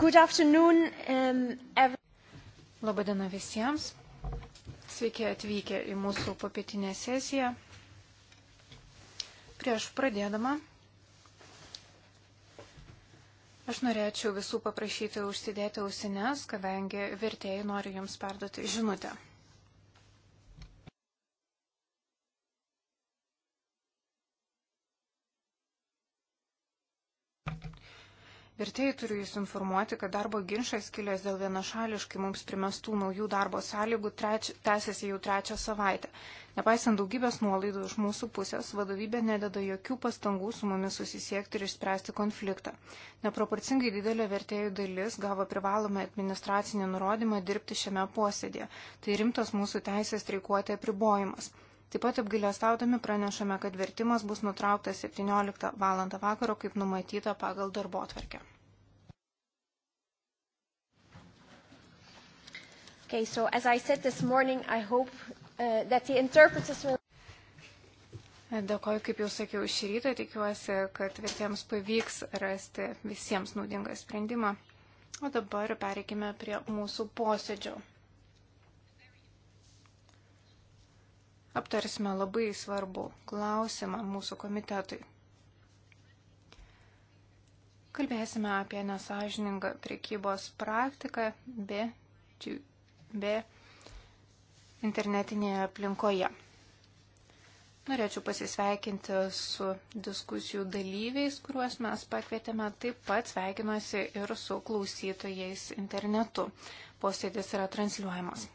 Good afternoon. Um, every... Labadiena visiems. Sveiki atvykę į mūsų papietinę sesiją. Prieš pradėdama, aš norėčiau visų paprašyti užsidėti ausines, kadangi vertėjai nori jums perduoti žinutę. Ir tai turiu Jūs informuoti, kad darbo ginčas kilęs dėl vienašališkai mums primestų naujų darbo sąlygų treč, tęsiasi jau trečią savaitę. Nepaisant daugybės nuolaidų iš mūsų pusės, vadovybė nededa jokių pastangų su mumis susisiekti ir išspręsti konfliktą. Neproporcingai didelė vertėjų dalis gavo privalomą administracinį nurodymą dirbti šiame posėdėje. Tai rimtas mūsų teisės streikuoti apribojimas. Taip pat apgailestaudami pranešame, kad vertimas bus nutrauktas 17 val. vakaro, kaip numatyta pagal darbo atvarkę. Okay, so as I said this morning, I hope uh, that the interpreters will... Dėkoju, kaip jau sakiau, šį rytą tikiuosi, kad vertėms pavyks rasti visiems naudingą sprendimą. O dabar pereikime prie mūsų posėdžio. aptarsime labai svarbų klausimą mūsų komitetui. Kalbėsime apie nesažiningą prekybos praktiką be, be internetinėje aplinkoje. Norėčiau pasisveikinti su diskusijų dalyviais, kuriuos mes pakvietėme. Taip pat sveikinuosi ir su klausytojais internetu. Posėdis yra transliuojamas.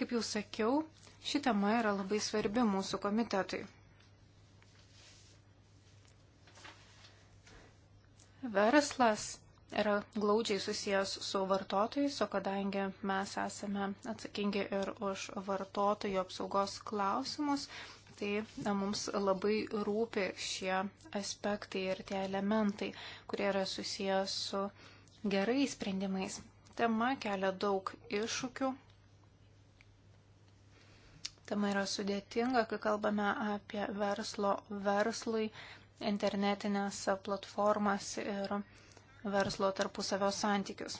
Kaip jau sakiau, Ši tema yra labai svarbi mūsų komitetui. Verslas yra glaudžiai susijęs su vartotojais, o kadangi mes esame atsakingi ir už vartotojų apsaugos klausimus, tai na, mums labai rūpi šie aspektai ir tie elementai, kurie yra susijęs su gerais sprendimais. Tema kelia daug iššūkių, Tema yra sudėtinga, kai kalbame apie verslo verslui, internetinės platformas ir verslo tarpusavio santykius.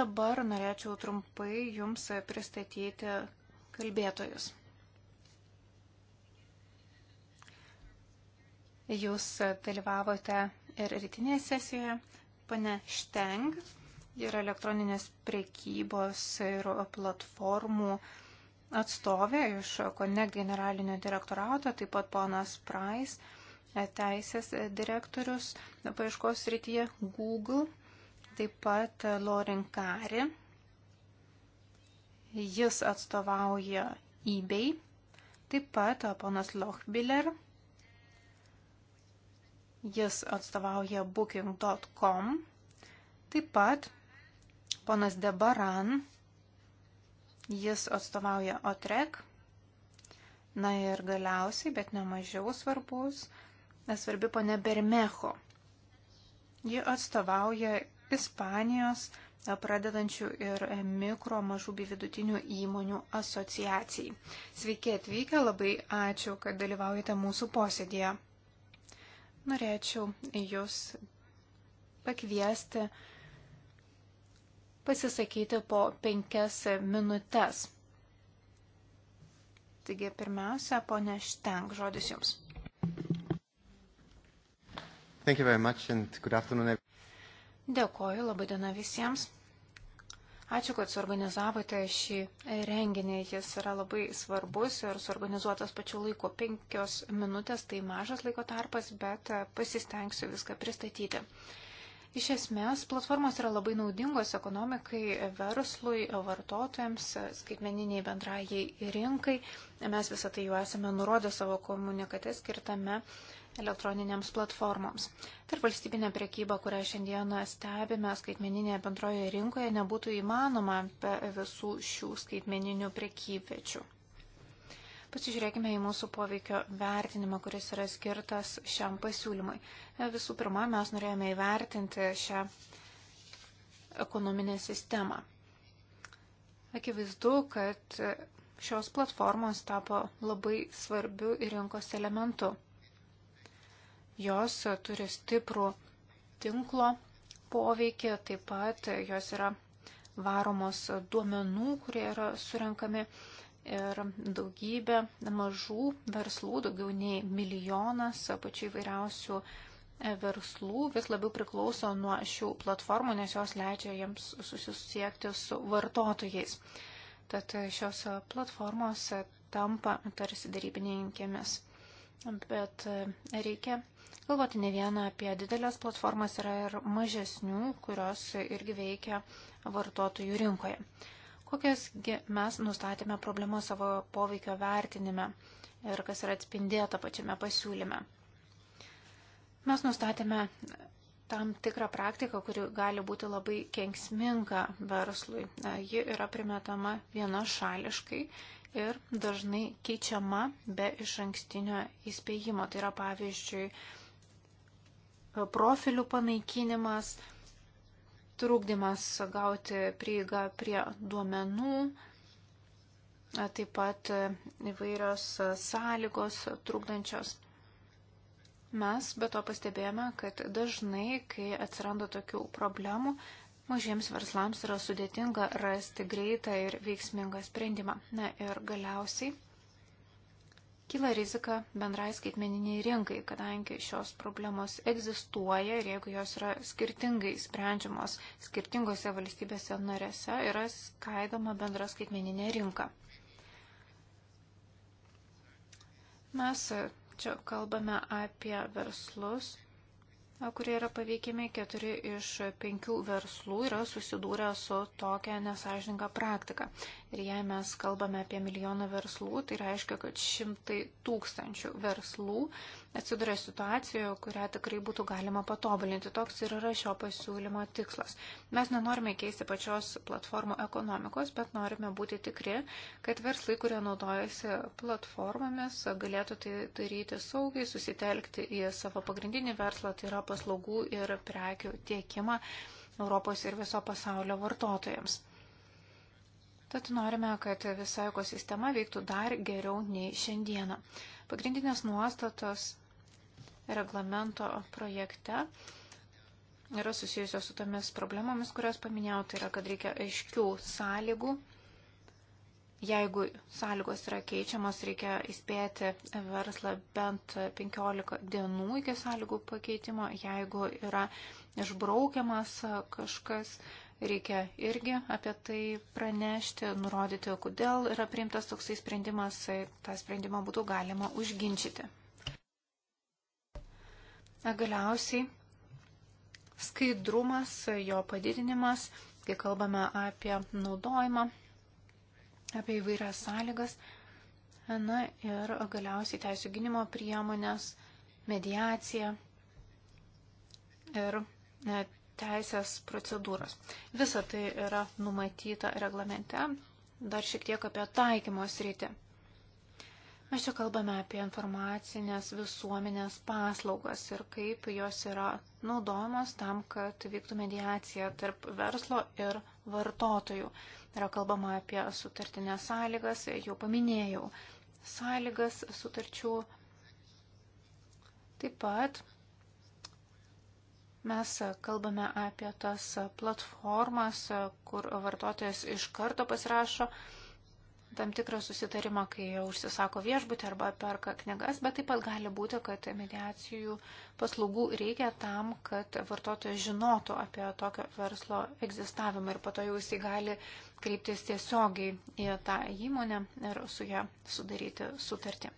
Dabar norėčiau trumpai Jums pristatyti kalbėtojus. Jūs dalyvavote ir rytinėje sesijoje. Pane Šteng yra elektroninės priekybos ir platformų atstovė iš Kone generalinio direktorato, taip pat ponas Price, e, teisės direktorius paieškos rytyje Google, taip pat Loren Kari. Jis atstovauja eBay, taip pat ponas Lochbiller. Jis atstovauja booking.com. Taip pat ponas Debaran Jis atstovauja OTREK. Na ir galiausiai, bet nemažiau svarbus, svarbi ponė Bermecho. Ji atstovauja Ispanijos pradedančių ir mikro, mažų bei vidutinių įmonių asociacijai. Sveiki atvykę, labai ačiū, kad dalyvaujate mūsų posėdėje. Norėčiau Jūs pakviesti pasisakyti po penkias minutės. Taigi pirmiausia, ponė Šteng, žodis jums. Dėkoju, labai diena visiems. Ačiū, kad suorganizavote šį renginį. Jis yra labai svarbus ir suorganizuotas pačiu laiku. Penkios minutės tai mažas laiko tarpas, bet pasistengsiu viską pristatyti. Iš esmės, platformos yra labai naudingos ekonomikai, verslui, vartotojams, skaitmeniniai bendrajai rinkai. Mes visą tai jau esame nurodę savo komunikate skirtame elektroninėms platformoms. Tarp valstybinė priekyba, kurią šiandieną stebime skaitmeninėje bendroje rinkoje, nebūtų įmanoma be visų šių skaitmeninių priekyvečių. Pasižiūrėkime į mūsų poveikio vertinimą, kuris yra skirtas šiam pasiūlymui. Visų pirma, mes norėjome įvertinti šią ekonominę sistemą. Akivaizdu, kad šios platformos tapo labai svarbiu rinkos elementu. Jos turi stiprų tinklo poveikį, taip pat jos yra varomos duomenų, kurie yra surenkami ir daugybė mažų verslų, daugiau nei milijonas pačių įvairiausių e, verslų vis labiau priklauso nuo šių platformų, nes jos leidžia jiems susisiekti su vartotojais. Tad šios platformos tampa tarsi darybininkėmis. Bet e, reikia galvoti ne vieną apie didelės platformas, yra ir mažesnių, kurios irgi veikia vartotojų rinkoje kokias mes nustatėme problemą savo poveikio vertinime ir kas yra atspindėta pačiame pasiūlyme. Mes nustatėme tam tikrą praktiką, kuri gali būti labai kenksminga verslui. Ji yra primetama vienašališkai ir dažnai keičiama be iš ankstinio įspėjimo. Tai yra pavyzdžiui profilių panaikinimas, trūkdymas gauti prieigą prie duomenų, taip pat e, įvairios e, sąlygos trūkdančios. Mes be to pastebėjome, kad dažnai, kai atsiranda tokių problemų, mažiems verslams yra sudėtinga rasti greitą ir veiksmingą sprendimą. Na ir galiausiai Kyla rizika bendrai skaitmeniniai rinkai, kadangi šios problemos egzistuoja ir jeigu jos yra skirtingai sprendžiamos skirtingose valstybėse narėse, yra skaidoma bendra skaitmeninė rinka. Mes čia kalbame apie verslus, kurie yra paveikiami, keturi iš penkių verslų yra susidūrę su tokia nesažininga praktika. Ir jei mes kalbame apie milijoną verslų, tai reiškia, kad šimtai tūkstančių verslų atsiduria situacijoje, kurią tikrai būtų galima patobulinti. Toks ir yra šio pasiūlymo tikslas. Mes nenorime keisti pačios platformų ekonomikos, bet norime būti tikri, kad verslai, kurie naudojasi platformomis, galėtų tai daryti saugiai, susitelkti į savo pagrindinį verslą, tai yra paslaugų ir prekių tiekimą Europos ir viso pasaulio vartotojams. Tad norime, kad visa ekosistema veiktų dar geriau nei šiandieną. Pagrindinės nuostatos reglamento projekte yra susijusios su tomis problemomis, kurias paminėjau, tai yra, kad reikia aiškių sąlygų. Jeigu sąlygos yra keičiamos, reikia įspėti verslą bent 15 dienų iki sąlygų pakeitimo. Jeigu yra išbraukiamas kažkas, reikia irgi apie tai pranešti, nurodyti, kodėl yra priimtas toksai sprendimas, tai tą sprendimą būtų galima užginčyti. Galiausiai skaidrumas, jo padidinimas, kai kalbame apie naudojimą, apie įvairias sąlygas, na ir galiausiai teisų gynimo priemonės, mediacija ir e, teisės procedūros. Visa tai yra numatyta reglamente, dar šiek tiek apie taikymos rytį. Mes čia kalbame apie informacinės visuomenės paslaugas ir kaip jos yra naudojamos tam, kad vyktų mediacija tarp verslo ir vartotojų. Yra kalbama apie sutartinės sąlygas, jau paminėjau, sąlygas sutarčių. Taip pat mes kalbame apie tas platformas, kur vartotojas iš karto pasirašo tam tikrą susitarimą, kai užsisako viešbutį arba perka knygas, bet taip pat gali būti, kad mediacijų paslaugų reikia tam, kad vartotojas žinotų apie tokio verslo egzistavimą ir po to jau jisai gali kreiptis tiesiogiai į tą įmonę ir su ją sudaryti sutartį.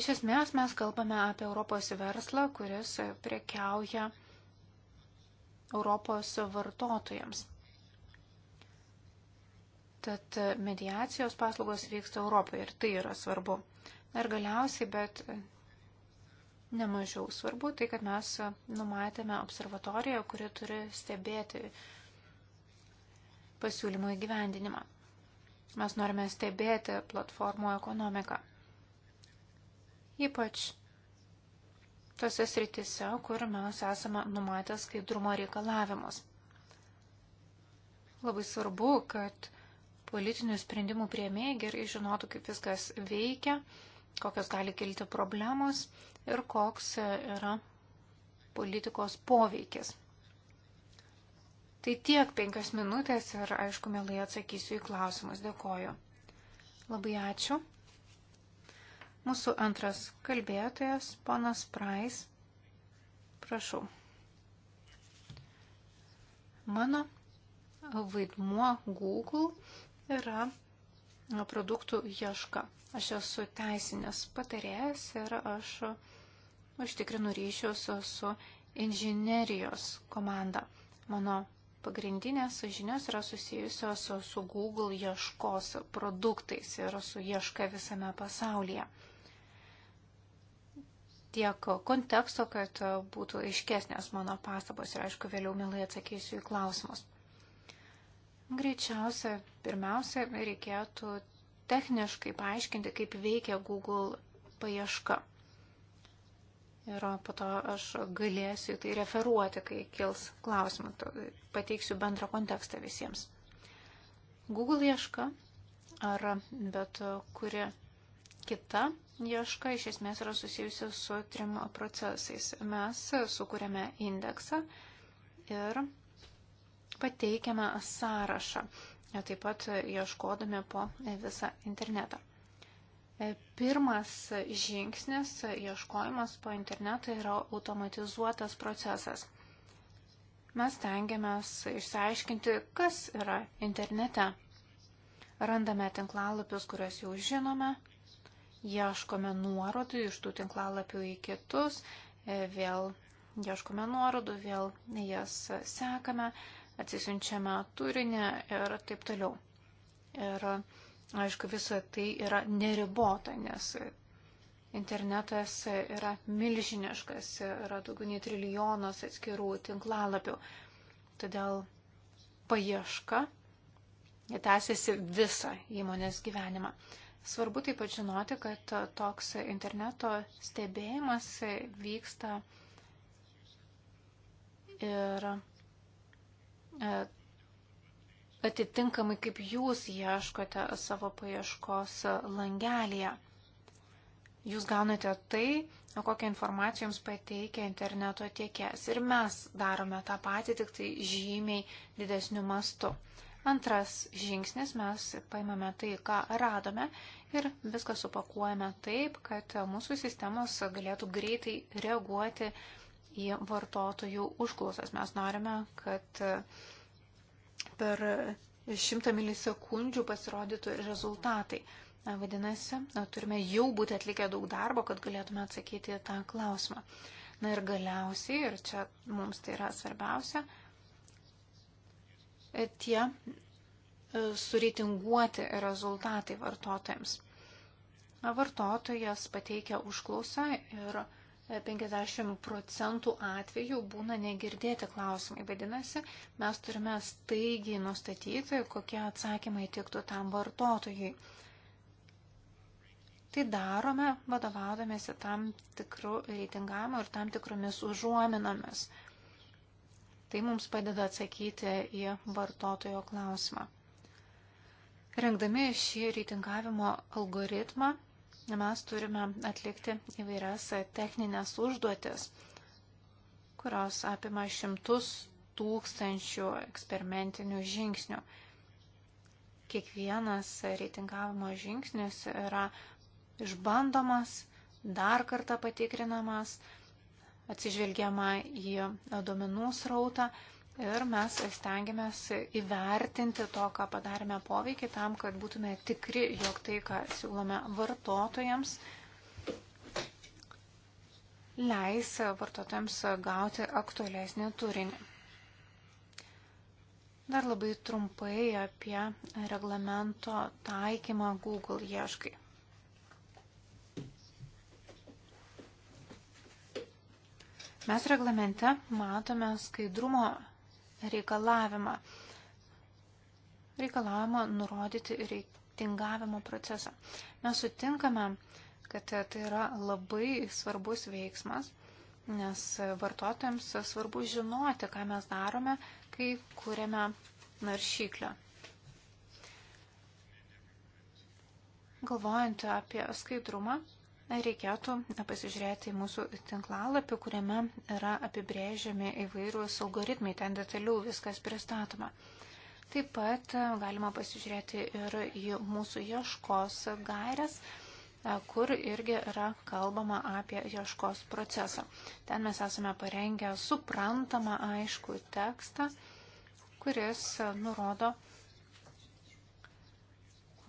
Iš esmės mes kalbame apie Europos verslą, kuris prekiauja Europos vartotojams. Tad mediacijos paslaugos vyksta Europoje ir tai yra svarbu. Ir galiausiai, bet nemažiau svarbu, tai kad mes numatėme observatoriją, kuri turi stebėti pasiūlymų įgyvendinimą. Mes norime stebėti platformų ekonomiką. Ypač tose sritise, kur mes esame numatę skaidrumo reikalavimus. Labai svarbu, kad politinių sprendimų prieimėjai gerai žinotų, kaip viskas veikia, kokios gali kilti problemos ir koks yra politikos poveikis. Tai tiek penkios minutės ir aišku, mielai atsakysiu į klausimus. Dėkoju. Labai ačiū. Mūsų antras kalbėtojas, ponas Prais. Prašau. Mano vaidmuo Google yra produktų ieška. Aš esu teisinės patarėjas ir aš užtikrinu ryšius su inžinerijos komanda. Mano pagrindinės žinios yra susijusios su Google ieškos produktais ir su ieška visame pasaulyje. Tiek konteksto, kad būtų aiškesnės mano pastabos ir aišku, vėliau mielai atsakysiu į klausimus. Greičiausia, pirmiausia, reikėtų techniškai paaiškinti, kaip veikia Google paieška. Ir po to aš galėsiu tai referuoti, kai kils klausimą. Pateiksiu bendrą kontekstą visiems. Google ieška ar bet kuri kita ieška iš esmės yra susijusi su trim procesais. Mes sukūrėme indeksą ir pateikiame sąrašą, e, taip pat ieškodami po e, visą internetą. E, pirmas žingsnis ieškojimas po internetą yra automatizuotas procesas. Mes tengiamės išsiaiškinti, kas yra internete. Randame tinklalapius, kuriuos jau žinome, ieškome nuorodų iš tų tinklalapių į kitus, vėl ieškome nuorodų, vėl jas sekame, atsisiunčiame turinį ir taip toliau. Ir aišku, visa tai yra neribota, nes internetas yra milžiniškas, yra daugiau nei trilijonas atskirų tinklalapių. Todėl paieška tęsiasi visą įmonės gyvenimą. Svarbu taip pat žinoti, kad toks interneto stebėjimas vyksta ir E, atitinkamai, kaip jūs ieškote savo paieškos langelėje. Jūs gaunate tai, kokią informaciją jums pateikia interneto tiekės. Ir mes darome tą patį, tik tai žymiai didesniu mastu. Antras žingsnis, mes paimame tai, ką radome ir viską supakuojame taip, kad mūsų sistemos galėtų greitai reaguoti į vartotojų užklausas. Mes norime, kad per 100 milisekundžių pasirodytų rezultatai. Vadinasi, turime jau būti atlikę daug darbo, kad galėtume atsakyti tą klausimą. Na ir galiausiai, ir čia mums tai yra svarbiausia, tie e, sureitinguoti rezultatai vartotojams. Vartotojas pateikia užklausą ir 50 procentų atvejų būna negirdėti klausimai. Vadinasi, mes turime staigiai nustatyti, kokie atsakymai tiktų tam vartotojui. Tai darome vadovaudomėsi tam tikrų reitingamų ir tam tikromis užuominomis. Tai mums padeda atsakyti į vartotojo klausimą. Rengdami šį reitingavimo algoritmą mes turime atlikti įvairias techninės užduotis, kurios apima šimtus tūkstančių eksperimentinių žingsnių. Kiekvienas reitingavimo žingsnis yra išbandomas, dar kartą patikrinamas, atsižvelgiama į duomenų srautą Ir mes stengiamės įvertinti to, ką padarėme poveikį, tam, kad būtume tikri, jog tai, ką siūlome vartotojams, leis vartotojams gauti aktualesnį turinį. Dar labai trumpai apie reglamento taikymą Google ieškai. Mes reglamente matome skaidrumo reikalavimą. Reikalavimą nurodyti reitingavimo procesą. Mes sutinkame, kad tai yra labai svarbus veiksmas, nes vartotojams svarbu žinoti, ką mes darome, kai kūrėme naršyklę. Galvojant apie skaidrumą, reikėtų pasižiūrėti į mūsų tinklalapį, kuriame yra apibrėžiami įvairūs algoritmai, ten detaliau viskas pristatoma. Taip pat e, galima pasižiūrėti ir į mūsų ieškos gairias, e, kur irgi yra kalbama apie ieškos procesą. Ten mes esame parengę suprantamą aišku tekstą, kuris e, nurodo,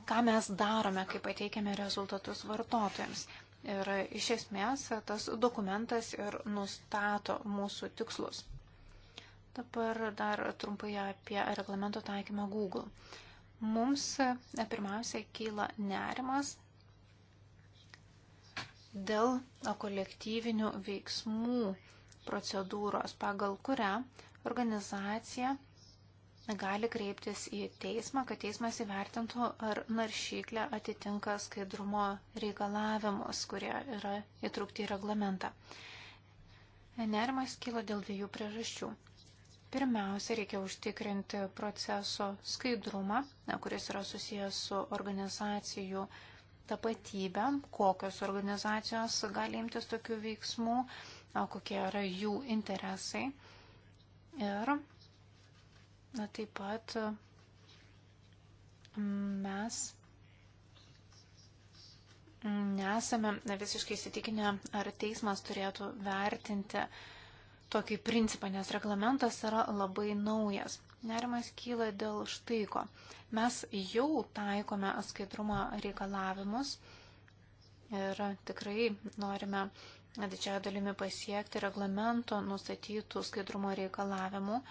ką mes darome, kai pateikiame rezultatus vartotojams. Ir iš esmės tas dokumentas ir nustato mūsų tikslus. Dabar dar trumpai apie reglamento taikymą Google. Mums e, pirmiausia kyla nerimas dėl kolektyvinių veiksmų procedūros, pagal kurią organizacija gali kreiptis į teismą, kad teismas įvertintų, ar naršyklė atitinka skaidrumo reikalavimus, kurie yra įtraukti į reglamentą. Nerimas kyla dėl dviejų priežasčių. Pirmiausia, reikia užtikrinti proceso skaidrumą, kuris yra susijęs su organizacijų tapatybė, kokios organizacijos gali imtis tokių veiksmų, kokie yra jų interesai ir Na taip pat mes nesame visiškai įsitikinę, ar teismas turėtų vertinti tokį principą, nes reglamentas yra labai naujas. Nerimas kyla dėl štaiko. Mes jau taikome skaidrumo reikalavimus ir tikrai norime didžiąją dalimi pasiekti reglamento nustatytų skaidrumo reikalavimų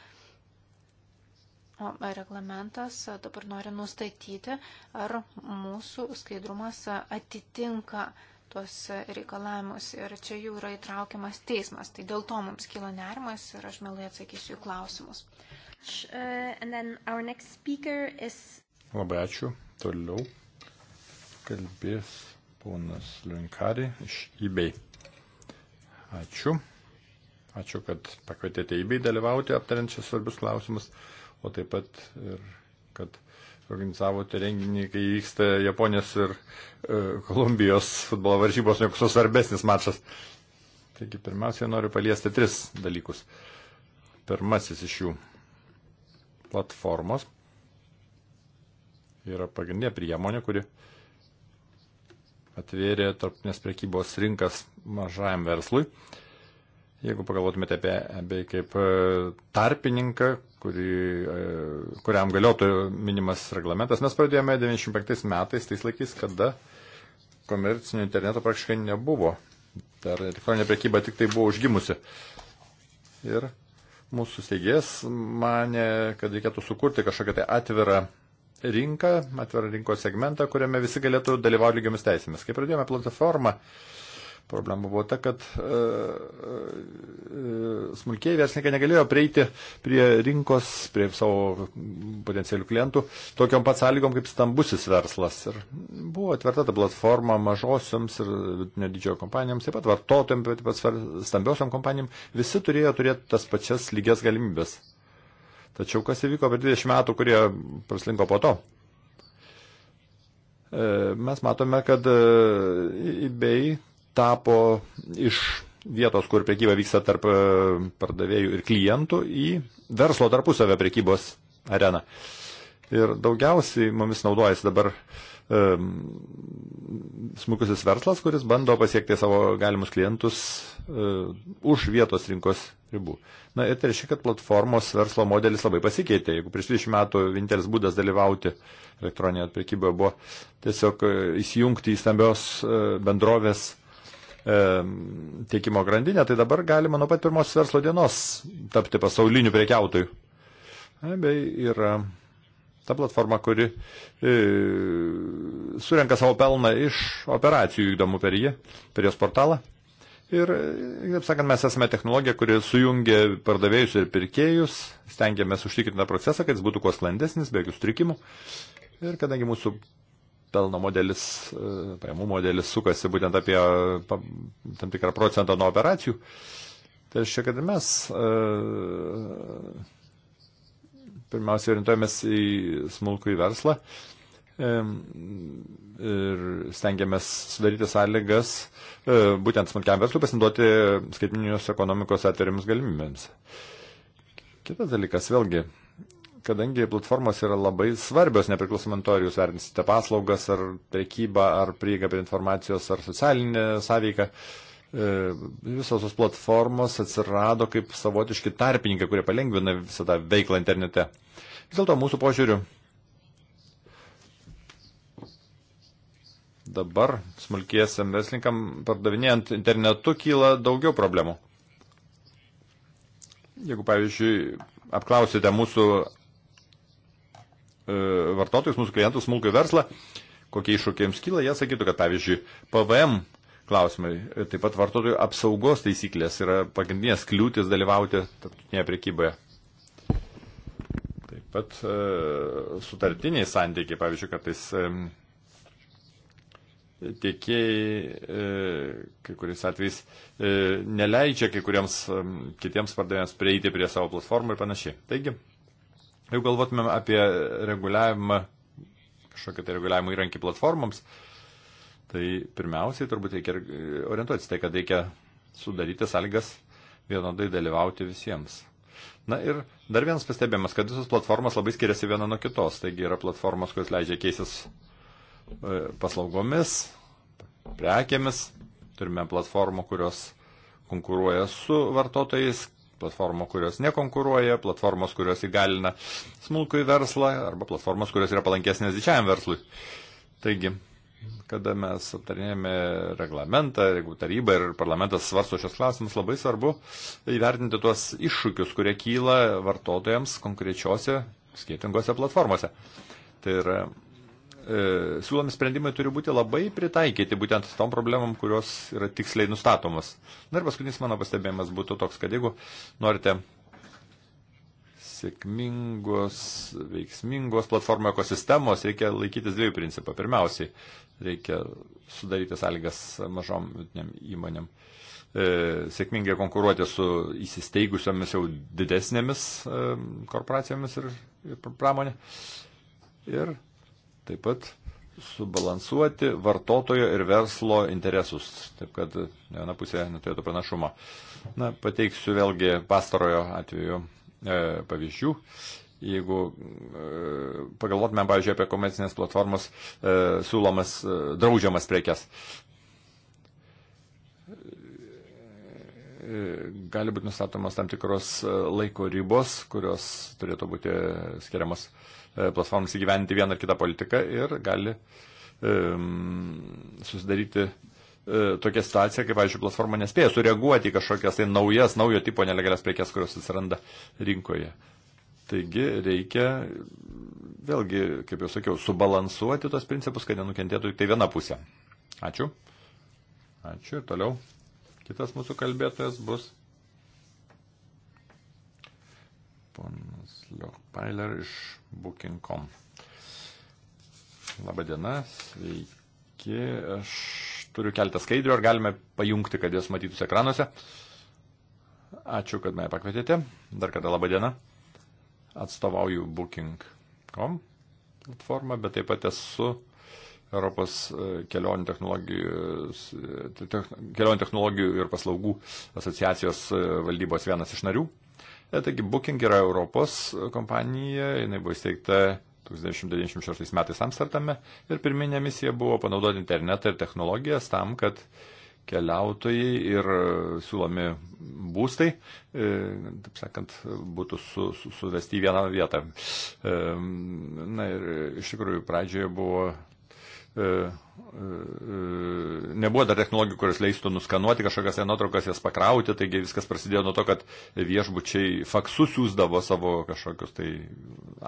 reglamentas dabar nori nustatyti, ar mūsų skaidrumas atitinka tuos reikalavimus ir čia jau yra įtraukiamas teismas. Tai dėl to mums kyla nerimas ir aš mielai atsakysiu jų klausimus. Is... Labai ačiū. Toliau kalbės ponas Linkari iš eBay. Ačiū. Ačiū, kad pakvietėte eBay dalyvauti aptariant šias svarbius klausimus. Uh, o taip pat ir kad organizavote renginį, kai vyksta Japonijos ir e, Kolumbijos futbolo varžybos, nekoks svarbesnis mačas. Taigi pirmiausia, noriu paliesti tris dalykus. Pirmasis iš jų - platformos. Yra pagrindinė priemonė, kuri atvėrė tarptinės prekybos rinkas mažajam verslui. E, Jeigu pagalvotumėte apie Ebei kaip e, tarpininką, kuri, e, kuriam galiotų minimas reglamentas, mes pradėjome 95 metais, tais laikais, kada komercinio interneto praktiškai nebuvo. Dar elektroninė prekyba tik tai buvo užgimusi. Ir mūsų steigės mane, kad reikėtų sukurti kažkokią tai atvirą rinką, atvirą rinkos segmentą, kuriame visi galėtų dalyvauti lygiomis teisėmis. Kai pradėjome platformą, Problema buvo ta, kad e, e, smulkiai verslininkai negalėjo prieiti prie rinkos, prie savo potencialių klientų tokiam pat sąlygom kaip stambusis verslas. Ir buvo atverta ta platforma mažosiams ir nedidžiojo kompanijoms, taip pat vartotojams, taip pat stambiosiam kompanijom. Visi turėjo turėti tas pačias lygias galimybės. Tačiau kas įvyko per 20 metų, kurie praslinko po to? E, mes matome, kad e, eBay tapo iš vietos, kur prekyba vyksta tarp e, pardavėjų ir klientų, į verslo tarpusavę prekybos areną. Ir daugiausiai mumis naudojasi dabar um, e, smukusis verslas, kuris bando pasiekti savo galimus klientus uh, už vietos rinkos ribų. Na ir tai reiškia, kad platformos verslo modelis labai pasikeitė. Jeigu prieš 20 metų vienintelis būdas dalyvauti elektroninėje prekyboje buvo tiesiog įsijungti į stambios uh, bendrovės E, tiekimo grandinę, tai dabar galima nuo pat pirmos verslo dienos tapti pasauliniu prekiautoju. Bei yra ta platforma, kuri e, surenka savo pelną iš operacijų vykdomų per jį, per jos portalą. Ir, e, kaip sakant, mes esame technologija, kuri sujungia pardavėjus ir pirkėjus, stengiamės užtikrinti tą procesą, kad jis būtų kuo sklandesnis, be jokių strikimų. Ir kadangi mūsų pelno modelis, e, pajamų modelis sukasi būtent apie tam tikrą procentą nuo operacijų. Tai reiškia, kad mes e, pirmiausia orientuojamės į smulkų į verslą e, ir stengiamės sudaryti sąlygas būtent smulkiam verslui pasinaudoti skaitminės ekonomikos atveriamis galimybėms. Kitas dalykas, vėlgi, kadangi platformos yra labai svarbios, nepriklausomai to, ar jūs vertinsite paslaugas, ar prekybą, ar prieigą prie informacijos, ar socialinę sąveiką, e, visos tos platformos atsirado kaip savotiški tarpininkai, kurie palengvina visą tą veiklą internete. Vis dėlto mūsų požiūriu dabar smulkiesiam verslininkam pardavinėjant internetu kyla daugiau problemų. Jeigu, pavyzdžiui, apklausite mūsų E, vartotojus, mūsų klientus, smulkų verslą, kokie iššūkėms kyla, jie sakytų, kad pavyzdžiui, PVM klausimai, e, taip pat vartotojų apsaugos taisyklės yra pagrindinės kliūtis dalyvauti tarptautinėje prekyboje. Taip pat e, sutartiniai santykiai, pavyzdžiui, kartais e, tiekėjai e, kai kuriais atvejais e, neleidžia kai kuriems e, kitiems pardavėjams prieiti prie savo platformų ir panašiai. Taigi, Jeigu galvotumėm apie reguliavimą, kažkokį tai reguliavimo įrankį platformoms, tai pirmiausiai turbūt reikia orientuotis tai, kad reikia sudaryti sąlygas vienodai dalyvauti visiems. Na ir dar vienas pastebėjimas, kad visos platformos labai skiriasi viena nuo kitos. Taigi yra platformos, kurios leidžia keisis e, paslaugomis, prekėmis. Turime platformų, kurios konkuruoja su vartotojais, platformų, kurios nekonkuruoja, platformos, kurios įgalina smulkų į verslą arba platformos, kurios yra palankesnės didžiajam verslui. Taigi, kada mes aptarinėjame reglamentą, jeigu taryba ir parlamentas svarsto šios klausimus, labai svarbu įvertinti tuos iššūkius, kurie kyla vartotojams konkrečiose skirtingose platformose. Tai yra E, siūlomi sprendimai turi būti labai pritaikyti būtent tom problemam, kurios yra tiksliai nustatomas. Na ir paskutinis mano pastebėjimas būtų toks, kad jeigu norite sėkmingos, veiksmingos platformų ekosistemos, reikia laikytis dviejų principų. Pirmiausiai, reikia sudaryti sąlygas mažom įmonėm e, sėkmingai konkuruoti su įsisteigusiomis jau didesnėmis e, korporacijomis ir pramonė. Ir taip pat subalansuoti vartotojo ir verslo interesus, taip kad viena pusė neturėtų pranašumą. Na, pateiksiu vėlgi pastarojo atveju e, pavyzdžių. Jeigu e, pagalvotume, pavyzdžiui, apie komercinės platformos e, siūlomas e, draudžiamas prekes, e, gali būti nustatomas tam tikros e, laiko ribos, kurios turėtų būti skiriamas e, E, platformoms įgyventi vieną ar kitą politiką ir gali um, susidaryti e, tokia situacija, kai, pavyzdžiui, platforma nespėja sureaguoti į kažkokias tai naujas, naujo tipo nelegalias prekes, kurios atsiranda rinkoje. Taigi reikia, vėlgi, kaip jau sakiau, subalansuoti tos principus, kad nenukentėtų tik tai viena pusė. Ačiū. Ačiū ir toliau. Kitas mūsų kalbėtojas bus ponas Lochpailer iš booking.com. Labadiena, sveiki. Aš turiu keletą skaidrių, ar galime pajungti, kad jas matytųsi ekranuose. Ačiū, kad mane pakvietėte. Dar kartą labadiena. Atstovauju booking.com platformą, bet taip pat esu Europos e, kelionių technologijų, e, te, kelionių technologijų ir paslaugų asociacijos e, valdybos vienas iš narių. E, taigi Booking yra Europos kompanija, jinai buvo įsteigta 1996 metais Amsterdame ir pirminė misija buvo panaudoti internetą ir technologijas tam, kad keliautojai ir siūlomi būstai, e, taip sakant, būtų su, su, suvesti į vieną vietą. E, na ir iš tikrųjų pradžioje buvo E, e, e, nebuvo dar technologijų, kurios leistų nuskanuoti kažkokias tai nuotraukas, jas pakrauti, taigi viskas prasidėjo nuo to, kad viešbučiai faksu siūsdavo savo kažkokius tai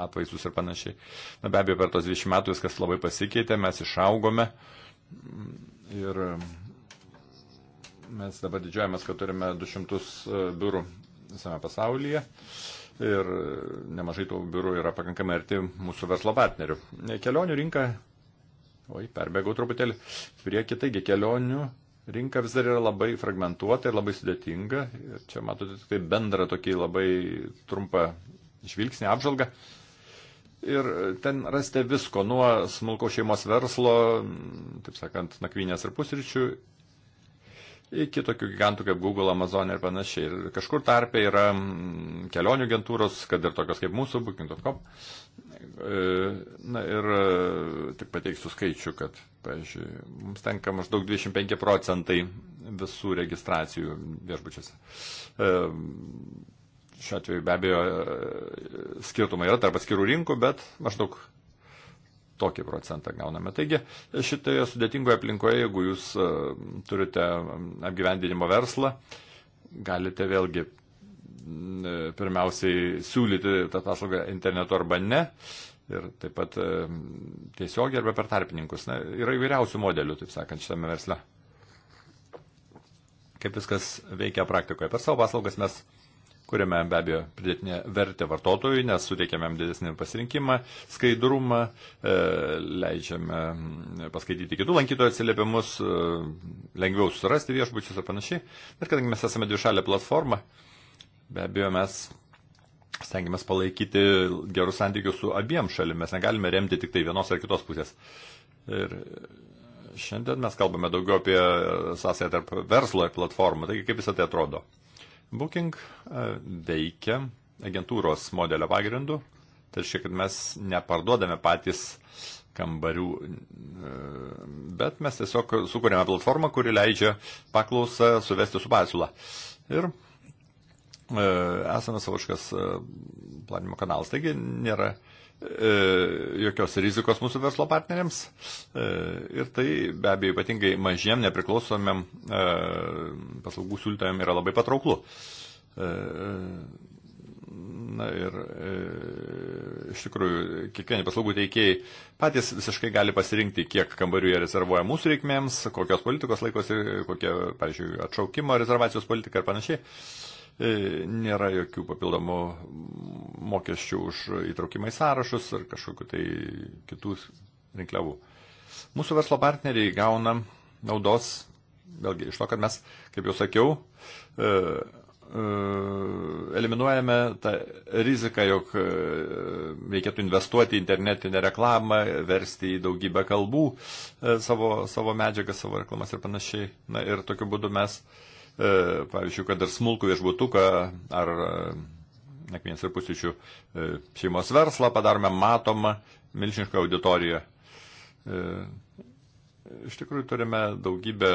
apvaizdus ir panašiai. Na be abejo, per tos 20 metų viskas labai pasikeitė, mes išaugome ir mes dabar didžiuojamės, kad turime 200 biurų visame pasaulyje ir nemažai tų biurų yra pakankamai arti mūsų verslo partnerių. Kelionių rinka Oi, perbėgau truputėlį. Prieki taigi kelionių rinka vis dar yra labai fragmentuota ir labai sudėtinga. Ir čia matote tik tai bendrą tokį labai trumpą žvilgsnį apžalgą. Ir ten rasite visko, nuo smulko šeimos verslo, taip sakant, nakvynės ir pusryčių, iki tokių gigantų kaip Google, Amazon ir panašiai. Ir kažkur tarpė yra mm, kelionių agentūros, kad ir tokios kaip mūsų, booking.com. Uh, E, na ir e, tik pateiksiu skaičių, kad, pažiūrėjau, mums tenka maždaug 25 procentai visų registracijų viešbučiuose. E, šiuo atveju be abejo skirtumai yra tarp atskirų rinkų, bet maždaug tokį procentą gauname. Taigi šitoje sudėtingoje aplinkoje, jeigu jūs turite apgyvendinimo verslą, galite vėlgi E, pirmiausiai siūlyti tą paslaugą internetu arba ne. Ir taip pat e, tiesiogiai arba per tarpininkus. Na, yra įvairiausių modelių, taip sakant, šitame versle. Kaip viskas veikia praktikoje. Per savo paslaugas mes kuriame be abejo pridėtinę vertę vartotojui, nes suteikiame jam didesnį pasirinkimą, skaidrumą, e, leidžiame mm, paskaityti kitų lankytojų atsiliepimus, lengviau susirasti viešbučius ir panašiai. Bet kadangi mes esame dvišalė platforma, Be abejo, mes stengiamės palaikyti gerus santykius su abiem šalim, mes negalime remti tik tai vienos ar kitos pusės. Ir šiandien mes kalbame daugiau apie sąsąją tarp verslo ir platformų. Taigi, kaip visą tai atrodo? Booking e, veikia agentūros modelio pagrindu. Tai reiškia, kad mes neparduodame patys kambarių, e, bet mes tiesiog sukūrėme platformą, kuri leidžia paklausą suvesti su pasiūla. Ir E, esame savoškas e, planimo kanalas, taigi nėra e, jokios rizikos mūsų verslo partneriams ir tai be abejo ypatingai mažiem nepriklausomiam paslaugų siūlytojams yra labai patrauklu. Na ir iš tikrųjų, kiekvieni paslaugų teikėjai patys visiškai gali pasirinkti, kiek kambarių jie rezervuoja mūsų reikmėms, kokios politikos laikosi, kokie, pavyzdžiui, atšaukimo rezervacijos politika ir panašiai. E, E, nėra jokių papildomų mokesčių už įtraukimą į sąrašus ar kažkokiu tai kitų rinkliavų. Mūsų verslo partneriai gauna naudos, vėlgi, iš to, kad mes, kaip jau sakiau, e, e, eliminuojame tą riziką, jog reikėtų investuoti į internetinę reklamą, versti į daugybę kalbų savo, savo medžiagą, savo reklamas ir panašiai. Na ir tokiu būdu mes uh, E, pavyzdžiui, kad ir smulkų viešbutuką ar e, nakvynės ir pusryčių e, šeimos verslą padarome matomą milžinišką auditoriją. Iš tikrųjų turime daugybę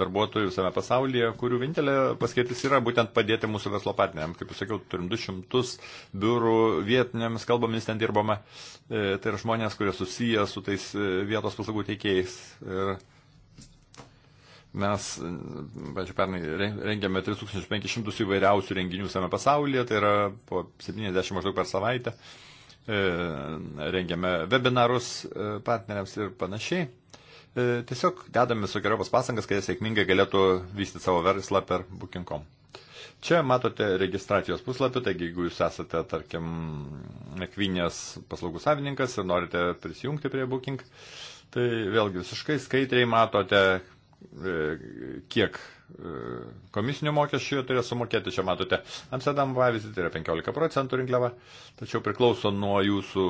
darbuotojų visame pasaulyje, kurių vienintelė paskirtis yra būtent padėti mūsų verslo partneriams. Kaip jūs sakiau, turim 200 biurų vietinėms kalbomis ten dirbama. E, tai yra žmonės, kurie susiję su tais vietos paslaugų teikėjais. Ir Mes, pačiu pernai, rengėme 3500 įvairiausių renginių visame pasaulyje, tai yra po 70 maždaug per savaitę. E, rengėme webinarus e, partneriams ir panašiai. E, tiesiog dedame su gerobas pasangas, kad jie sėkmingai galėtų vystyti savo verslą per booking.com. Čia matote registracijos puslapį, taigi jeigu jūs esate, tarkim, nakvinės paslaugų savininkas ir norite prisijungti prie Booking, tai vėlgi visiškai skaitriai matote, E, kiek e, komisinių mokesčių jie turės sumokėti. Čia matote, Amsterdam pavyzdį tai yra 15 procentų rinkliava, tačiau priklauso nuo jūsų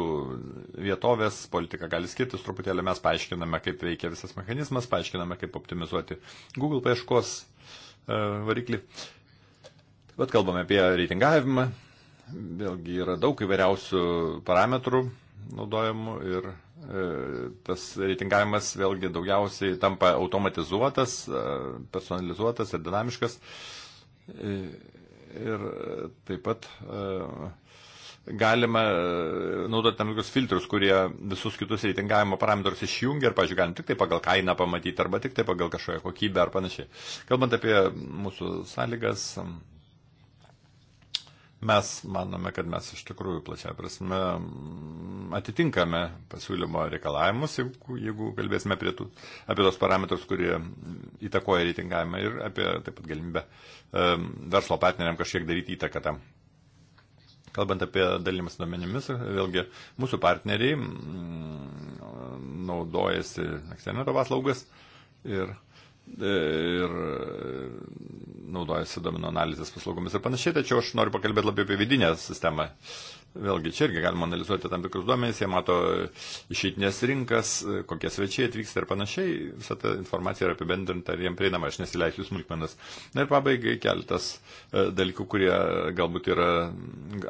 vietovės, politika gali skirtis truputėlį, mes paaiškiname, kaip veikia visas mechanizmas, paaiškiname, kaip optimizuoti Google paieškos e, variklį. Taip pat kalbame apie reitingavimą, vėlgi yra daug įvairiausių parametrų naudojimų ir E, tas reitingavimas vėlgi daugiausiai tampa automatizuotas, e, personalizuotas ir dinamiškas. E, ir taip pat galima naudoti tam tikrus filtrus, kurie visus kitus reitingavimo parametrus išjungia ir, pažiūrėjau, galim tik tai pagal kainą pamatyti arba tik tai pagal kažkokią kokybę ar panašiai. Kalbant apie mūsų sąlygas, Mes manome, kad mes iš tikrųjų plačia prasme mm, atitinkame pasiūlymo reikalavimus, jeigu, jeigu kalbėsime tų, apie tos parametrus, kurie įtakoja reitingavimą ir apie taip pat galimybę um, verslo partneriam kažkiek daryti įtaką tam. Kalbant apie dalymas duomenimis, vėlgi mūsų partneriai mm, naudojasi eksterneto paslaugas ir, e, ir naudojasi domino analizės paslaugomis ir panašiai, tačiau aš noriu pakalbėti labiau apie vidinę sistemą. Vėlgi, čia irgi galima analizuoti tam tikrus duomenys, jie mato išeitinės rinkas, kokie svečiai atvyksta ir panašiai. Visa ta informacija yra apibendrinta ir jiem prieinama, aš nesileisiu smulkmenas. Na ir pabaigai keletas e, dalykų, kurie galbūt yra,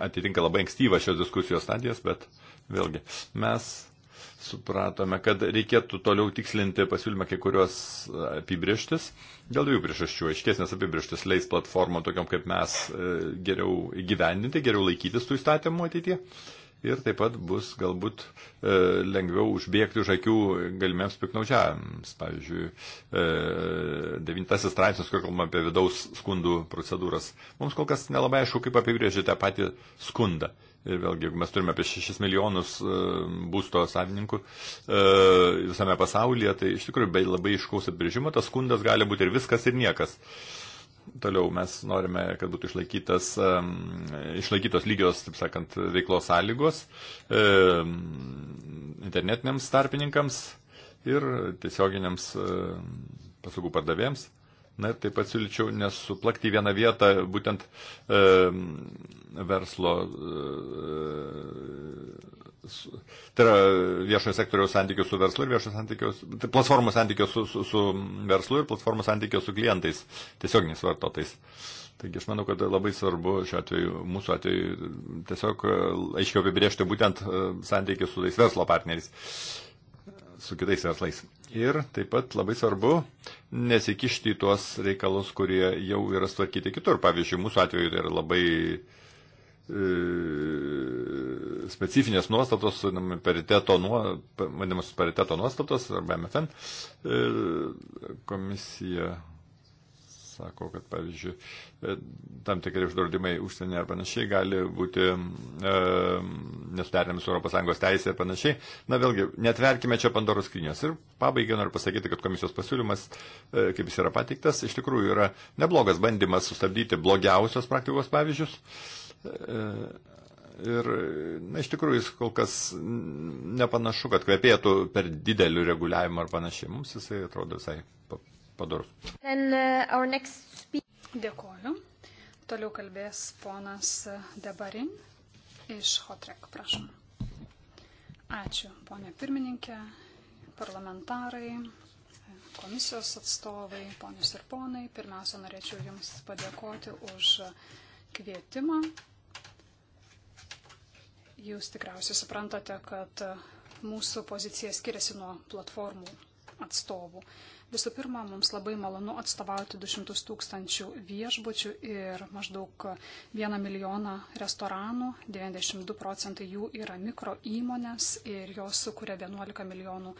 atitinka labai ankstyvą šios diskusijos stadijas, bet vėlgi, mes supratome, kad reikėtų toliau tikslinti pasiūlymą kai kurios apibrieštis. Dėl dviejų priežasčių. Aiškesnės apibrieštis leis platformom tokiam kaip mes e, geriau įgyvendinti, geriau laikytis tų įstatymų ateityje. Ir taip pat bus galbūt e, lengviau užbėgti už akių galimiems piknaudžiavimams. Pavyzdžiui, e, devintasis straipsnis, kur kalbame apie vidaus skundų procedūras. Mums kol kas nelabai aišku, kaip apibrėžti tą patį skundą. Ir vėlgi, jeigu mes turime apie 6 milijonus e, būsto savininkų e, visame pasaulyje, tai iš tikrųjų be labai iškaus apibrėžimo tas skundas gali būti ir viskas, ir niekas. Toliau mes norime, kad būtų išlaikytas, išlaikytos lygios, taip sakant, veiklos sąlygos internetiniams tarpininkams ir tiesioginiams paslaugų pardavėjams. Na ir taip pat siūlyčiau nesuplakti į vieną vietą būtent e, verslo, e, su, tai yra viešojo sektoriaus santykių su verslu ir viešojo santykių, tai platformos santykių su, su, su verslu ir platformos santykių su klientais, tiesioginiais vartotais. Taigi aš manau, kad labai svarbu šiuo atveju, mūsų atveju, tiesiog e, aiškiau apibriežti būtent e, santykių su tais verslo partneriais, su kitais verslais. Ir taip pat labai svarbu nesikišti į tuos reikalus, kurie jau yra sutvarkyti kitur. Pavyzdžiui, mūsų atveju tai yra labai e, specifinės nuostatos, pariteto, nuo, vadinamas pariteto nuostatos arba MFN. E, komisija sako, kad, pavyzdžiui, e, tam tikri uždraudimai užsienio ar panašiai gali būti e, nesuderinami su ES teisė ir panašiai. Na vėlgi, netverkime čia Pandoros skrynios. Ir pabaigai noriu pasakyti, kad komisijos pasiūlymas, e, kaip jis yra pateiktas, iš tikrųjų yra neblogas bandymas sustabdyti blogiausios praktikos pavyzdžius. E, Ir, na, iš tikrųjų, jis kol kas nepanašu, kad kvepėtų per didelių reguliavimų ar panašiai. Mums jisai atrodo visai padarus. Uh, next... Dėkoju. Toliau kalbės ponas Debarin iš Hotrek, prašom. Ačiū, ponė pirmininkė, parlamentarai, komisijos atstovai, ponius ir ponai. Pirmiausia, norėčiau Jums padėkoti už kvietimą. Jūs tikriausiai suprantate, kad mūsų pozicija skiriasi nuo platformų atstovų. Visų pirma, mums labai malonu atstovauti 200 tūkstančių viešbučių ir maždaug 1 milijoną restoranų. 92 procentai jų yra mikro įmonės ir jos sukuria 11 milijonų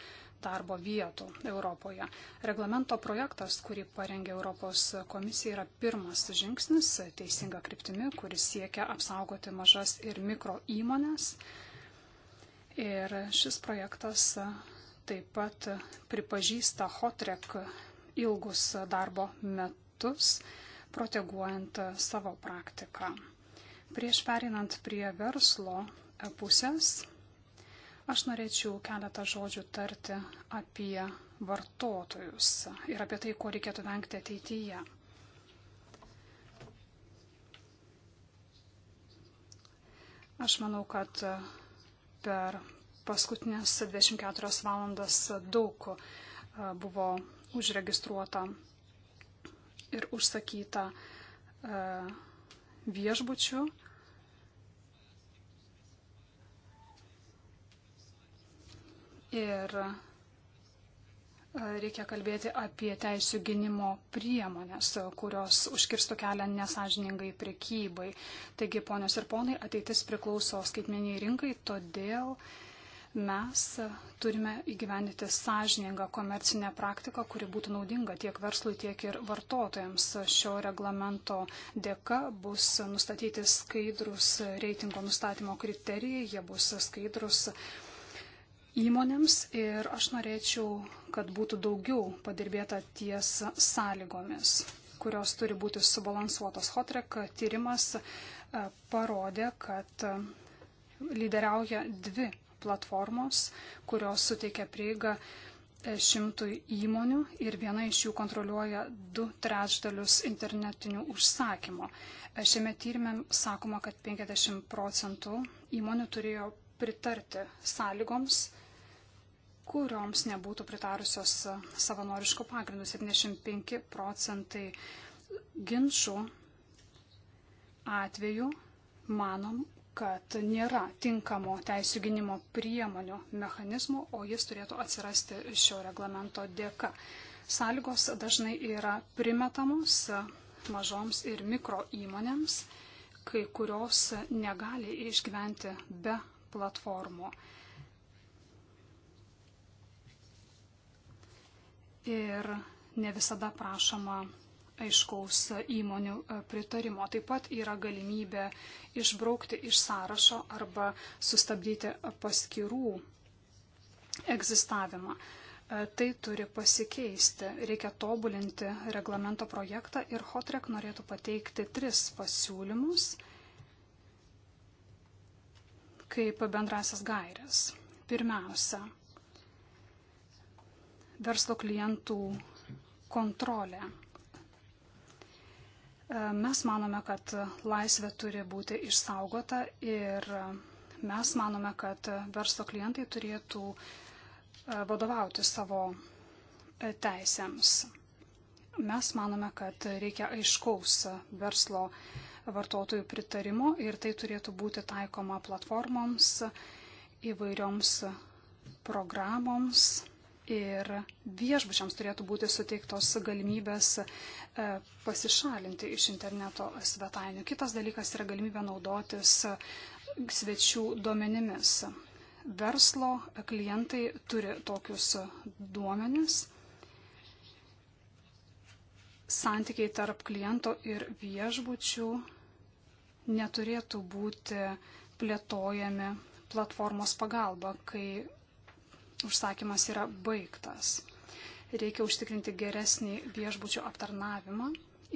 darbo vietų Europoje. Reglamento projektas, kurį parengė Europos komisija, yra pirmas žingsnis teisinga kryptimi, kuris siekia apsaugoti mažas ir mikro įmonės. Ir šis projektas taip pat pripažįsta Hotrek ilgus darbo metus, proteguojant savo praktiką. Prieš perinant prie verslo pusės, aš norėčiau keletą žodžių tarti apie vartotojus ir apie tai, ko reikėtų vengti ateityje. Aš manau, kad per paskutinės 24 valandas daug e, buvo užregistruota ir užsakyta e, viešbučių. Ir e, reikia kalbėti apie teisų gynimo priemonės, kurios užkirstų kelią nesažiningai priekybai. Taigi, ponios ir ponai, ateitis priklauso skaitmeniai rinkai, todėl uh, Mes turime įgyvendyti sąžiningą komercinę praktiką, kuri būtų naudinga tiek verslui, tiek ir vartotojams. Šio reglamento dėka bus nustatyti skaidrus reitingo nustatymo kriterijai, jie bus skaidrus įmonėms ir aš norėčiau, kad būtų daugiau padirbėta ties sąlygomis, kurios turi būti subalansuotos. Hotrek tyrimas e, parodė, kad lyderiauja dvi platformos, kurios suteikia prieigą e, šimtui įmonių ir viena iš jų kontroliuoja du trečdalius internetinių užsakymų. E, šiame tyrimė sakoma, kad 50 procentų įmonių turėjo pritarti sąlygoms, kurioms nebūtų pritarusios e, savanoriško pagrindu. 75 procentai ginčių atveju manom, kad nėra tinkamo teisų gynimo priemonių mechanizmų, o jis turėtų atsirasti šio reglamento dėka. Sąlygos dažnai yra primetamos mažoms ir mikro įmonėms, kai kurios negali išgyventi be platformų. Ir ne visada prašoma aiškaus įmonių e, pritarimo. Taip pat yra galimybė išbraukti iš sąrašo arba sustabdyti paskirų egzistavimą. E, tai turi pasikeisti. Reikia tobulinti reglamento projektą ir Hotrek norėtų pateikti tris pasiūlymus kaip bendrasias gairias. Pirmiausia, verslo klientų kontrolė. E, mes manome, kad laisvė turi būti išsaugota ir mes manome, kad verslo klientai turėtų e, vadovauti savo e, teisėms. Mes manome, kad reikia aiškaus verslo vartotojų pritarimo ir tai turėtų būti taikoma platformoms, įvairioms programoms ir viešbučiams turėtų būti suteiktos galimybės e, pasišalinti iš interneto svetainių. Kitas dalykas yra galimybė naudotis e, svečių duomenimis. Verslo klientai turi tokius duomenis. Santykiai tarp kliento ir viešbučių neturėtų būti plėtojami platformos pagalba, kai užsakymas yra baigtas. Reikia užtikrinti geresnį viešbučių aptarnavimą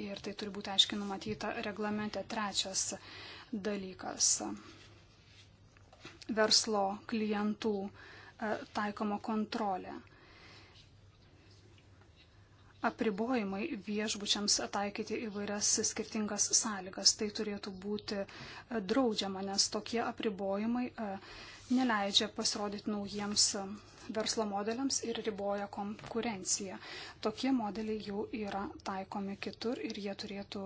ir tai turi būti aiškiai numatyta reglamente. Trečias dalykas - verslo klientų e, taikoma kontrolė. Apribojimai viešbučiams taikyti įvairias skirtingas sąlygas. Tai turėtų būti e, draudžiama, nes tokie apribojimai e, neleidžia pasirodyti naujiems verslo modeliams ir riboja konkurenciją. Tokie modeliai jau yra taikomi kitur ir jie turėtų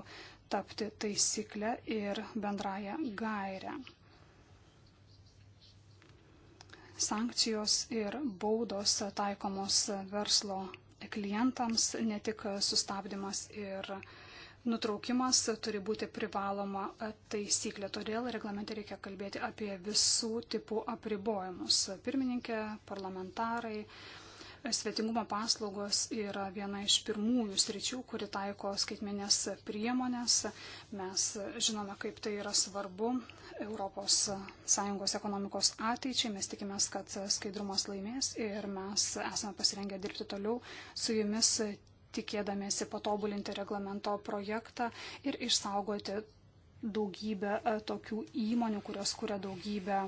tapti taisyklę ir bendrają gairę. Sankcijos ir baudos taikomos verslo klientams, ne tik sustabdymas ir nutraukimas turi būti privaloma taisyklė. Todėl reglamente reikia kalbėti apie visų tipų apribojimus. Pirmininkė, parlamentarai, svetimumo paslaugos yra viena iš pirmųjų sričių, kuri taiko skaitmenės priemonės. Mes žinome, kaip tai yra svarbu ES ekonomikos ateičiai. Mes tikimės, kad skaidrumas laimės ir mes esame pasirengę dirbti toliau su jumis tikėdamėsi patobulinti reglamento projektą ir išsaugoti daugybę e, tokių įmonių, kurios kuria daugybę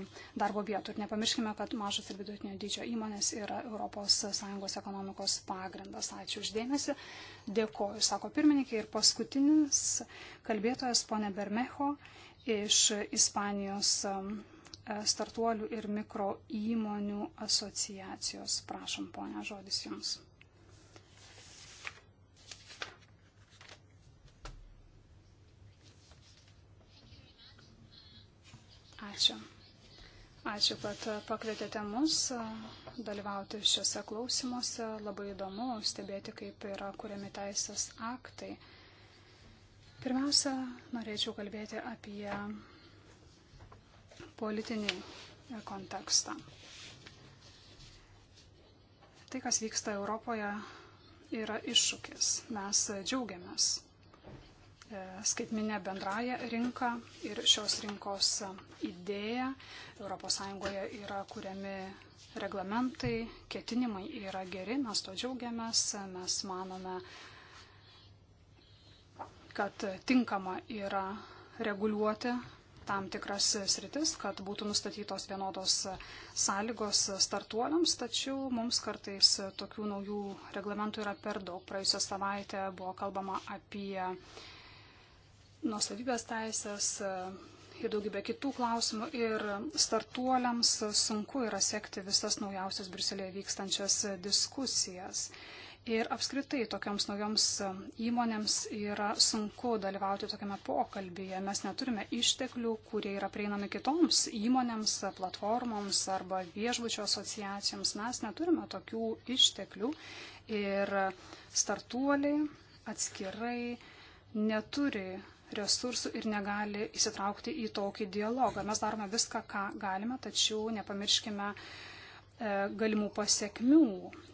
darbo vietų. Ir nepamirškime, kad mažas ir vidutinio dydžio įmonės yra ES ekonomikos pagrindas. Ačiū uždėmesi. Dėkoju, sako pirmininkė. Ir paskutinis kalbėtojas, ponė Bermejo, iš Ispanijos e, startuolių ir mikro įmonių asociacijos. Prašom, ponia, žodis jums. Ačiū. Ačiū, kad pakvietėte mus dalyvauti šiuose klausimuose. Labai įdomu stebėti, kaip yra kuriami teisės aktai. Pirmiausia, norėčiau kalbėti apie politinį kontekstą. Tai, kas vyksta Europoje, yra iššūkis. Mes džiaugiamės E, skaitminę bendrąją rinką ir šios rinkos idėją. ES yra kuriami reglamentai, ketinimai yra geri, mes to džiaugiamės, mes manome, kad tinkama yra reguliuoti tam tikras sritis, kad būtų nustatytos vienodos sąlygos startuoliams, tačiau mums kartais tokių naujų reglamentų yra per daug. Praėjusią savaitę buvo kalbama apie nuosavybės teisės e, ir daugybė kitų klausimų. Ir startuoliams sunku yra sekti visas naujausias Briuselėje vykstančias diskusijas. Ir apskritai tokioms naujoms e, įmonėms yra sunku dalyvauti tokiame pokalbėje. Mes neturime išteklių, kurie yra prieinami kitoms įmonėms, platformoms arba viešbučio asociacijoms. Mes neturime tokių išteklių ir startuoliai atskirai neturi resursų ir negali įsitraukti į tokį dialogą. Mes darome viską, ką galime, tačiau nepamirškime e, galimų pasiekmių.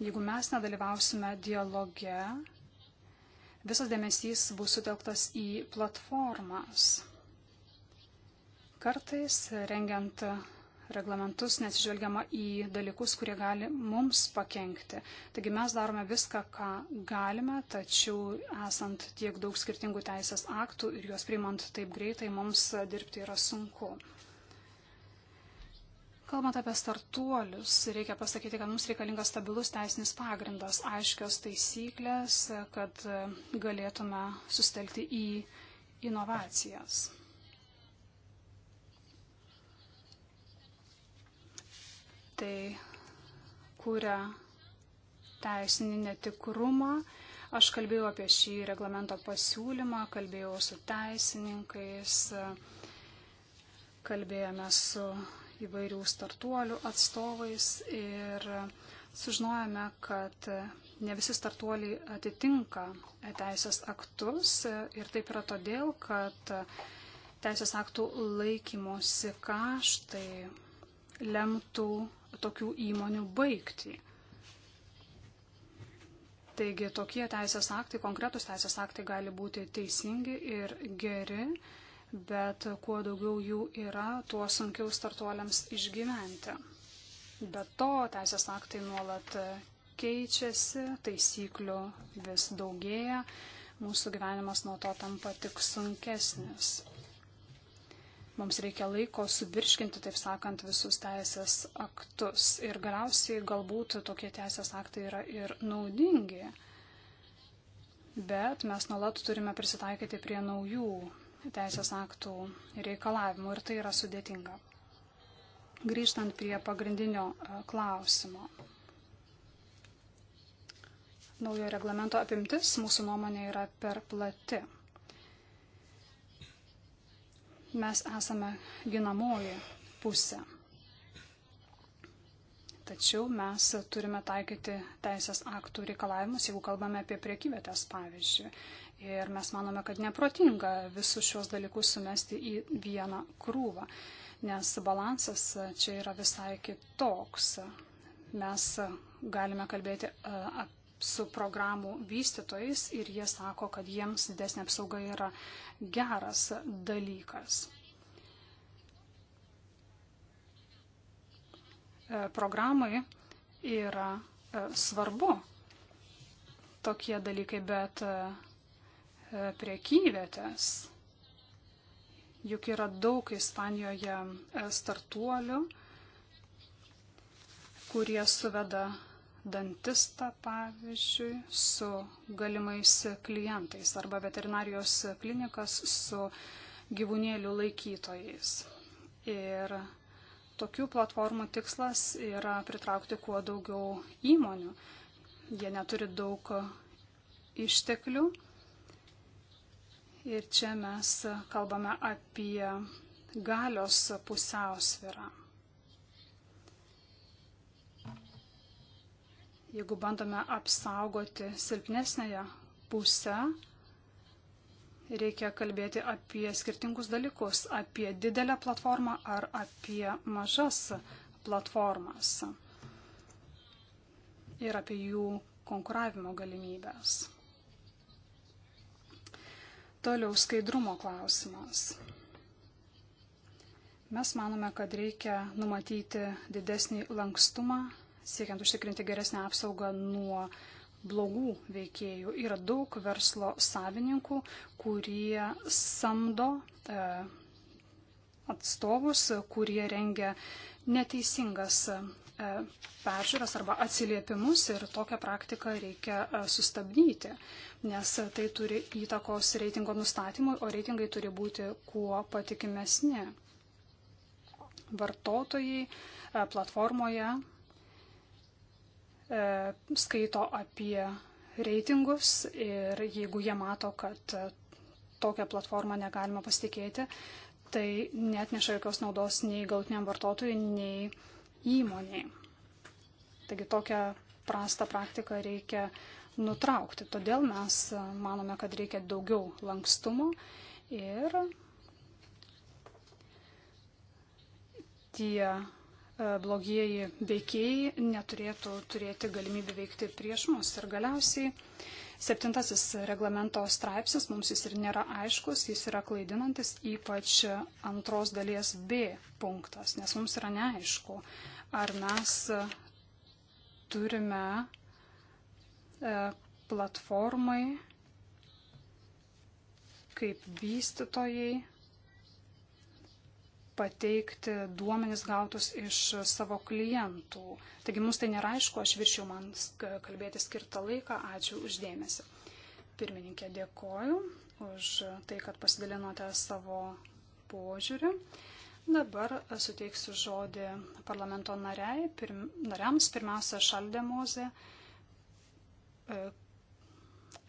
Jeigu mes nedalyvausime dialoge, visas dėmesys bus sutelktas į platformas. Kartais, rengiant reglamentus, nesižvelgiama į dalykus, kurie gali mums pakengti. Taigi mes darome viską, ką galime, tačiau esant tiek daug skirtingų teisės aktų ir juos priimant taip greitai, mums dirbti yra sunku. Kalbant apie startuolius, reikia pasakyti, kad mums reikalingas stabilus teisinis pagrindas, aiškios taisyklės, kad galėtume sustelkti į inovacijas. tai kuria teisinį netikrumą. Aš kalbėjau apie šį reglamento pasiūlymą, kalbėjau su teisininkais, kalbėjome su įvairių startuolių atstovais ir sužinojame, kad ne visi startuoliai atitinka teisės aktus ir taip yra todėl, kad teisės aktų laikymosi kaštai lemtų tokių įmonių baigti. Taigi tokie teisės aktai, konkretus teisės aktai gali būti teisingi ir geri, bet kuo daugiau jų yra, tuo sunkiau startuoliams išgyventi. Be to, teisės aktai nuolat keičiasi, taisyklių vis daugėja, mūsų gyvenimas nuo to tampa tik sunkesnis. Mums reikia laiko subirškinti, taip sakant, visus teisės aktus. Ir galiausiai galbūt tokie teisės aktai yra ir naudingi. Bet mes nuolat turime prisitaikyti prie naujų teisės aktų reikalavimų ir tai yra sudėtinga. Grįžtant prie pagrindinio e, klausimo. Naujo reglamento apimtis mūsų nuomonė yra per plati mes esame ginamoji pusė. Tačiau mes turime taikyti teisės aktų reikalavimus, jeigu kalbame apie priekyvietės pavyzdžiui. Ir mes manome, kad neprotinga visus šios dalykus sumesti į vieną krūvą, nes balansas čia yra visai kitoks. Mes galime kalbėti apie su programų vystytojais ir jie sako, kad jiems didesnė apsauga yra geras dalykas. E, programai yra e, svarbu tokie dalykai, bet e, priekyvietės, juk yra daug Ispanijoje startuolių, kurie suveda dantistą, pavyzdžiui, su galimais klientais arba veterinarijos klinikas su gyvūnėlių laikytojais. Ir tokių platformų tikslas yra pritraukti kuo daugiau įmonių. Jie neturi daug išteklių. Ir čia mes kalbame apie galios pusiausvyrą. jeigu bandome apsaugoti silpnesnėje pusę, reikia kalbėti apie skirtingus dalykus, apie didelę platformą ar apie mažas platformas ir apie jų konkuravimo galimybės. Toliau skaidrumo klausimas. Mes manome, kad reikia numatyti didesnį lankstumą siekiant užtikrinti geresnę apsaugą nuo blogų veikėjų. Yra daug verslo savininkų, kurie samdo e, atstovus, kurie rengia neteisingas e, peržiūras arba atsiliepimus ir tokią praktiką reikia e, sustabdyti, nes tai turi įtakos reitingo nustatymui, o reitingai turi būti kuo patikimesni. Vartotojai platformoje E, skaito apie reitingus ir jeigu jie mato, kad e, tokią platformą negalima pasitikėti, tai net neša jokios naudos nei galtiniam vartotojui, nei įmoniai. Taigi tokią prastą praktiką reikia nutraukti. Todėl mes e, manome, kad reikia daugiau lankstumo ir tie E, blogieji veikėjai neturėtų turėti galimybę veikti prieš mus. Ir galiausiai septintasis reglamento straipsnis, mums jis ir nėra aiškus, jis yra klaidinantis, ypač antros dalies B punktas, nes mums yra neaišku, ar mes turime e, platformai kaip vystytojai pateikti duomenis gautus iš savo klientų. Taigi mums tai nėra aišku, aš viršiau man kalbėti skirtą laiką. Ačiū uždėmesi. Pirmininkė, dėkoju už tai, kad pasidalinote savo požiūrį. Dabar suteiksiu žodį parlamento nariai, pirm, nariams, pirmiausia, Šaldemozė, e,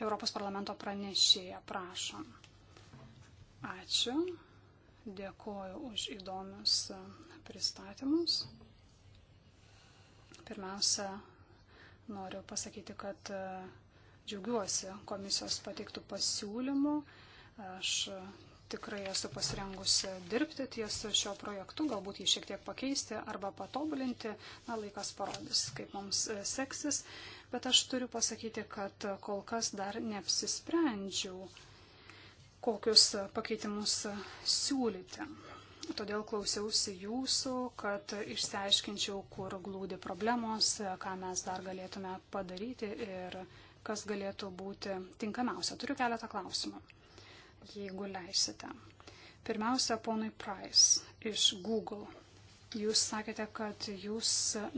Europos parlamento pranešėja, prašom. Ačiū. Dėkoju už įdomius e, pristatymus. Pirmiausia, noriu pasakyti, kad e, džiaugiuosi komisijos pateiktų pasiūlymų. Aš e, tikrai esu pasirengusi dirbti ties šio projektu, galbūt jį šiek tiek pakeisti arba patobulinti. Na, laikas parodys, kaip mums seksis. Bet aš turiu pasakyti, kad kol kas dar neapsisprendžiau kokius pakeitimus siūlyti. Todėl klausiausi jūsų, kad išsiaiškinčiau, kur glūdi problemos, ką mes dar galėtume padaryti ir kas galėtų būti tinkamiausia. Turiu keletą klausimų, jeigu leisite. Pirmiausia, ponui Price iš Google Jūs sakėte, kad jūs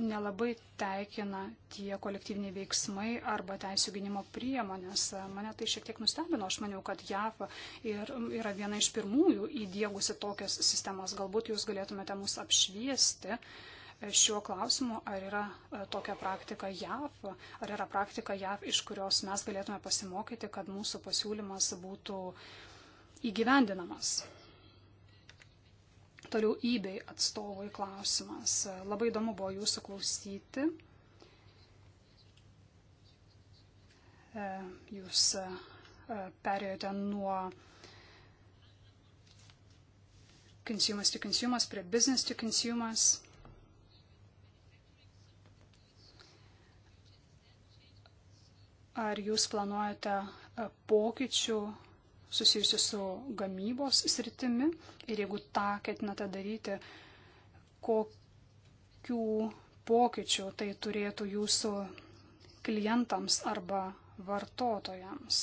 nelabai teikina tie kolektyviniai veiksmai arba teisų gynimo priemonės. Mane tai šiek tiek nustebino. Aš maniau, kad JAV ir, yra viena iš pirmųjų įdėgusi tokias sistemas. Galbūt jūs galėtumėte mus apšviesti šiuo klausimu, ar yra e, tokia praktika JAV, ar yra praktika JAV, iš kurios mes galėtume pasimokyti, kad mūsų pasiūlymas būtų įgyvendinamas direktorių įbei atstovui klausimas. Labai įdomu buvo jūsų klausyti. E, jūs e, perėjote nuo consumers to consumers prie business to consumers. Ar jūs planuojate e, pokyčių susijusi su gamybos sritimi ir jeigu tą ketinate daryti, kokių pokyčių tai turėtų jūsų klientams arba vartotojams,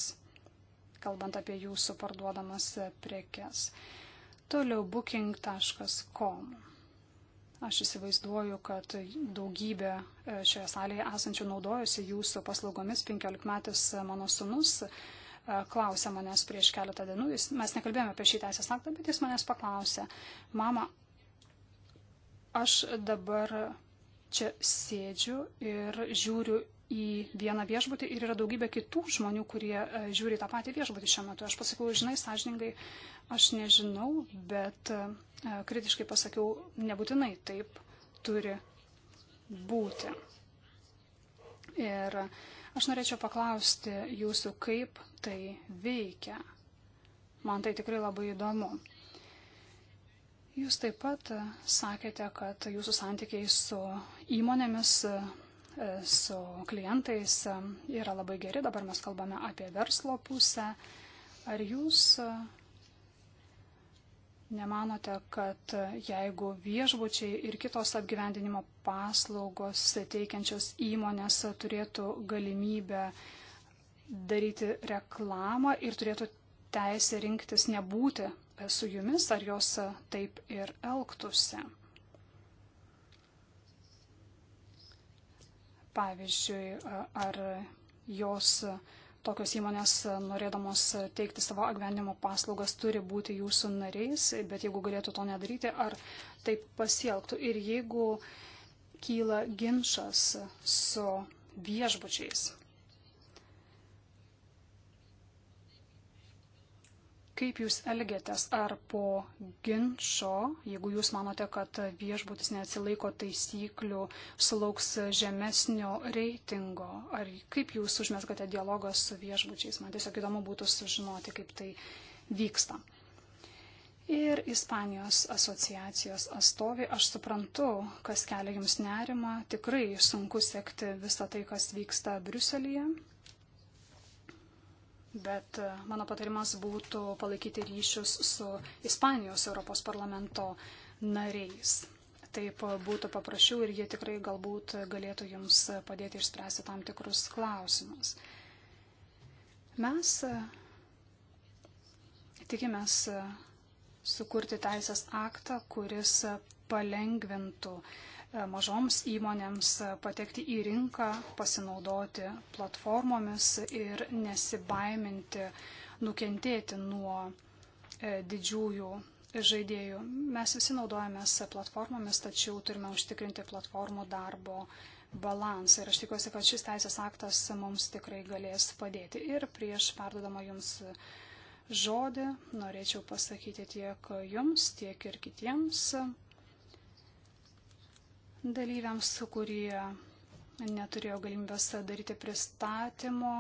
kalbant apie jūsų parduodamas prekes. Toliau booking.com. Aš įsivaizduoju, kad daugybė e, šioje salėje esančių naudojusi jūsų paslaugomis 15 metais mano sunus E, klausė manęs prieš keletą dienų, jis, mes nekalbėjome apie šį teisės aktą, bet jis manęs paklausė, mama, aš dabar čia sėdžiu ir žiūriu į vieną viešbutį ir yra daugybė kitų žmonių, kurie e, žiūri tą patį viešbutį šiuo metu. Aš pasakiau, žinai, sąžiningai, aš nežinau, bet e, kritiškai pasakiau, nebūtinai taip turi būti. Ir uh, Aš norėčiau paklausti jūsų, kaip tai veikia. Man tai tikrai labai įdomu. Jūs taip pat e, sakėte, kad jūsų santykiai su įmonėmis, e, su klientais e, yra labai geri. Dabar mes kalbame apie verslo pusę. Ar jūs Nemanote, kad jeigu viešbučiai ir kitos apgyvendinimo paslaugos teikiančios įmonės turėtų galimybę daryti reklamą ir turėtų teisę rinktis nebūti su jumis, ar jos taip ir elgtųsi? Pavyzdžiui, ar jos Tokios įmonės, norėdamos teikti savo agvenimo paslaugas, turi būti jūsų nariais, bet jeigu galėtų to nedaryti, ar taip pasielgtų. Ir jeigu kyla ginčas su viešbučiais, Kaip jūs elgėtės? Ar po ginčio, jeigu jūs manote, kad viešbutis neatsilaiko taisyklių, sulauks žemesnio reitingo? Ar kaip jūs užmeskate dialogą su viešbučiais? Man tiesiog įdomu būtų sužinoti, kaip tai vyksta. Ir Ispanijos asociacijos atstovai, aš suprantu, kas kelia jums nerimą, tikrai sunku sekti visą tai, kas vyksta Briuselėje, Bet e, mano patarimas būtų palaikyti ryšius su Ispanijos Europos parlamento nariais. Taip būtų paprasčiau ir jie tikrai galbūt galėtų jums padėti išspręsti tam tikrus klausimus. Mes e, tikimės e, sukurti teisės aktą, kuris palengvintų e, mažoms įmonėms patekti į rinką, pasinaudoti platformomis ir nesibaiminti nukentėti nuo e, didžiųjų žaidėjų. Mes visi naudojamės platformomis, tačiau turime užtikrinti platformų darbo balansą. Ir aš tikiuosi, kad šis teisės aktas mums tikrai galės padėti. Ir prieš perdodama jums žodį. Norėčiau pasakyti tiek jums, tiek ir kitiems dalyviams, kurie neturėjo galimybės daryti pristatymo.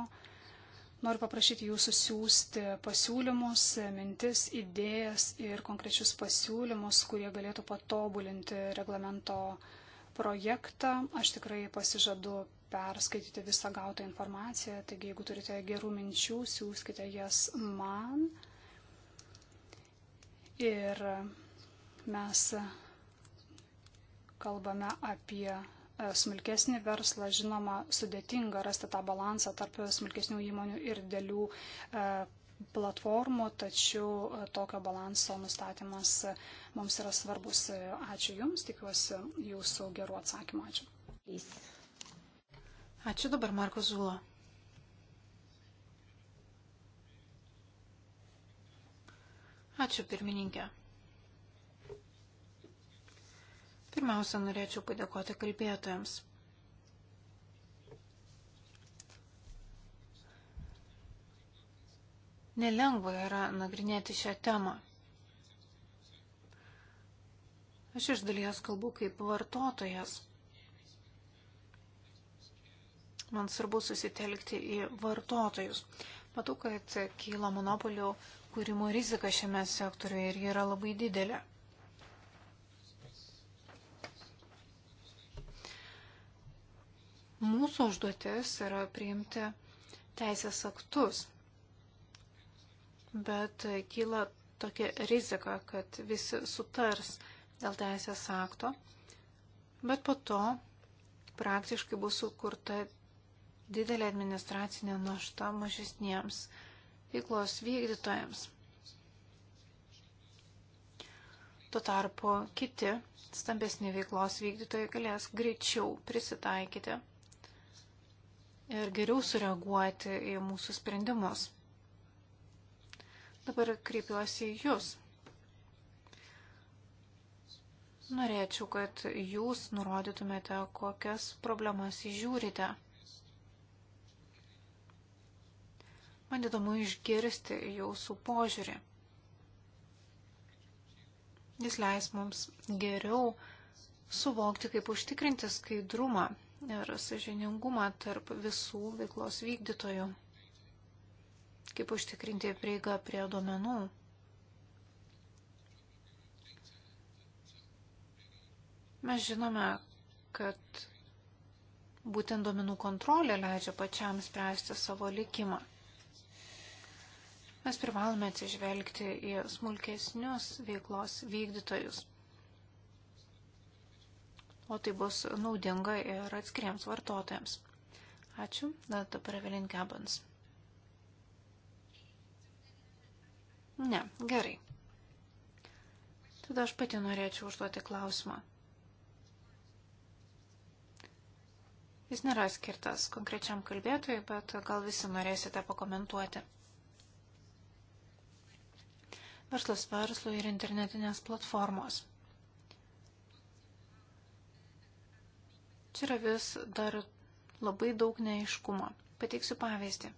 Noriu paprašyti jūsų siūsti pasiūlymus, mintis, idėjas ir konkrečius pasiūlymus, kurie galėtų patobulinti reglamento projektą. Aš tikrai pasižadu perskaityti visą gautą informaciją, taigi jeigu turite gerų minčių, siūskite jas man. Ir mes kalbame apie e, smulkesnį verslą, žinoma, sudėtinga rasti tą balansą tarp smulkesnių įmonių ir dėlių e, platformų, tačiau e, tokio balanso nustatymas mums yra svarbus. Ačiū Jums, tikiuosi Jūsų gerų atsakymų. Ačiū. Peace. Ačiū dabar, Marko Zulo. Ačiū, pirmininkė. Pirmiausia, norėčiau padėkoti kalbėtojams. Nelengva yra nagrinėti šią temą. Aš iš dalies kalbu kaip vartotojas. Man svarbu susitelkti į vartotojus. Matau, kad kyla monopolių kūrimo rizika šiame sektoriuje ir ji yra labai didelė. Mūsų užduotis yra priimti teisės aktus, bet kyla tokia rizika, kad visi sutars dėl teisės akto, bet po to praktiškai bus sukurta didelė administracinė našta mažesniems veiklos vykdytojams. Tuo tarpu kiti stambesni veiklos vykdytojai galės greičiau prisitaikyti ir geriau sureaguoti į mūsų sprendimus. Dabar kreipiuosi į Jūs. Norėčiau, kad Jūs nurodytumėte, kokias problemas įžiūrite. Man įdomu išgirsti jūsų požiūrį. Jis leis mums geriau suvokti, kaip užtikrinti skaidrumą ir sažiningumą tarp visų veiklos vykdytojų, kaip užtikrinti prieigą prie duomenų. Mes žinome, kad būtent duomenų kontrolė leidžia pačiam spręsti savo likimą. Mes privalome atsižvelgti į smulkesnius veiklos vykdytojus. O tai bus naudinga ir atskiriems vartotojams. Ačiū. Na, dabar Evelyn Gabans. Ne, gerai. Tada aš pati norėčiau užduoti klausimą. Jis nėra skirtas konkrečiam kalbėtojui, bet gal visi norėsite pakomentuoti verslas verslui ir internetinės platformos. Čia yra vis dar labai daug neaiškumo. Pateiksiu pavyzdį.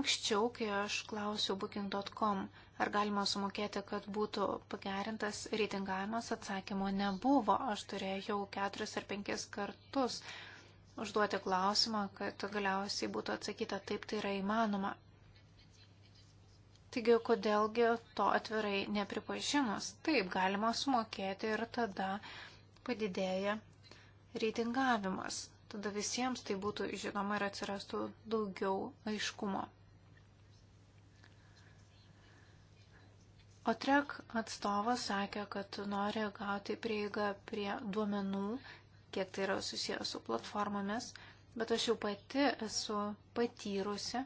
Anksčiau, kai aš klausiau booking.com, ar galima sumokėti, kad būtų pagerintas reitingavimas, atsakymo nebuvo. Aš turėjau keturis ar penkis kartus užduoti klausimą, kad galiausiai būtų atsakyta taip, tai yra įmanoma. Taigi, kodėlgi to atvirai nepripažinus? Taip, galima sumokėti ir tada padidėja reitingavimas. Tada visiems tai būtų žinoma ir atsirastų daugiau aiškumo. Otrek atstovas sakė, kad nori gauti prieigą prie duomenų, kiek tai yra susijęs su platformomis, bet aš jau pati esu patyrusi,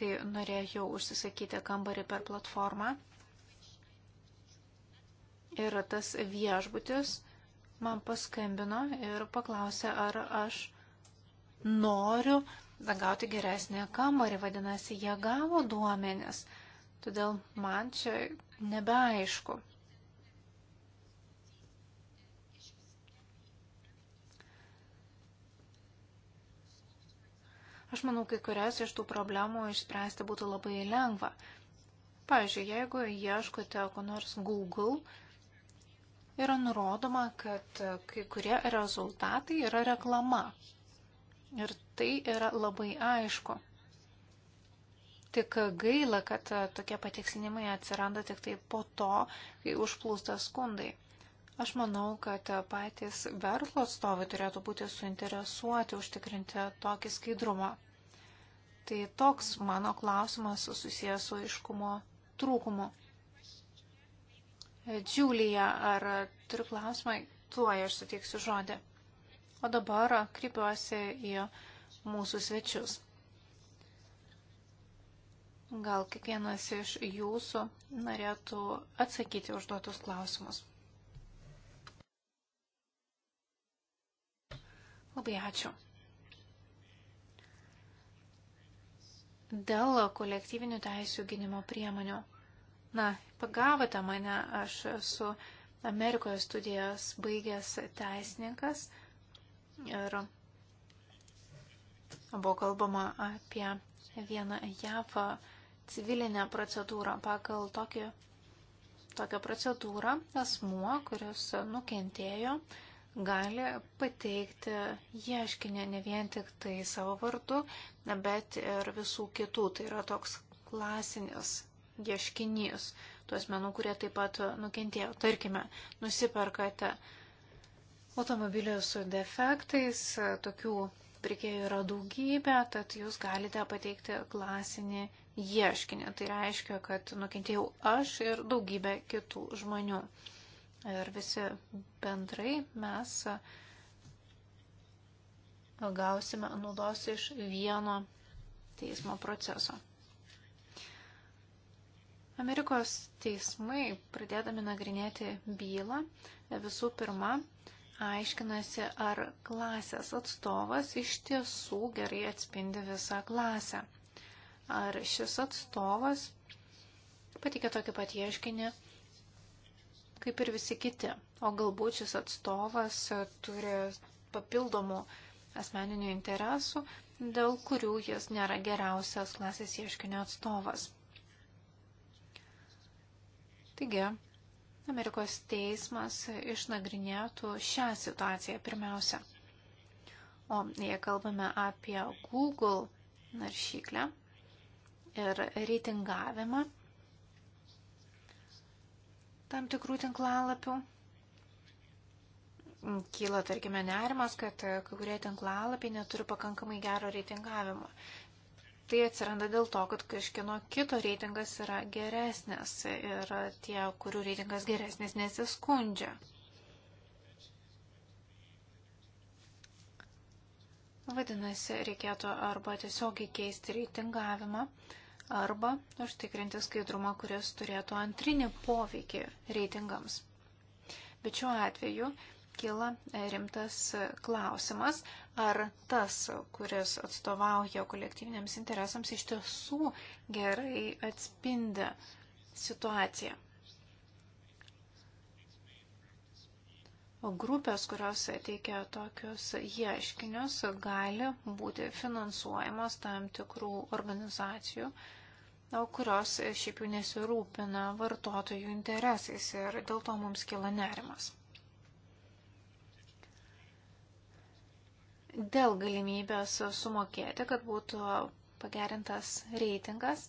kai norėjau užsisakyti kambarį per platformą. Ir tas viešbutis man paskambino ir paklausė, ar aš noriu gauti geresnį kambarį. Vadinasi, jie gavo duomenis. Todėl man čia nebeaišku. Aš manau, kai kurias iš tų problemų išspręsti būtų labai lengva. Pavyzdžiui, jeigu ieškote ko nors Google, yra nurodoma, kad kai kurie rezultatai yra reklama. Ir tai yra labai aišku. Tik gaila, kad tokie patikslinimai atsiranda tik tai po to, kai užplūsta skundai. Aš manau, kad patys verslo atstovai turėtų būti suinteresuoti užtikrinti tokį skaidrumą. Tai toks mano klausimas susijęs su iškumo trūkumu. Džiulija, ar turi klausimą? Tuoj aš suteiksiu žodį. O dabar kreipiuosi į mūsų svečius. Gal kiekvienas iš jūsų norėtų atsakyti užduotus klausimus. Labai ačiū. Dėl kolektyvinių teisų gynimo priemonių. Na, pagavote mane, aš esu Amerikoje studijas baigęs teisininkas ir buvo kalbama apie vieną JAV civilinę procedūrą. Pagal tokį, tokią procedūrą asmuo, kuris nukentėjo, gali pateikti ieškinį ne vien tik tai savo vardu, bet ir visų kitų. Tai yra toks klasinis ieškinys tų asmenų, kurie taip pat nukentėjo. Tarkime, nusiperkate automobilį su defektais, tokių pirkėjų yra daugybė, tad jūs galite pateikti klasinį ieškinį. Tai reiškia, kad nukentėjau aš ir daugybė kitų žmonių. Ir visi bendrai mes gausime naudos iš vieno teismo proceso. Amerikos teismai, pradėdami nagrinėti bylą, visų pirma aiškinasi, ar klasės atstovas iš tiesų gerai atspindi visą klasę. Ar šis atstovas patikė tokį pat ieškinį kaip ir visi kiti. O galbūt šis atstovas turi papildomų asmeninių interesų, dėl kurių jis nėra geriausias klasės ieškinio atstovas. Taigi, Amerikos teismas išnagrinėtų šią situaciją pirmiausia. O jei kalbame apie Google naršyklę ir reitingavimą, tam tikrų tinklalapių. Kyla, tarkime, nerimas, kad e, kai kurie tinklalapiai neturi pakankamai gero reitingavimo. Tai atsiranda dėl to, kad kažkieno kito reitingas yra geresnis ir tie, kurių reitingas geresnis, nesiskundžia. Vadinasi, reikėtų arba tiesiog įkeisti reitingavimą, arba užtikrinti skaidrumą, kuris turėtų antrinį poveikį reitingams. Bet šiuo atveju kyla e, rimtas e, klausimas, ar tas, kuris atstovauja kolektyviniams interesams, iš tiesų gerai atspindi situaciją. O grupės, kurios teikia tokius ieškinius, gali būti finansuojamos tam tikrų organizacijų, o kurios e, šiaip jau nesirūpina vartotojų interesais ir dėl to mums kila nerimas. Dėl galimybės sumokėti, kad būtų pagerintas reitingas,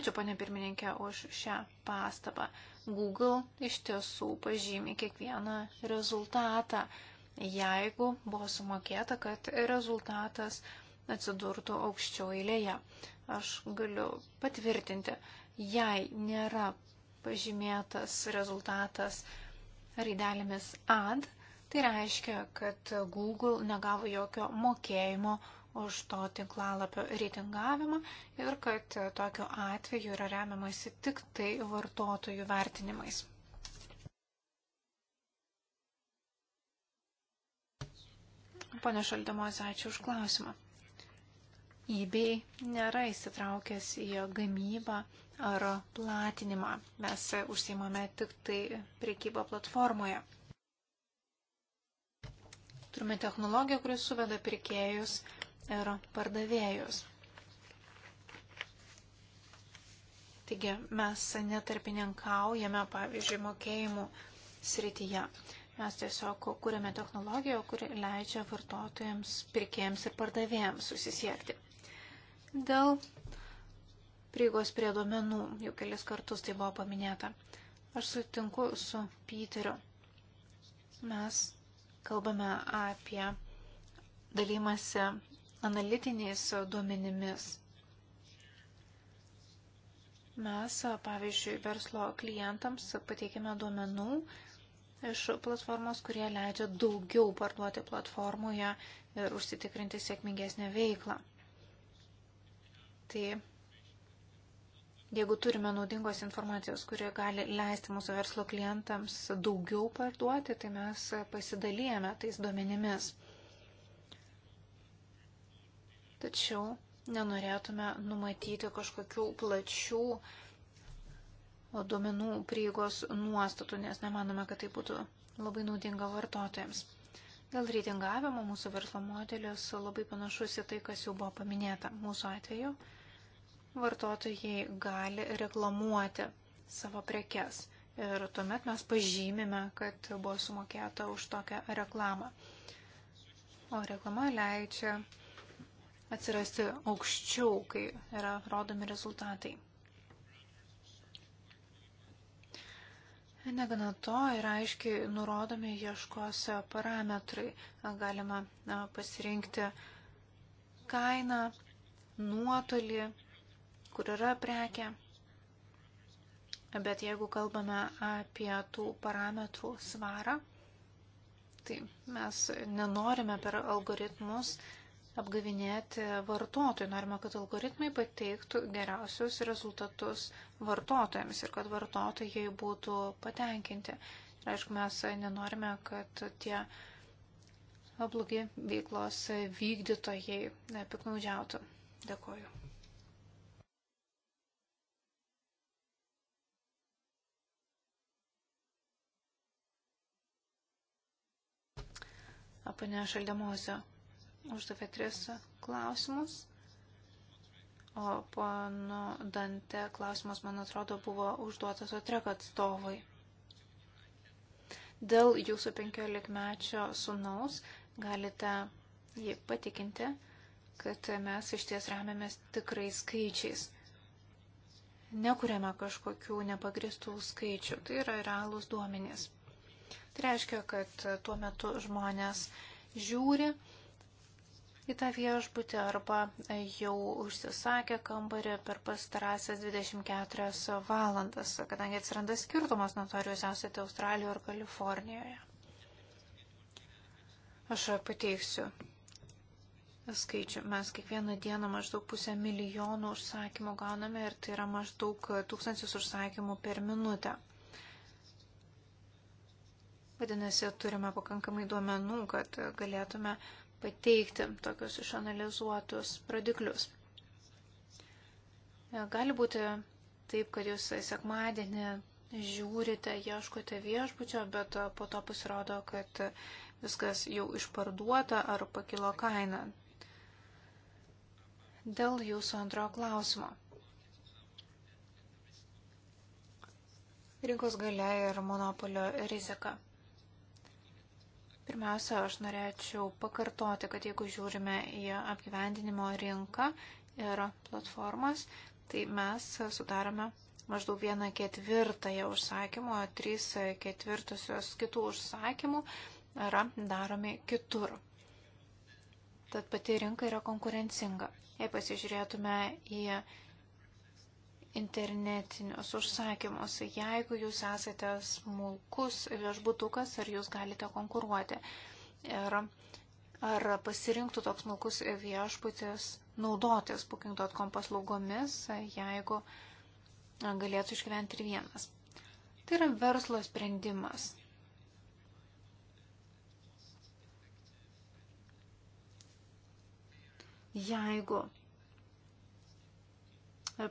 ačiū ponė pirmininkė už šią pastabą. Google iš tiesų pažymi kiekvieną rezultatą, jeigu buvo sumokėta, kad rezultatas atsidurtų aukščiau eilėje aš galiu patvirtinti, jei nėra pažymėtas rezultatas raidelėmis ad, tai reiškia, kad Google negavo jokio mokėjimo už to tinklalapio reitingavimą ir kad tokiu atveju yra remiamasi tik tai vartotojų vertinimais. Pane Šaldemos, ačiū už klausimą eBay nėra įsitraukęs į gamybą ar platinimą. Mes užsimame tik tai priekybą platformoje. Turime technologiją, kuris suveda pirkėjus ir pardavėjus. Taigi mes netarpininkaujame, pavyzdžiui, mokėjimų srityje. Mes tiesiog kūrėme technologiją, kuri leidžia vartotojams, pirkėjams ir pardavėjams susisiekti. Dėl prieigos prie duomenų, jau kelis kartus tai buvo paminėta. Aš sutinku su Pyteriu. Mes kalbame apie dalymasi analitiniais duomenimis. Mes, pavyzdžiui, verslo klientams pateikime duomenų iš platformos, kurie leidžia daugiau parduoti platformoje ir užsitikrinti sėkmingesnę veiklą. Tai jeigu turime naudingos informacijos, kuri gali leisti mūsų verslo klientams daugiau parduoti, tai mes pasidalijame tais duomenimis. Tačiau nenorėtume numatyti kažkokių plačių duomenų prieigos nuostatų, nes nemanome, kad tai būtų labai naudinga vartotojams. Dėl reitingavimo mūsų verslo modelis labai panašus į tai, kas jau buvo paminėta mūsų atveju vartotojai gali reklamuoti savo prekes. Ir tuomet mes pažymime, kad buvo sumokėta už tokią reklamą. O reklama leidžia atsirasti aukščiau, kai yra rodomi rezultatai. Negana to yra aiškiai nurodomi ieškos parametrai. Galima pasirinkti kainą, nuotolį, kur yra prekia. Bet jeigu kalbame apie tų parametrų svarą, tai mes nenorime per algoritmus apgavinėti vartotojų. Norime, kad algoritmai pateiktų geriausius rezultatus vartotojams ir kad vartotojai būtų patenkinti. Ir aišku, mes nenorime, kad tie blogi veiklos vykdytojai piknaudžiautų. Dėkuoju. Pane Šaldemozio uždavė tris klausimus, o pono Dante klausimas, man atrodo, buvo užduotas Otrek atstovai. Dėl jūsų penkiolikmečio sunaus galite jį patikinti, kad mes iš ties remiamės tikrais skaičiais. Nekuriame kažkokių nepagristų skaičių, tai yra realūs duomenys. Tai reiškia, kad tuo metu žmonės žiūri į tą viešbutį arba jau užsisakė kambarį per pastarąsias 24 valandas, kadangi atsiranda skirtumas nuo to, ar jūs esate Australijoje ar Kalifornijoje. Aš pateiksiu skaičių. Mes kiekvieną dieną maždaug pusę milijonų užsakymų gauname ir tai yra maždaug tūkstantis užsakymų per minutę. Vadinasi, turime pakankamai duomenų, kad galėtume pateikti tokius išanalizuotus pradiklius. E, gali būti taip, kad jūs sekmadienį žiūrite, ieškote viešbučio, bet po to pasirodo, kad viskas jau išparduota ar pakilo kaina. Dėl jūsų antrojo klausimo. Rinkos galia ir monopolio rizika. Pirmiausia, aš norėčiau pakartoti, kad jeigu žiūrime į apgyvendinimo rinką ir platformas, tai mes sudarome maždaug vieną ketvirtąją užsakymų, o trys ketvirtusios kitų užsakymų yra daromi kitur. Tad pati rinka yra konkurencinga. Jei pasižiūrėtume į internetinius užsakymus, jeigu jūs esate smulkus viešbutukas, ar jūs galite konkuruoti. Ir ar pasirinktų toks smulkus viešbutis naudotis booking.com paslaugomis, jeigu galėtų išgyventi ir vienas. Tai yra verslo sprendimas. Jeigu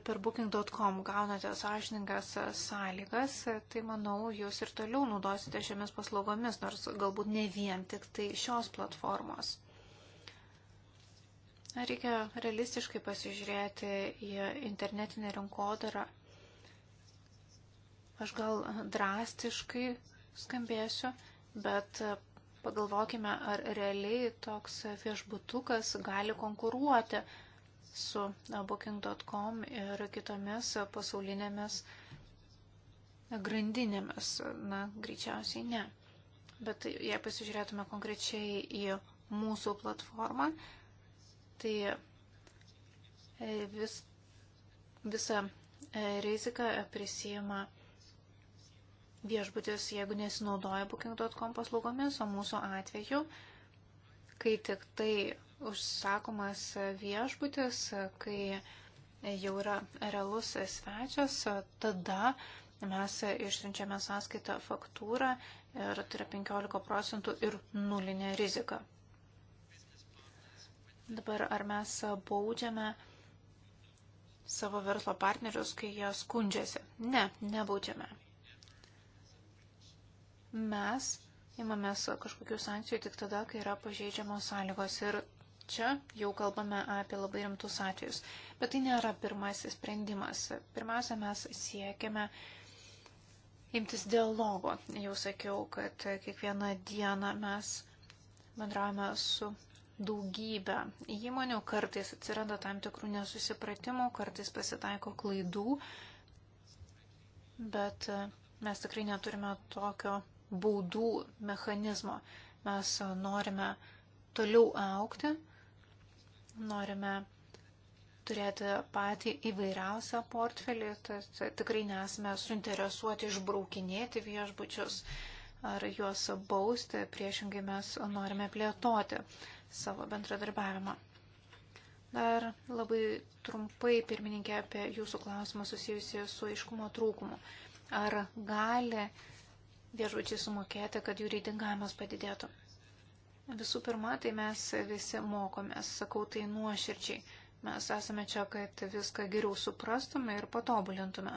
per booking.com gaunate sąžiningas e, sąlygas, e, tai manau, jūs ir toliau naudosite šiomis paslaugomis, nors galbūt ne vien tik tai šios platformos. Reikia realistiškai pasižiūrėti į internetinę rinkodarą. Aš gal drastiškai skambėsiu, bet e, pagalvokime, ar realiai toks viešbutukas gali konkuruoti su booking.com ir kitomis pasaulinėmis grandinėmis. Na, greičiausiai ne. Bet jei pasižiūrėtume konkrečiai į mūsų platformą, tai e, vis, visą e, riziką e, prisijama viešbutis, jeigu nesinaudoja booking.com paslaugomis, o mūsų atveju, kai tik tai užsakomas viešbutis, kai jau yra realus svečias, tada mes išsiunčiame sąskaitą faktūrą ir tai yra 15 procentų ir nulinė rizika. Dabar ar mes baudžiame savo verslo partnerius, kai jie skundžiasi? Ne, nebaudžiame. Mes imamės kažkokių sankcijų tik tada, kai yra pažeidžiamos sąlygos ir Čia jau kalbame apie labai rimtus atvejus. Bet tai nėra pirmasis sprendimas. Pirmiausia, mes siekiame imtis dialogo. Jau sakiau, kad kiekvieną dieną mes bendravome su daugybę įmonių, kartais atsiranda tam tikrų nesusipratimų, kartais pasitaiko klaidų, bet e, mes tikrai neturime tokio baudų mechanizmo. Mes norime toliau aukti, Norime turėti patį įvairiausią portfelį, tad tikrai nesame suinteresuoti išbraukinėti viešbučius ar juos bausti, priešingai mes norime plėtoti savo bendradarbiavimą. Dar labai trumpai, pirmininkė, apie jūsų klausimą susijusi su iškumo trūkumu. Ar gali viešbučiai sumokėti, kad jų reitingavimas padidėtų? Visų pirma, tai mes visi mokomės, sakau tai nuoširdžiai. Mes esame čia, kad viską geriau suprastume ir patobulintume.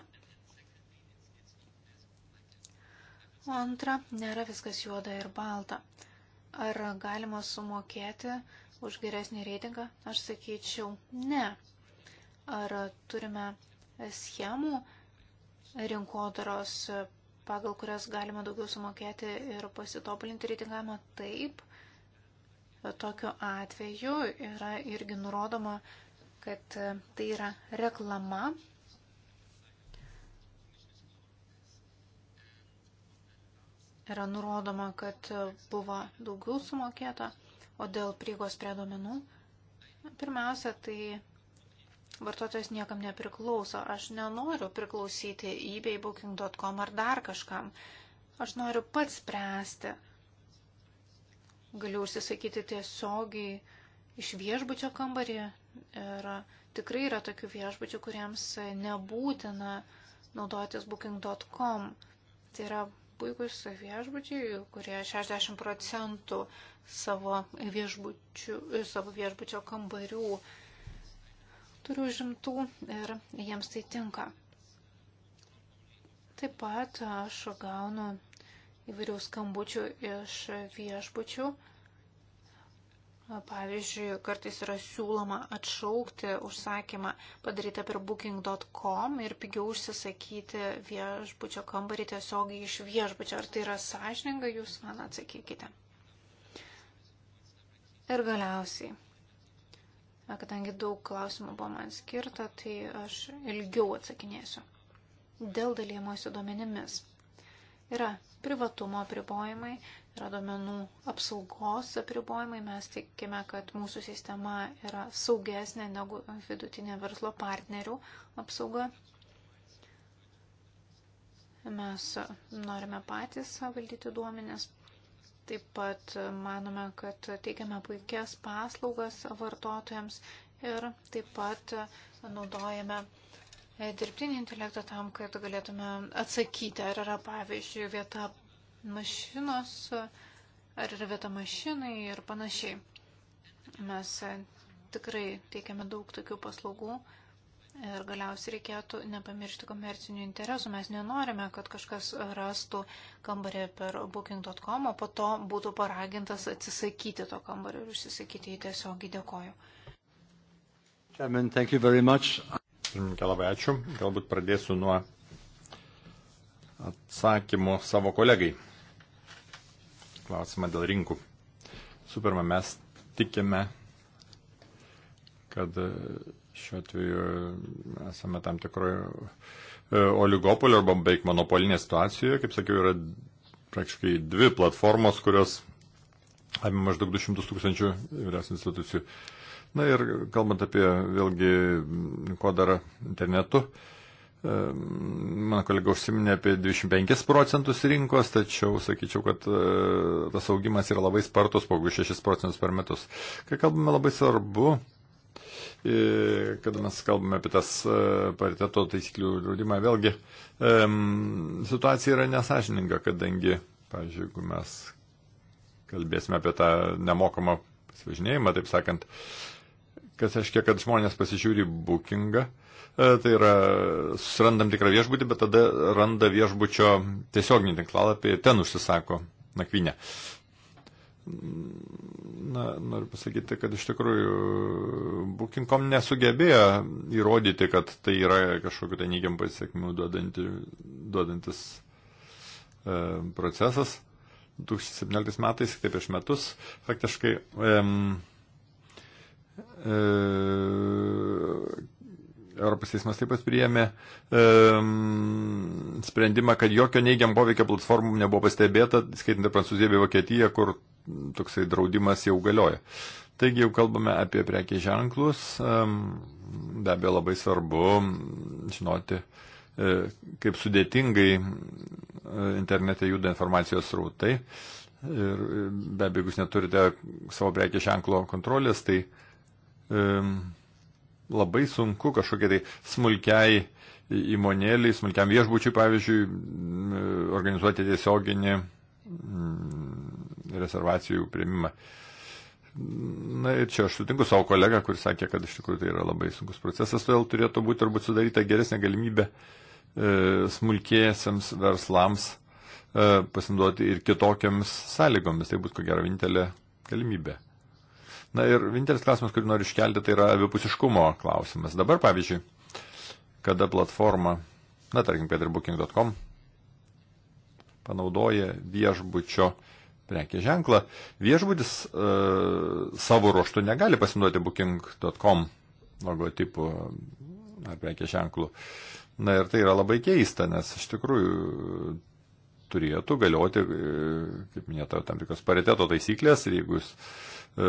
O antra, nėra viskas juoda ir balta. Ar galima sumokėti už geresnį reitingą? Aš sakyčiau, ne. Ar turime schemų rinkodaros, pagal kurias galima daugiau sumokėti ir pasitobulinti reitingavimą? Taip tokiu atveju yra irgi nurodoma, kad tai yra reklama. Yra nurodoma, kad buvo daugiau sumokėta, o dėl prieigos prie domenų, pirmiausia, tai vartotojas niekam nepriklauso. Aš nenoriu priklausyti eBay, booking.com ar dar kažkam. Aš noriu pats spręsti, galiu užsisakyti tiesiogiai iš viešbučio kambarį ir tikrai yra tokių viešbučių, kuriems nebūtina naudotis booking.com. Tai yra puikus viešbučiai, kurie 60 procentų savo, savo viešbučio kambarių turi užimtų ir jiems tai tinka. Taip pat aš gaunu įvairių skambučių iš viešbučių. Pavyzdžiui, kartais yra siūloma atšaukti užsakymą padarytą per booking.com ir pigiau užsisakyti viešbučio kambarį tiesiogiai iš viešbučio. Ar tai yra sąžininga, jūs man atsakykite. Ir galiausiai, kadangi daug klausimų buvo man skirta, tai aš ilgiau atsakinėsiu. Dėl dalymosi duomenimis. Yra privatumo apribojimai, yra domenų apsaugos apribojimai. Mes tikime, kad mūsų sistema yra saugesnė negu vidutinė verslo partnerių apsauga. Mes norime patys valdyti duomenės. Taip pat manome, kad teikiame puikias paslaugas vartotojams ir taip pat naudojame E, dirbtinį intelektą tam, kad galėtume atsakyti, ar yra, pavyzdžiui, vieta mašinos, ar yra vieta mašinai ir panašiai. Mes e, tikrai teikiame daug tokių paslaugų ir galiausiai reikėtų nepamiršti komercinių interesų. Mes nenorime, kad kažkas rastų kambarį per booking.com, o po to būtų paragintas atsisakyti to kambario ir užsisakyti jį tiesiog. Dėkoju. Chairman, thank you very much. Pirmininkė, labai ačiū. Galbūt pradėsiu nuo atsakymo savo kolegai. Klausimą dėl rinkų. Su pirma, mes tikime, kad šiuo atveju esame tam tikroje e, oligopolio arba beveik monopolinė situacijoje. Kaip sakiau, yra praktiškai dvi platformos, kurios apima maždaug 200 tūkstančių vyriausių institucijų. Uh, Na ir kalbant apie vėlgi kodarą internetu, e, mano kolega užsiminė apie 25 procentus rinkos, tačiau sakyčiau, kad e, tas augimas yra labai spartus, pagu 6 procentus per metus. Kai kalbame labai svarbu, e, kada mes kalbame apie tas pariteto taisyklių draudimą, vėlgi situacija yra nesažininga, kadangi, pavyzdžiui, jeigu mes kalbėsime apie tą nemokamą pasivažinėjimą, taip sakant, kas reiškia, kad žmonės pasižiūri bookingą, e, tai yra susirandam tikrą viešbutį, bet tada randa viešbučio tiesioginį tinklalapį ir ten užsisako nakvynę. Na, noriu pasakyti, kad iš tikrųjų Booking.com nesugebėjo įrodyti, kad tai yra kažkokiu tai neigiam pasiekmių duodanti, duodantis e, procesas. 2017 metais, kaip prieš metus, faktiškai. E, E, Europos teismas taip pat priėmė um, sprendimą, kad jokio neigiam poveikio platformų nebuvo pastebėta, skaitant ir Prancūziją bei Vokietiją, kur toksai draudimas jau galioja. Taigi jau kalbame apie prekės ženklus, um, be abejo labai svarbu žinoti, kaip sudėtingai internete juda informacijos srautai. Ir be abejo, jeigu jūs neturite savo prekės ženklo kontrolės, tai uh, labai sunku kažkokiai tai smulkiai įmonėliai, smulkiam viešbučiui, pavyzdžiui, organizuoti tiesioginį rezervacijų prieimimą. Na ir čia aš sutinku savo kolegą, kuris sakė, kad iš tikrųjų tai yra labai sunkus procesas, todėl turėtų būti turbūt sudaryta geresnė galimybė e, smulkėjasiams verslams e, pasinduoti ir kitokiamis sąlygomis. Tai būtų ko gero vienintelė galimybė. Na ir vienintelis klausimas, kurį noriu iškelti, tai yra abipusiškumo klausimas. Dabar, pavyzdžiui, kada platforma, na tarkim, kad ir booking.com panaudoja viešbučio prekė ženklą, viešbutis e, savo ruoštų negali pasinaudoti booking.com logotipų ar prekė ženklų. Na ir tai yra labai keista, nes iš tikrųjų turėtų galioti, e, kaip minėta, tam tikros pariteto taisyklės ir jeigu jūs E,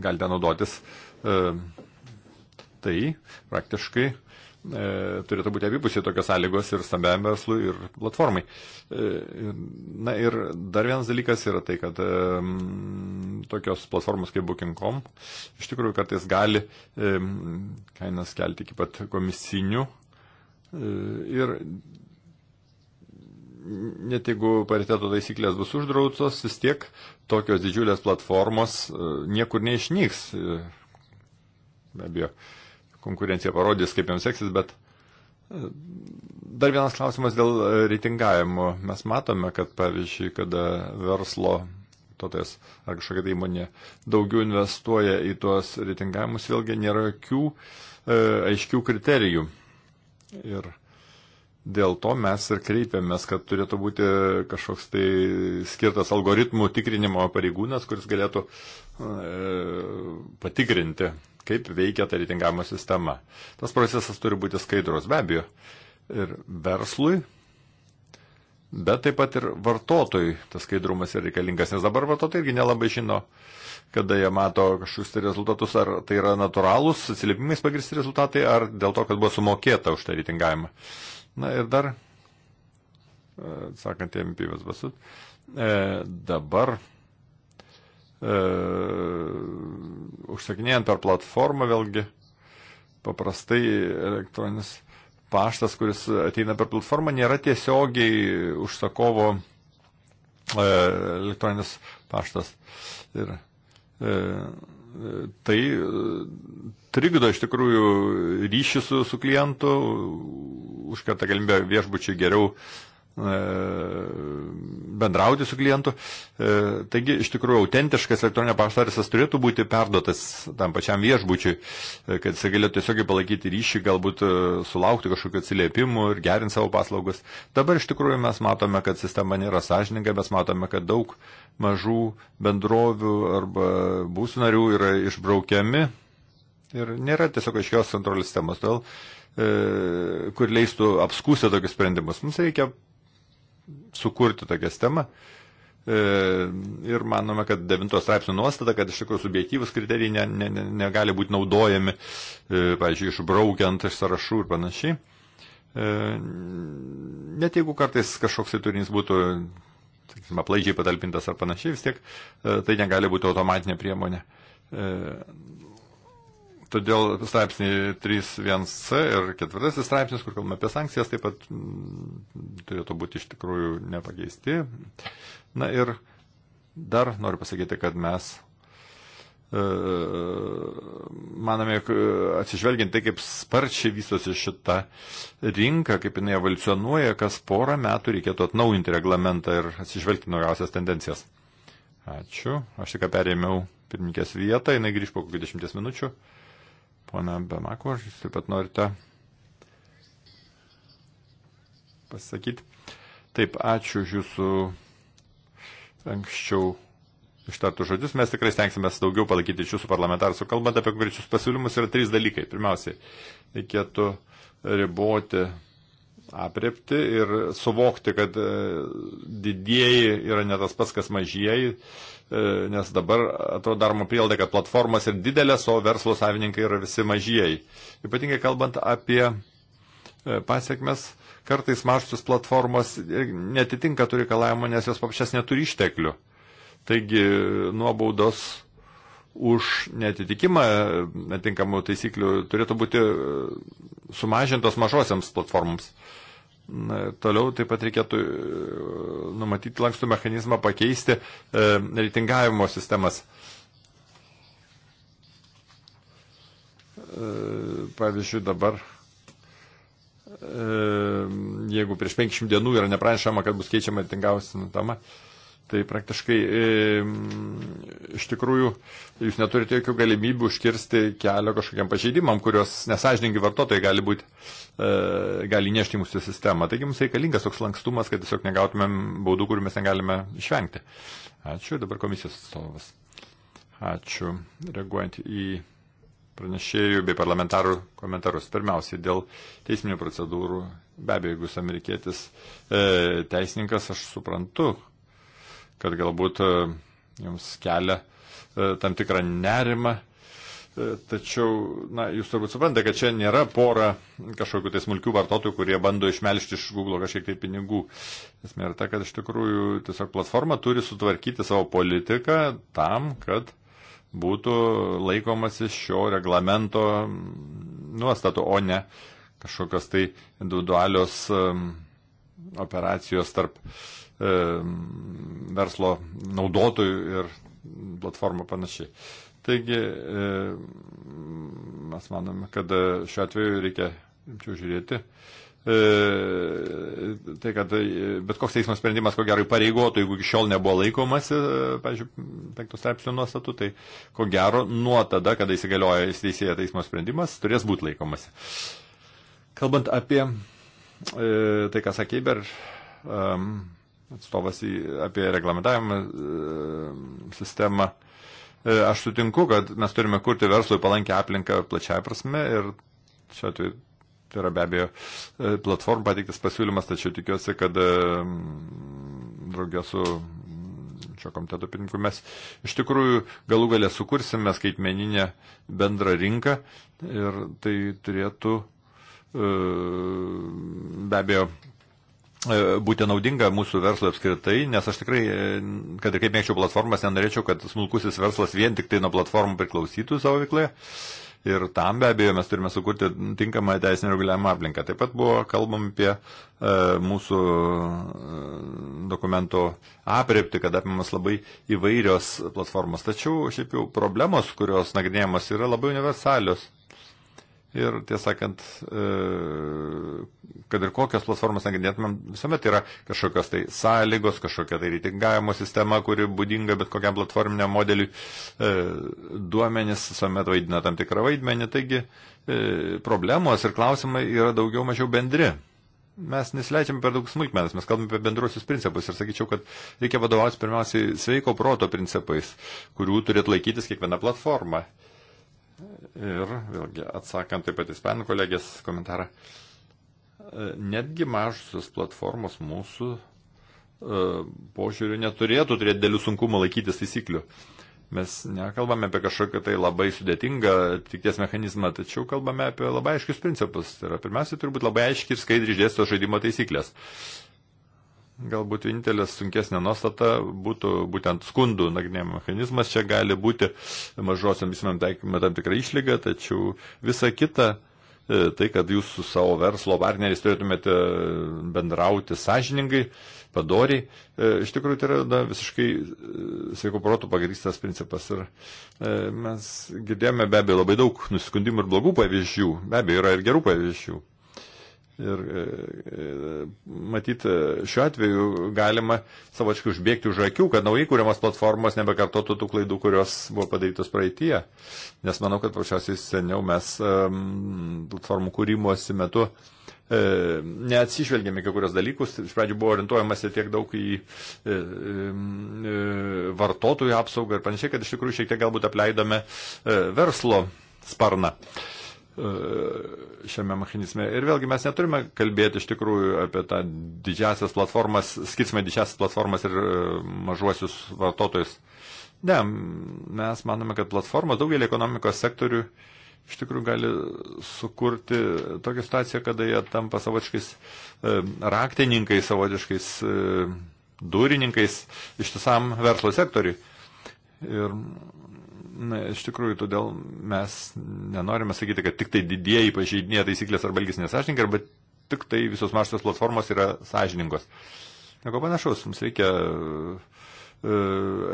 galite naudotis. E, tai praktiškai e, turėtų būti abipusiai tokios sąlygos ir stambiam verslui, ir platformai. E, na ir dar vienas dalykas yra tai, kad e, tokios platformos kaip Booking.com iš tikrųjų kartais gali e, kainas kelti iki pat komisinių. E, ir net jeigu pariteto taisyklės bus uždrautos, vis tiek tokios didžiulės platformos e, niekur neišnyks. E, be abejo, konkurencija parodys, kaip jiems seksis, bet e, dar vienas klausimas dėl reitingavimo. Mes matome, kad pavyzdžiui, kada verslo vartotojas ar kažkokia tai įmonė daugiau investuoja į tuos reitingavimus, vėlgi nėra jokių e, aiškių kriterijų. Ir Dėl to mes ir kreipiamės, kad turėtų būti kažkoks tai skirtas algoritmų tikrinimo pareigūnas, kuris galėtų e, patikrinti, kaip veikia ta reitingavimo sistema. Tas procesas turi būti skaidrus, be abejo, ir verslui, bet taip pat ir vartotojui tas skaidrumas yra reikalingas, nes dabar vartotojai irgi nelabai žino, kada jie mato kažkokius tai rezultatus, ar tai yra natūralūs, atsiliepimais pagristi rezultatai, ar dėl to, kad buvo sumokėta už tą reitingavimą. Na ir dar, e, sakant, MP Vasbasut, e, dabar e, užsakinėjant ar platformą vėlgi paprastai elektroninis paštas, kuris ateina per platformą, nėra tiesiogiai užsakovo elektroninis paštas. Ir, e, tai e, trikdo iš tikrųjų ryšį su, su klientu, užkerta galimybę viešbučiai geriau uh, E, bendrauti su klientu. E, taigi, iš tikrųjų, autentiškas elektroninio pašto adresas turėtų būti perduotas tam pačiam viešbučiui, e, kad jis galėtų tiesiog palaikyti ryšį, galbūt sulaukti kažkokio atsiliepimų ir gerinti savo paslaugas. Dabar iš tikrųjų mes matome, kad sistema nėra sąžininga, mes matome, kad daug mažų bendrovių arba būsų narių yra išbraukiami ir nėra tiesiog aiškios kontrolės sistemos. Todėl kur leistų apskūsti tokius sprendimus. Mums reikia sukurti tokią sistemą. E, ir manome, kad devintos straipsnių nuostata, kad iš tikrųjų subjektyvus kriterijai ne, ne, ne, negali būti naudojami, e, pavyzdžiui, išbraukiant iš sąrašų ir panašiai. E, net jeigu kartais kažkoks turinys būtų sakysime, plaidžiai patalpintas ar panašiai, vis tiek tai negali būti automatinė priemonė. Todėl straipsniai 3.1c ir ketvirtasis straipsnis, kur kalbame apie sankcijas, taip pat mm, turėtų būti iš tikrųjų nepakeisti. Na ir dar noriu pasakyti, kad mes e, manome, e, atsižvelgiant tai, kaip sparčiai vystosi šita rinka, kaip jinai evoliucionuoja, kas porą metų reikėtų atnaujinti reglamentą ir atsižvelgti naujausias tendencijas. Ačiū. Aš tik perėmiau pirmininkės vietą, jinai grįž po kokių dešimties minučių. Pona Bemako, ar jūs taip pat norite pasakyti? Taip, ačiū už jūsų anksčiau ištartų žodžius. Mes tikrai stengsime daugiau palaikyti iš jūsų parlamentarų. Kalbant apie konkrečius pasiūlymus, yra trys dalykai. Pirmiausiai, reikėtų riboti apriepti ir suvokti, kad didieji yra ne tas pats, kas mažieji. E, nes dabar atrodo daroma prielda, kad platformos yra didelės, o verslo savininkai yra visi mažieji. Ypatingai kalbant apie e, pasiekmes, kartais mažusios platformos netitinka tų reikalavimų, nes jos paprasčias neturi išteklių. Taigi nuobaudos už netitikimą netinkamų taisyklių turėtų būti e, sumažintos mažosiams platformoms. Uh, Toliau taip pat reikėtų e, numatyti lankstų mechanizmą pakeisti e, reitingavimo sistemas. E, pavyzdžiui, dabar, e, jeigu prieš 50 dienų yra nepranešama, kad bus keičiama reitingavusi nutama, e, Tai praktiškai e, iš tikrųjų jūs neturite jokių galimybių užkirsti kelio kažkokiam pažeidimam, kurios nesažininkai vartotojai gali būti, e, gali nešti mūsų sistemą. Taigi mums reikalingas toks lankstumas, kad tiesiog negautumėm baudų, kurių mes negalime išvengti. Ačiū, dabar komisijos atstovas. Ačiū, reaguojant į pranešėjų bei parlamentarų komentarus. Pirmiausiai dėl teisminių procedūrų. Be abejo, jeigu jūs amerikietis e, teisininkas, aš suprantu, kad galbūt e, jums kelia e, tam tikrą nerimą. E, tačiau, na, jūs turbūt suprantate, kad čia nėra pora kažkokių tai smulkių vartotojų, kurie bando išmelžti iš Google kažkiek tai pinigų. Esmė yra ta, kad iš tikrųjų tiesiog platforma turi sutvarkyti savo politiką tam, kad būtų laikomasi šio reglamento nuostatų, o ne kažkokios tai individualios operacijos tarp uh, E, verslo naudotojų ir platformų panašiai. Taigi e, mes manome, kad e, šiuo atveju reikia čia žiūrėti. Tai, kad bet koks teismo sprendimas, ko gero, pareigotų, jeigu iki šiol nebuvo laikomasi, pažiūrėjau, penktos straipsnių nuostatų, tai ko gero, nuo tada, kada įsigalioja įsiteisėję teismo sprendimas, turės būti laikomasi. Kalbant apie tai, ką sakė Iber, um, atstovas į, apie reglamentavimą e, sistemą. E, aš sutinku, kad mes turime kurti verslui palankę aplinką plačiai prasme ir šiuo atveju tai yra be abejo e, platform pateiktas pasiūlymas, tačiau tikiuosi, kad e, draugė su šio komiteto pirmininku mes iš tikrųjų galų galę sukursime skaitmeninę bendrą rinką ir tai turėtų e, be abejo E, būti naudinga mūsų verslui apskritai, nes aš tikrai, e, kad ir kaip mėgčiau platformas, nenorėčiau, kad smulkusis verslas vien tik tai nuo platformų priklausytų savo veikloje. Ir tam be abejo mes turime sukurti tinkamą teisinį reguliavimą aplinką. Taip pat buvo kalbam apie e, mūsų e, dokumento apriepti, kad apimamas labai įvairios platformos. Tačiau šiaip jau problemos, kurios nagrinėjamos, yra labai universalios. Ir tiesąkant, e, kad ir kokios platformos nagrinėtumėm, visuomet yra kažkokios tai sąlygos, kažkokia tai reitingavimo sistema, kuri būdinga bet kokiam platforminiam modeliui. E, duomenys visuomet vaidina tam tikrą vaidmenį, taigi e, problemos ir klausimai yra daugiau mažiau bendri. Mes nesileidžiame per daug smulkmenas, mes kalbame apie bendruosius principus ir sakyčiau, kad reikia vadovautis pirmiausiai sveiko proto principais, kurių turėtų laikytis kiekviena platforma. E, Ir vėlgi atsakant taip pat ispanų kolegės komentarą, e, netgi mažusios platformos mūsų e, požiūriu neturėtų turėti dėlių sunkumų laikytis taisyklių. Mes nekalbame apie kažkokią tai labai sudėtingą tikties mechanizmą, tačiau kalbame apie labai aiškius principus. Tai yra, pirmiausia, turi būti labai aiškiai ir skaidriai išdėstos žaidimo taisyklės. Galbūt vienintelė sunkesnė nuostata būtų būtent skundų nagrinėjimo mechanizmas. Čia gali būti mažosiam įsimėm taikymą tam tikrą išlygą, tačiau visa kita, e, tai kad jūs su savo verslo partneriais turėtumėte e, bendrauti sąžiningai, padoriai, e, iš tikrųjų tai yra da, visiškai sveiko protų pagrįstas principas. Ir mes girdėjome be abejo labai daug nusiskundimų ir blogų pavyzdžių, be abejo yra ir gerų pavyzdžių. Ir e, e, matyti, e, šiuo atveju galima savočiai užbėgti už akių, kad naujai kūriamas platformos nebekartotų tų klaidų, kurios buvo padarytos praeitie. Nes manau, kad paprasčiausiai seniau mes platformų kūrimuosi metu neatsižvelgėme kai kurios dalykus. Iš pradžių buvo orientuojamasi tiek daug į vartotojų apsaugą ir panašiai, kad iš tikrųjų šiek tiek galbūt apleidome verslo sparną. E, šiame mechanizme. Ir vėlgi mes neturime kalbėti iš tikrųjų apie tą didžiasias platformas, skitsime didžiasias platformas ir e, mažuosius vartotojus. Ne, mes manome, kad platformos daugelį ekonomikos sektorių iš tikrųjų gali sukurti tokią situaciją, kada jie tampa savotiškais e, raktininkais, savotiškais durininkais ištisam verslo sektoriui. Ir Na, iš tikrųjų, todėl mes nenorime sakyti, kad tik tai didieji pažeidinėja taisyklės arba elgis nesažininkai, arba tik tai visos mažos platformos yra sąžiningos. Nieko panašaus, mums reikia e,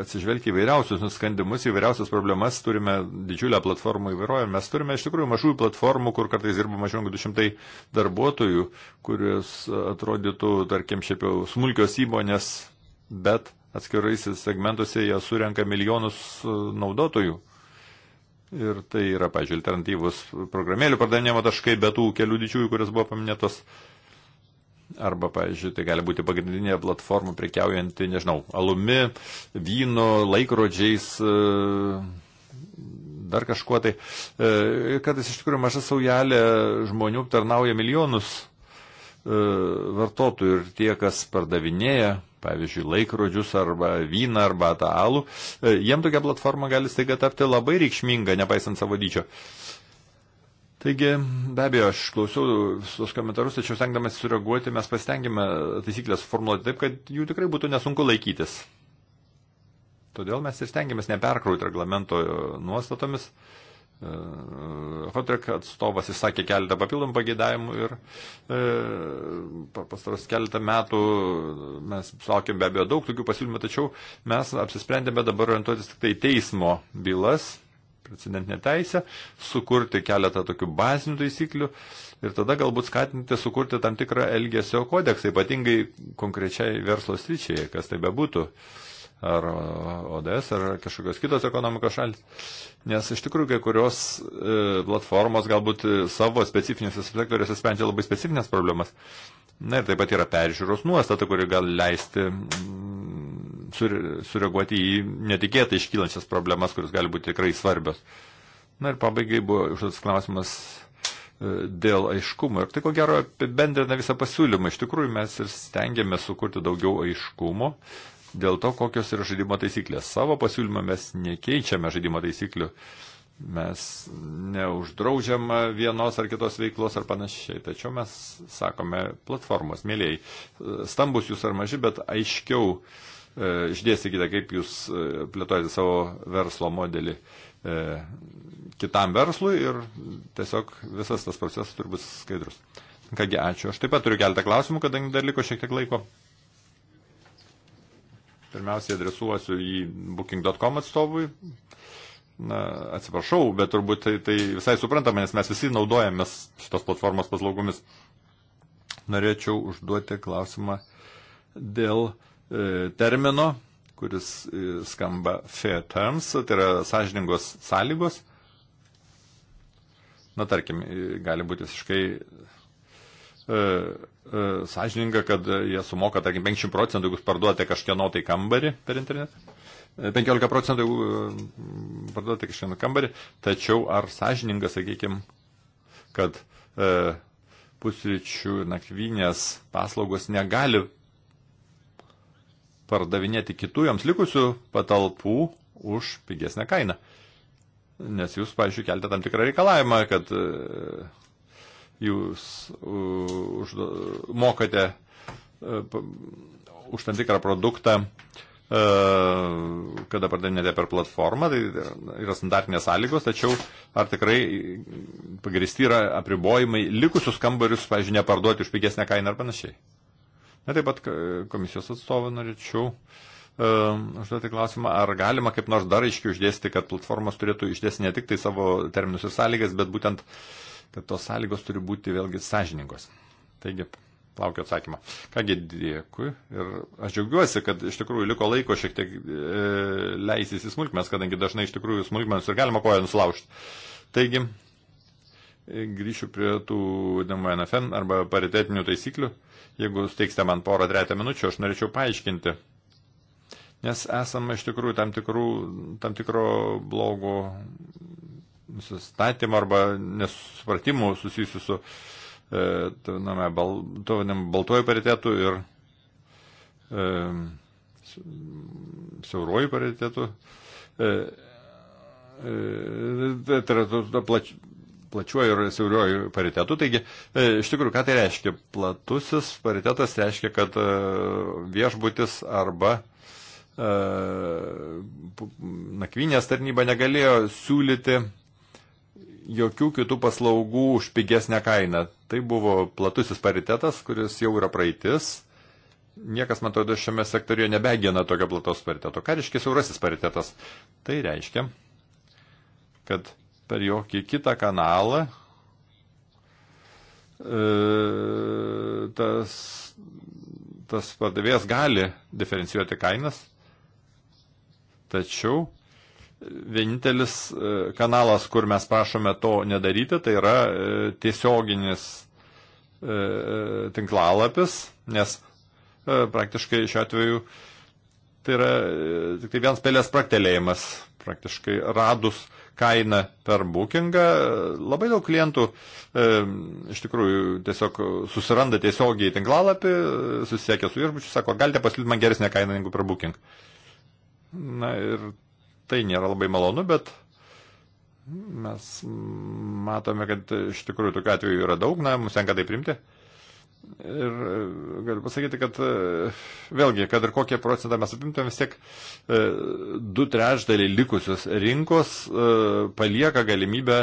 atsižvelgti įvairiausius nuskandimus, įvairiausias problemas, turime didžiulę platformų įvairovę, mes turime iš tikrųjų mažųjų platformų, kur kartais dirba mažiau negu 200 darbuotojų, kurios atrodytų, tarkim, šiaip jau smulkios įmonės, bet atskirais segmentuose jie surenka milijonus e, naudotojų. Ir tai yra, pažiūrėjau, alternatyvus programėlių pardavinėjimo taškai, bet tų kelių didžiųjų, kurios buvo paminėtos. Arba, pavyzdžiui, tai gali būti pagrindinė platforma prekiaujanti, nežinau, alumi, vynu, laikrodžiais, e, dar kažkuo tai. E, kartais iš tikrųjų maža saujelė žmonių tarnauja milijonus vartotojų ir tie, kas pardavinėja pavyzdžiui, laikrodžius arba vyną arba tą alų, e, jiem tokia platforma gali staiga tapti labai reikšminga, nepaisant savo dydžio. Taigi, be abejo, aš klausiau visus komentarus, tačiau stengdamas sureaguoti, mes pasitengime taisyklės formuluoti taip, kad jų tikrai būtų nesunku laikytis. Todėl mes ir stengiamės neperkrauti reglamento nuostatomis. Uh, E, Hotrek atstovas išsakė keletą papildomų pagėdavimų ir e, pastaros keletą metų mes sulaukėm be abejo daug tokių pasiūlymų, tačiau mes apsisprendėme dabar orientuotis tik tai teismo bylas, precedentinę teisę, sukurti keletą tokių bazinių taisyklių ir tada galbūt skatinti sukurti tam tikrą elgesio kodeksą, ypatingai konkrečiai verslo sričiai, kas tai bebūtų. E, ar ODS, ar kažkokios kitos ekonomikos šalis. Nes iš tikrųjų kai kurios e, platformos galbūt savo specifinėse sektoriuose sprendžia labai specifinės problemas. Na ir taip pat yra peržiūros nuostata, kuri gali leisti mm, sureaguoti į netikėtai iškylančias problemas, kuris gali būti tikrai svarbios. Na ir pabaigai buvo užduotas klausimas e, dėl aiškumo. Ir tai ko gero apibendrina visą pasiūlymą. Iš tikrųjų mes ir stengiamės sukurti daugiau aiškumo, dėl to, kokios yra žaidimo taisyklės. Savo pasiūlymą mes nekeičiame žaidimo taisyklių. Mes neuždraudžiam vienos ar kitos veiklos ar panašiai, tačiau mes sakome platformos, mėlyjei, stambus jūs ar maži, bet aiškiau e, išdėstykite, kaip jūs e, plėtojate savo verslo modelį e, kitam verslui ir tiesiog visas tas procesas turi būti skaidrus. Kągi, ačiū. Aš taip pat turiu keletą klausimų, kadangi dar liko šiek tiek laiko. Pirmiausiai adresuosiu į booking.com atstovui. Na, atsiprašau, bet turbūt tai, tai visai suprantama, nes mes visi naudojamės šitos platformos paslaugomis. Norėčiau užduoti klausimą dėl e, termino, kuris e, skamba fair terms, tai yra sąžiningos sąlygos. Na, tarkim, e, gali būti visiškai e, e, sąžininga, kad jie sumoka, tarkim, 50 procentų, jeigu parduodate kažkieno tai kambarį per internetą. 15 e, procentų, jeigu e, parduodate kažkieno kambarį. Tačiau ar sąžininga, sakykime, kad e, pusryčių ir nakvynės paslaugos negali pardavinėti kitų joms likusių patalpų už pigesnę kainą. Nes jūs, pavyzdžiui, keltė tam tikrą reikalavimą, kad e, jūs už, mokate e, už tam tikrą produktą, e, kada pardavinėte per platformą, tai yra standartinės sąlygos, tačiau ar tikrai pagristi yra apribojimai likusius kambarius, pavyzdžiui, neparduoti už pigesnę kainą ar panašiai. Na taip pat e, komisijos atstovą norėčiau užduoti klausimą, ar galima kaip nors dar aiškiai uždėsti, kad platformos turėtų išdėsti ne tik tai savo terminus ir sąlygas, bet būtent uh, Tad tos sąlygos turi būti vėlgi sąžiningos. Taigi, laukiu atsakymą. Kągi, dėkui. Ir aš džiaugiuosi, kad iš tikrųjų liko laiko šiek tiek e, leisis į smulkmes, kadangi dažnai iš tikrųjų smulkmenas ir galima koją nuslaužti. Taigi, e, grįšiu prie tų vadinamų NFN arba paritetinių taisyklių. Jeigu steiksite man porą tretą minučių, aš norėčiau paaiškinti. Nes esame iš tikrųjų tam, tikrų, tam tikro blogo nusistatymų arba nesupratimų susijusių su e, tavame, bal, tavame baltuoju paritetu ir e, siauruoju paritetu. E, e, tai, tai yra plač, plačiuoju ir siauriuoju paritetu. Taigi, e, iš tikrųjų, ką tai reiškia? Platusis paritetas reiškia, kad e, viešbutis arba e, nakvinės tarnyba negalėjo siūlyti jokių kitų paslaugų už pigesnę kainą. Tai buvo platusis paritetas, kuris jau yra praeitis. Niekas, man atrodo, šiame sektorijoje nebegina tokio plataus pariteto. Ką reiškia siaurasis paritetas? Tai reiškia, kad per jokį kitą kanalą e, tas, tas pardavėjas gali diferencijuoti kainas, tačiau vienintelis e, kanalas, kur mes prašome to nedaryti, tai yra e, tiesioginis e, tinklalapis, nes praktiškai šiuo atveju tai yra tik tai vienas pelės praktelėjimas, praktiškai radus kainą per bookingą. Labai daug klientų e, iš tikrųjų tiesiog susiranda tiesiogiai tinklalapį, susisiekia su viešbučiu, sako, galite pasiūlyti man geresnę kainą negu per booking. Na ir tai nėra labai malonu, bet mes matome, kad iš tikrųjų tokių atvejų yra daug, na, mums tenka tai primti. Ir e, galiu pasakyti, kad e, vėlgi, kad ir kokie procentą mes apimtume, vis tiek e, du trečdaliai likusios rinkos palieka galimybę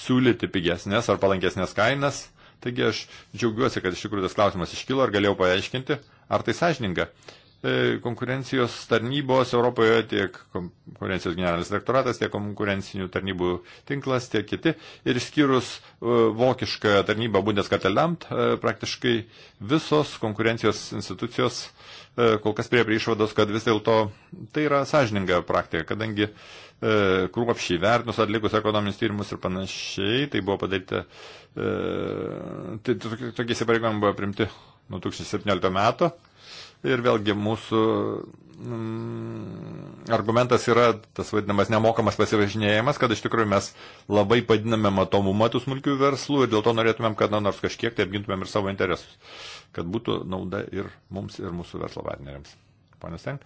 siūlyti pigesnės ar palankesnės kainas. Taigi aš džiaugiuosi, kad iš tikrųjų tas klausimas iškilo ir galėjau paaiškinti, ar tai sąžininga. E, konkurencijos tarnybos Europoje, tiek konkurencijos generalinis direktoratas, tiek konkurencinių tarnybų tinklas, tiek kiti. Ir skyrus e, vokišką tarnybą Bundeskartelamt, e, praktiškai visos konkurencijos institucijos kol kas prie prie išvados, kad vis dėlto tai yra sąžininga praktika, kadangi kruopšiai vertinus atlikus ekonominius tyrimus ir panašiai, tai buvo padaryta, tai tokie įsipareigojimai buvo primti nuo 2017 metų Ir vėlgi mūsų mm, argumentas yra tas vadinamas nemokamas pasirašinėjimas, kad iš tikrųjų mes labai padiname matomumą tų smulkių verslų ir dėl to norėtumėm, kad na, nors kažkiek tai apgintumėm ir savo interesus, kad būtų nauda ir mums, ir mūsų verslo partneriams. Pane Senk,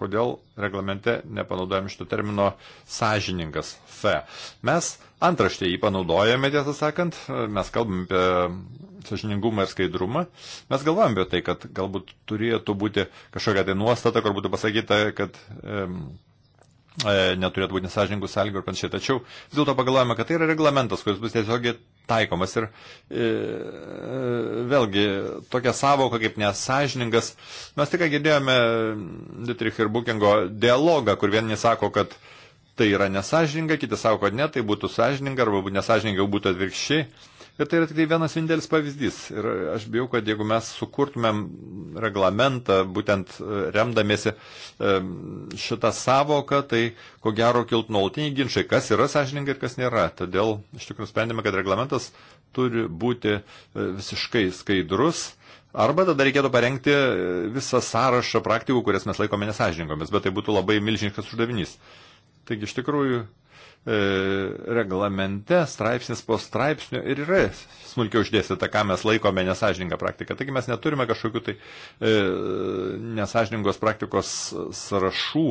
kodėl reglamente nepanaudojame šito termino sąžiningas fe. Mes antraštėje jį panaudojame, tiesą sakant, mes kalbame apie sažiningumą ir skaidrumą, mes galvojame apie tai, kad galbūt turėtų būti kažkokia tai nuostata, kur būtų pasakyta, kad e, neturėtų būti nesažininkų sąlygų ir panašiai. Tačiau vis dėlto pagalvojame, kad tai yra reglamentas, kuris bus tiesiogiai taikomas. Ir e, vėlgi, tokia savoka kaip nesažiningas, mes tik girdėjome Dietrich ir Bukingo dialogą, kur vieni sako, kad tai yra nesažininga, kiti sako, kad ne, tai būtų sažininga, arba nesažininga būtų atvirkščiai. Ir tai yra tik tai vienas vienintelis pavyzdys. Ir aš bijau, kad jeigu mes sukurtumėm reglamentą, būtent e, remdamėsi e, šitą savoką, tai ko gero kiltų nuolatiniai ginčiai, kas yra sąžininkai ir kas nėra. Todėl iš tikrųjų sprendėme, kad reglamentas turi būti e, visiškai skaidrus. Arba tada reikėtų parengti visą sąrašą praktikų, kurias mes laikome nesažininkomis, bet tai būtų labai milžiniškas uždavinys. Taigi iš tikrųjų E, reglamente straipsnis po straipsnio ir yra smulkiau išdėstyta, ką mes laikome nesažininką praktiką. Taigi mes neturime kažkokių tai e, nesažiningos praktikos sąrašų,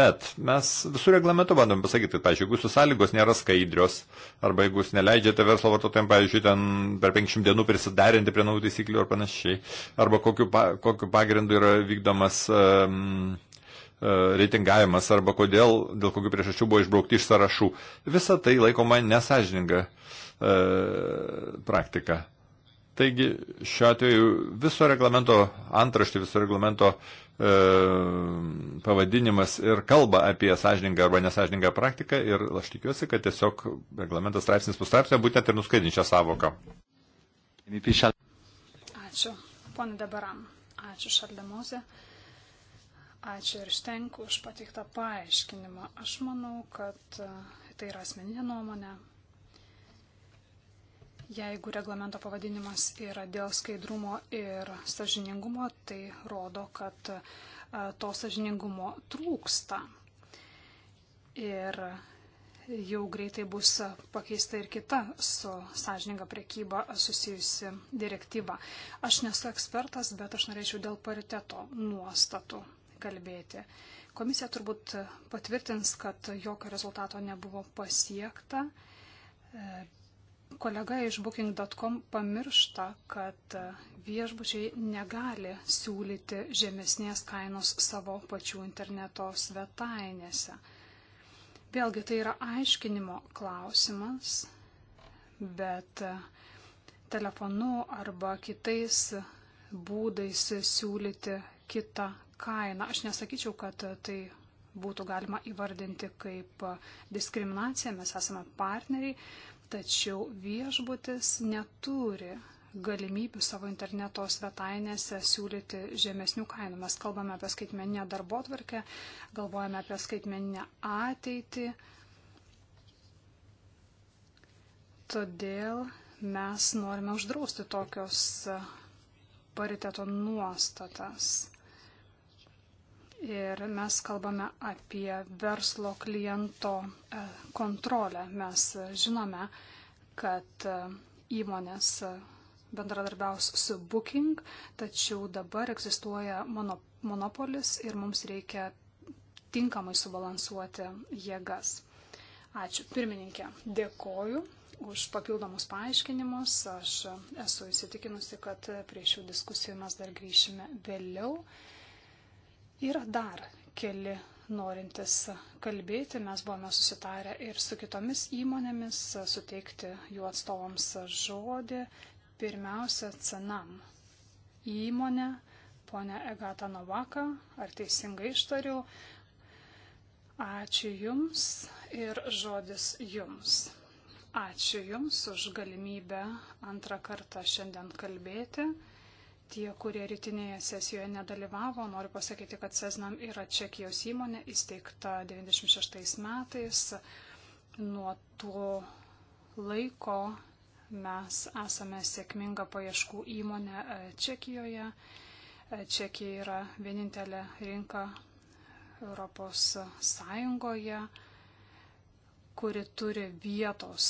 bet mes visų reglamentų bandom pasakyti, pavyzdžiui, jeigu jūsų sąlygos nėra skaidrios, arba jeigu jūs neleidžiate verslo vartotojams, pavyzdžiui, ten per 500 dienų prisiderinti prie naujų taisyklių ar panašiai, arba kokiu, pa, kokiu pagrindu yra vykdomas um, e, E, reitingavimas arba kodėl, dėl kokių priežasčių buvo išbraukti iš sąrašų. Visa tai laikoma nesažininga e, praktika. Taigi šiuo atveju viso reglamento antraštė, viso reglamento e, pavadinimas ir kalba apie sąžiningą arba nesažiningą praktiką ir aš tikiuosi, kad tiesiog reglamentas straipsnis pustraipsnė būtent ir nuskaidinčia savoką. Ačiū. Pone Debaram. Ačiū Šarlemozė. Ačiū ir Štenku už pateiktą paaiškinimą. Aš manau, kad e, tai yra asmeninė nuomonė. Jeigu reglamento pavadinimas yra dėl skaidrumo ir sažiningumo, tai rodo, kad e, to sažiningumo trūksta. Ir jau greitai bus pakeista ir kita su sažininga priekyba susijusi direktyva. Aš nesu ekspertas, bet aš norėčiau dėl pariteto nuostatų kalbėti. Komisija turbūt patvirtins, kad jokio rezultato nebuvo pasiekta. E, kolega iš booking.com pamiršta, kad viešbučiai negali siūlyti žemesnės kainos savo pačių interneto svetainėse. Vėlgi tai yra aiškinimo klausimas, bet telefonu arba kitais būdais siūlyti kitą kainą. Aš nesakyčiau, kad tai būtų galima įvardinti kaip diskriminacija, mes esame partneriai, tačiau viešbutis neturi galimybių savo interneto svetainėse siūlyti žemesnių kainų. Mes kalbame apie skaitmeninę darbo tvarkę, galvojame apie skaitmeninę ateitį. Todėl mes norime uždrausti tokios pariteto nuostatas. Ir mes kalbame apie verslo kliento e, kontrolę. Mes žinome, kad e, įmonės e, bendradarbiaus su Booking, tačiau dabar egzistuoja monopolis ir mums reikia tinkamai subalansuoti jėgas. Ačiū. Pirmininkė, dėkoju už papildomus paaiškinimus. Aš esu įsitikinusi, kad prie šių diskusijų mes dar grįšime vėliau. Yra dar keli norintys kalbėti, mes buvome susitarę ir su kitomis įmonėmis suteikti jų atstovams žodį. Pirmiausia, cenam įmonė, ponė Egata Novaka, ar teisingai ištariu, ačiū Jums ir žodis Jums. Ačiū Jums už galimybę antrą kartą šiandien kalbėti tie, kurie rytinėje sesijoje nedalyvavo, noriu pasakyti, kad Seznam yra Čekijos įmonė, įsteigta 96 metais. Nuo to laiko mes esame sėkminga paieškų įmonė e, Čekijoje. E, Čekija yra vienintelė rinka Europos Sąjungoje kuri turi vietos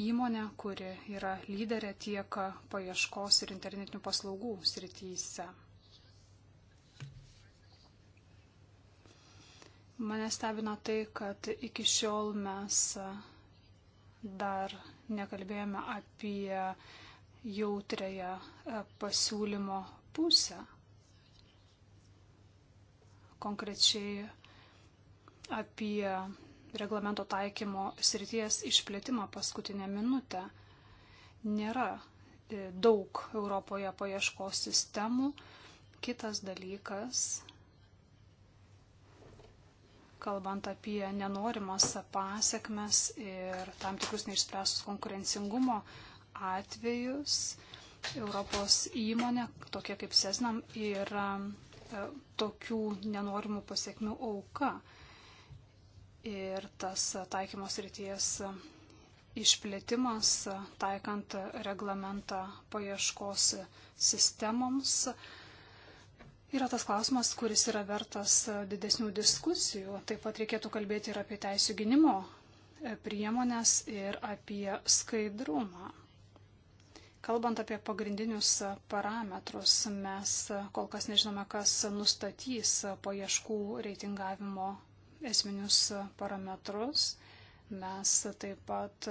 įmonę, kuri yra lyderė tiek paieškos ir internetinių paslaugų srityse. Mane stebina tai, kad iki šiol mes dar nekalbėjome apie jautrėją pasiūlymo pusę. Konkrečiai apie reglamento taikymo srities išplėtimą paskutinę minutę. Nėra e, daug Europoje paieškos sistemų. Kitas dalykas, kalbant apie nenorimas pasiekmes ir tam tikrus neišspręstus konkurencingumo atvejus, Europos įmonė, tokia kaip Sesnam, yra e, tokių nenorimų pasiekmių auka. OK ir tas taikymos ryties išplėtimas, taikant reglamentą paieškos sistemoms, yra tas klausimas, kuris yra vertas didesnių diskusijų. Taip pat reikėtų kalbėti ir apie teisų gynimo priemonės ir apie skaidrumą. Kalbant apie pagrindinius parametrus, mes kol kas nežinome, kas nustatys paieškų reitingavimo esminius parametrus. Mes taip pat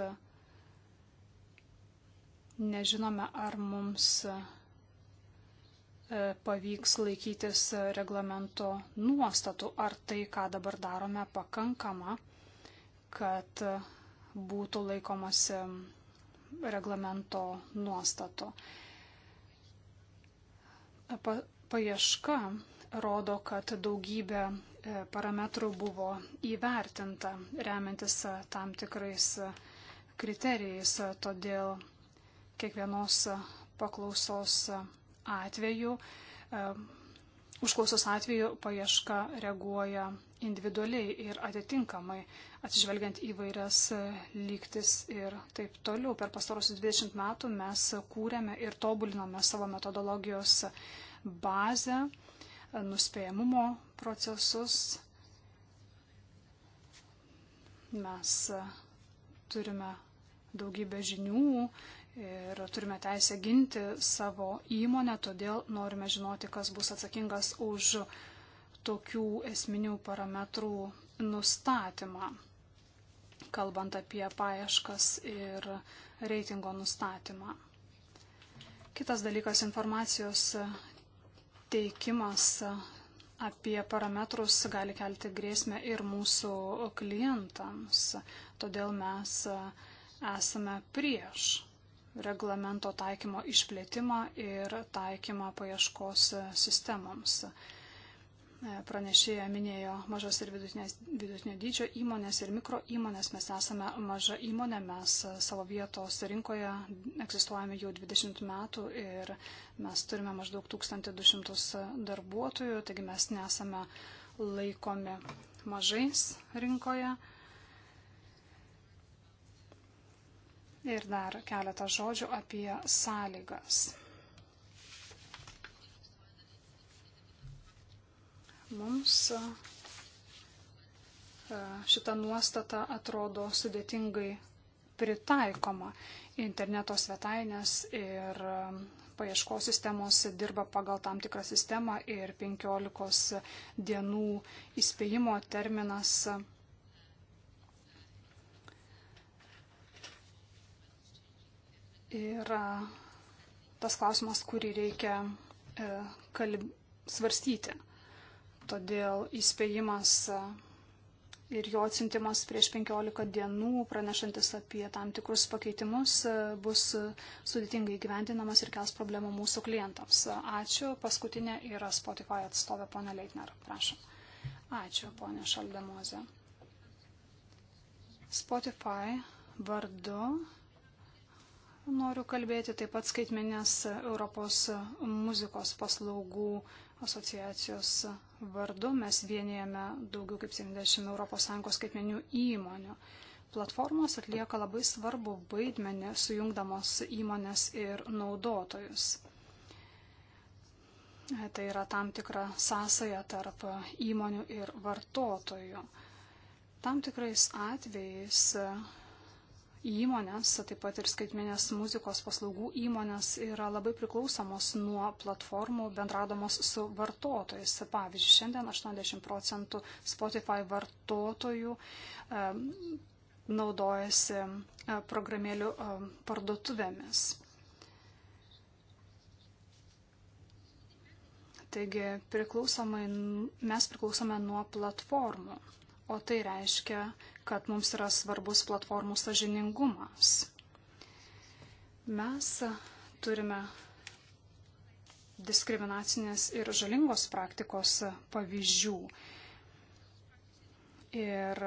nežinome, ar mums e, pavyks laikytis reglamento nuostatų, ar tai, ką dabar darome, pakankama, kad būtų laikomasi reglamento nuostatų. Pa, paieška rodo, kad daugybė E, parametrų buvo įvertinta remiantis e, tam tikrais e, kriterijais, todėl kiekvienos paklausos atveju, užklausos atveju paieška reaguoja individualiai ir atitinkamai, atsižvelgiant įvairias lygtis ir taip toliau. Per pastarosius 20 metų mes kūrėme ir tobulinome savo metodologijos bazę nuspėjamumo procesus. Mes e, turime daugybę žinių ir turime teisę ginti savo įmonę, todėl norime žinoti, kas bus atsakingas už tokių esminių parametrų nustatymą, kalbant apie paieškas ir reitingo nustatymą. Kitas dalykas - informacijos teikimas apie parametrus gali kelti grėsmę ir mūsų klientams. Todėl mes esame prieš reglamento taikymo išplėtimą ir taikymą paieškos sistemoms. E, pranešėja minėjo mažas ir vidutinio dydžio įmonės ir mikro įmonės. Mes esame maža įmonė, mes e, savo vietos rinkoje egzistuojame jau 20 metų ir mes turime maždaug 1200 e, darbuotojų, taigi mes nesame laikomi mažais rinkoje. Ir dar keletą žodžių apie sąlygas. Mums šita nuostata atrodo sudėtingai pritaikoma. Interneto svetainės ir paieškos sistemos dirba pagal tam tikrą sistemą ir 15 dienų įspėjimo terminas yra tas klausimas, kurį reikia e, kalb... svarstyti. Todėl įspėjimas e, ir jo atsintimas prieš 15 dienų, pranešantis apie tam tikrus pakeitimus, e, bus sudėtingai gyvendinamas ir kels problemų mūsų klientams. Ačiū. Paskutinė yra Spotify atstovė ponė Leitner. Prašom. Ačiū, ponė Šaldemoze. Spotify vardu noriu kalbėti taip pat skaitmenės Europos muzikos paslaugų asociacijos vardu mes vienijame daugiau kaip 70 ES skaitmenių įmonių. Platformos atlieka labai svarbu vaidmenį sujungdamos įmonės ir naudotojus. Tai yra tam tikra sąsaja tarp įmonių ir vartotojų. Tam tikrais atvejais įmonės, taip pat ir skaitmenės muzikos paslaugų įmonės yra labai priklausomos nuo platformų bendradamos su vartotojais. Pavyzdžiui, šiandien 80 procentų Spotify vartotojų naudojasi e, programėlių e, parduotuvėmis. Taigi priklausomai, mes priklausome nuo platformų, o tai reiškia, kad mums yra svarbus platformų sažiningumas. Mes turime diskriminacinės ir žalingos praktikos pavyzdžių. Ir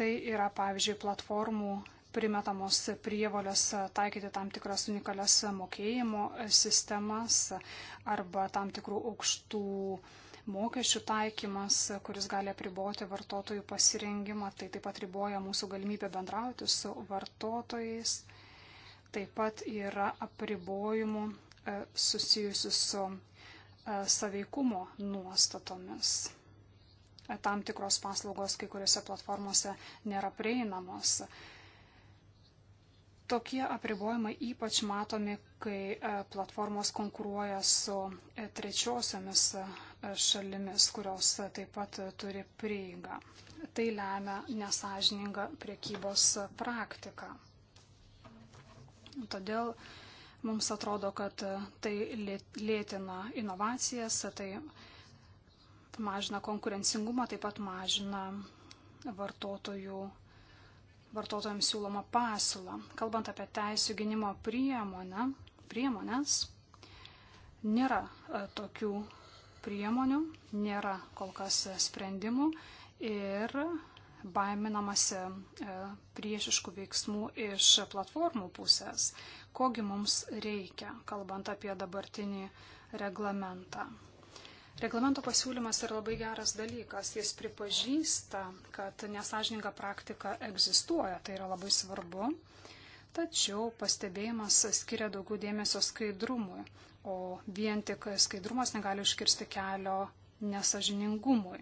tai yra, pavyzdžiui, platformų primetamos prievalės taikyti tam tikras unikalias mokėjimo sistemas arba tam tikrų aukštų uh, mokesčių taikymas, kuris gali apriboti vartotojų pasirengimą, tai taip pat riboja mūsų galimybę bendrauti su vartotojais. Taip pat yra apribojimų e, susijusių su e, saveikumo nuostatomis. E, tam tikros paslaugos kai kuriuose platformose nėra prieinamos. Tokie apribojimai ypač matomi, kai platformos konkuruoja su trečiosiomis šalimis, kurios taip pat turi prieigą. Tai lemia nesažininga priekybos praktika. Todėl mums atrodo, kad tai lėtina inovacijas, tai mažina konkurencingumą, taip pat mažina vartotojų vartotojams siūloma pasiūla. Kalbant apie teisų gynimo priemonę, priemonės, nėra e, tokių priemonių, nėra kol kas sprendimų ir baiminamasi e, priešiškų veiksmų iš platformų pusės. Kogi mums reikia, kalbant apie dabartinį reglamentą? Reglamento pasiūlymas yra labai geras dalykas. Jis pripažįsta, kad nesažininga praktika egzistuoja, tai yra labai svarbu. Tačiau pastebėjimas skiria daugiau dėmesio skaidrumui o vien tik skaidrumas negali užkirsti kelio nesažiningumui.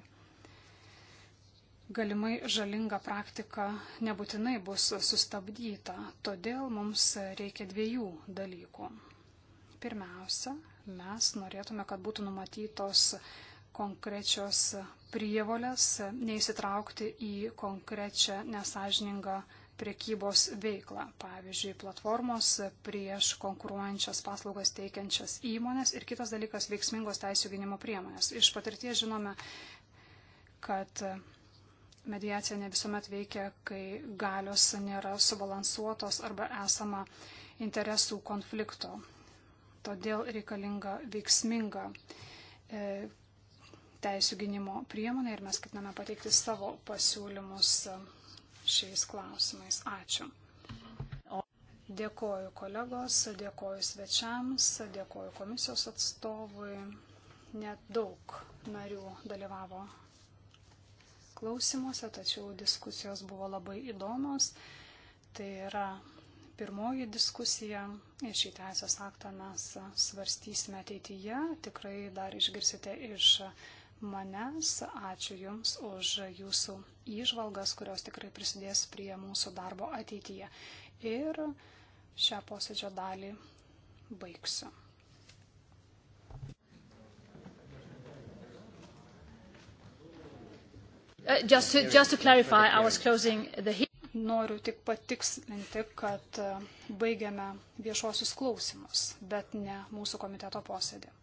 Galimai žalinga praktika nebūtinai bus sustabdyta, todėl mums reikia dviejų dalykų. Pirmiausia, mes norėtume, kad būtų numatytos konkrečios prievolės neįsitraukti į konkrečią nesažiningą praktiką priekybos veiklą. Pavyzdžiui, platformos prieš konkuruojančias paslaugas teikiančias įmonės ir kitas dalykas - veiksmingos teisų gynimo priemonės. Iš patirties žinome, kad mediacija ne visuomet veikia, kai galios nėra subalansuotos arba esama interesų konflikto. Todėl reikalinga veiksminga e, teisų gynimo priemonė ir mes ketiname pateikti savo pasiūlymus šiais klausimais. Ačiū. Dėkoju kolegos, dėkoju svečiams, dėkoju komisijos atstovui. Net daug narių dalyvavo klausimuose, tačiau diskusijos buvo labai įdomios. Tai yra pirmoji diskusija. Šį teisės aktą mes svarstysime ateityje. Tikrai dar išgirsite iš manęs. Ačiū Jums už Jūsų įžvalgas, kurios tikrai prisidės prie mūsų darbo ateityje. Ir šią posėdžio dalį baigsiu. Uh, just to, just to clarify, I was closing the hearing noriu tik patikslinti, kad uh, baigiame viešuosius klausimus, bet ne mūsų komiteto posėdį.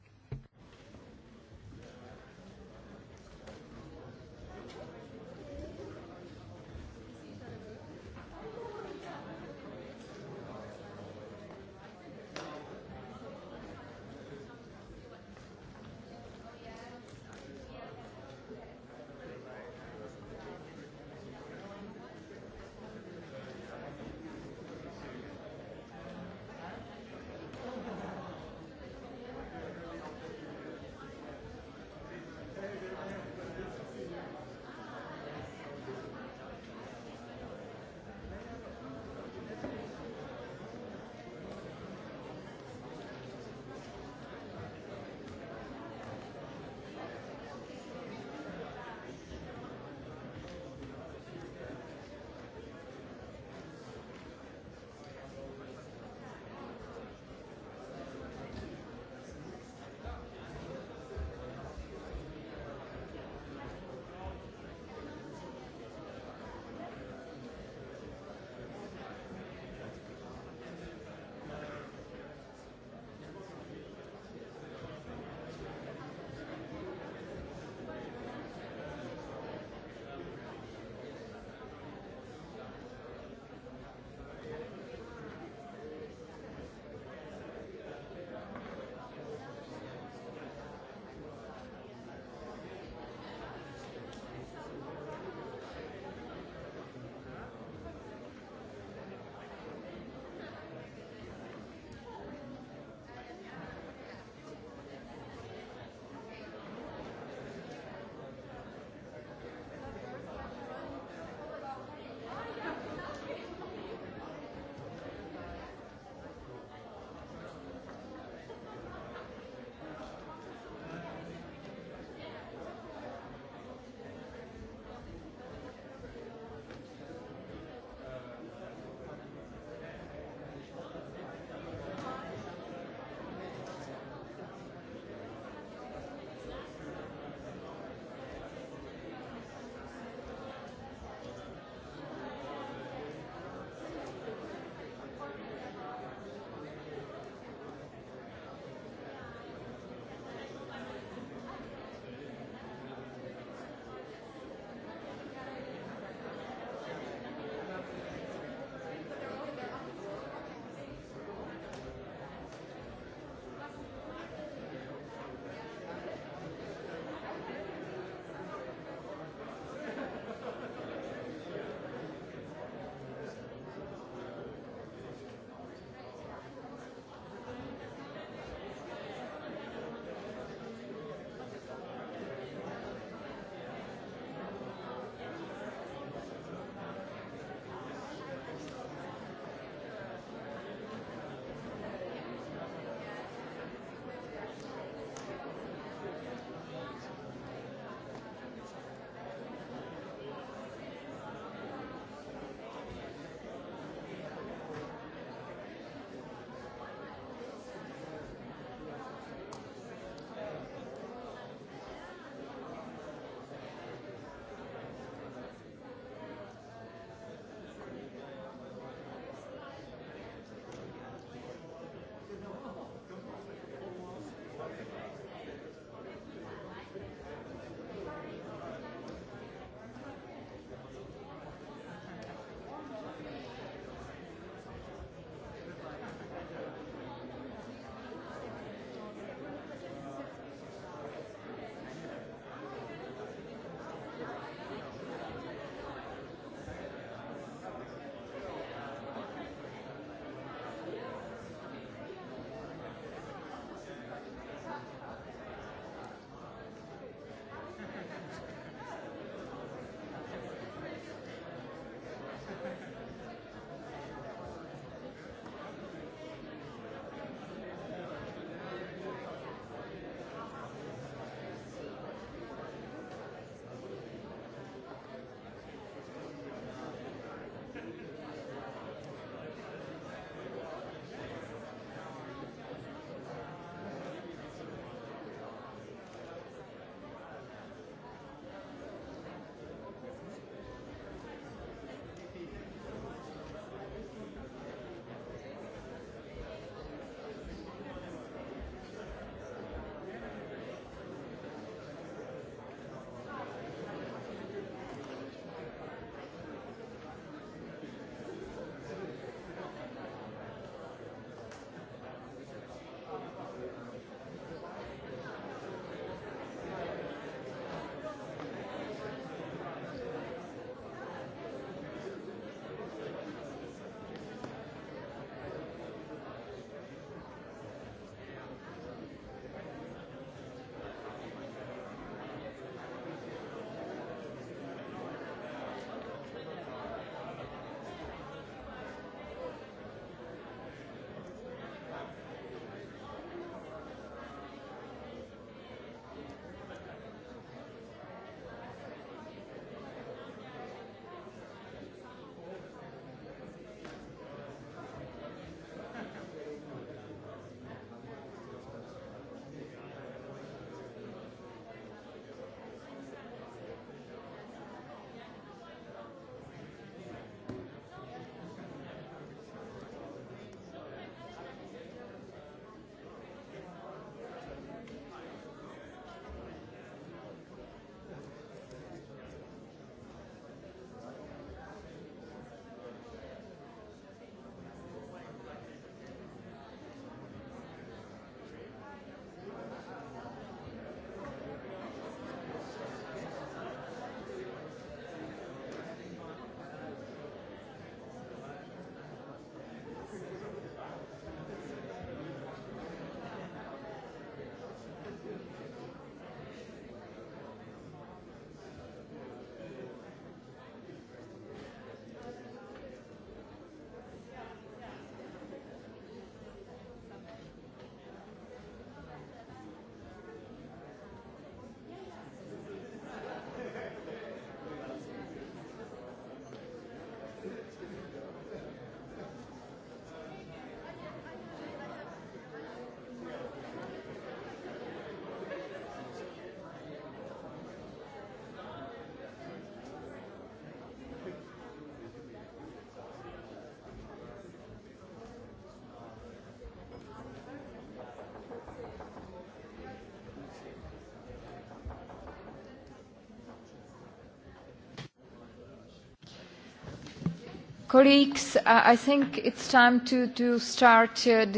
Colleagues, uh, I think it's time to, to start. Uh,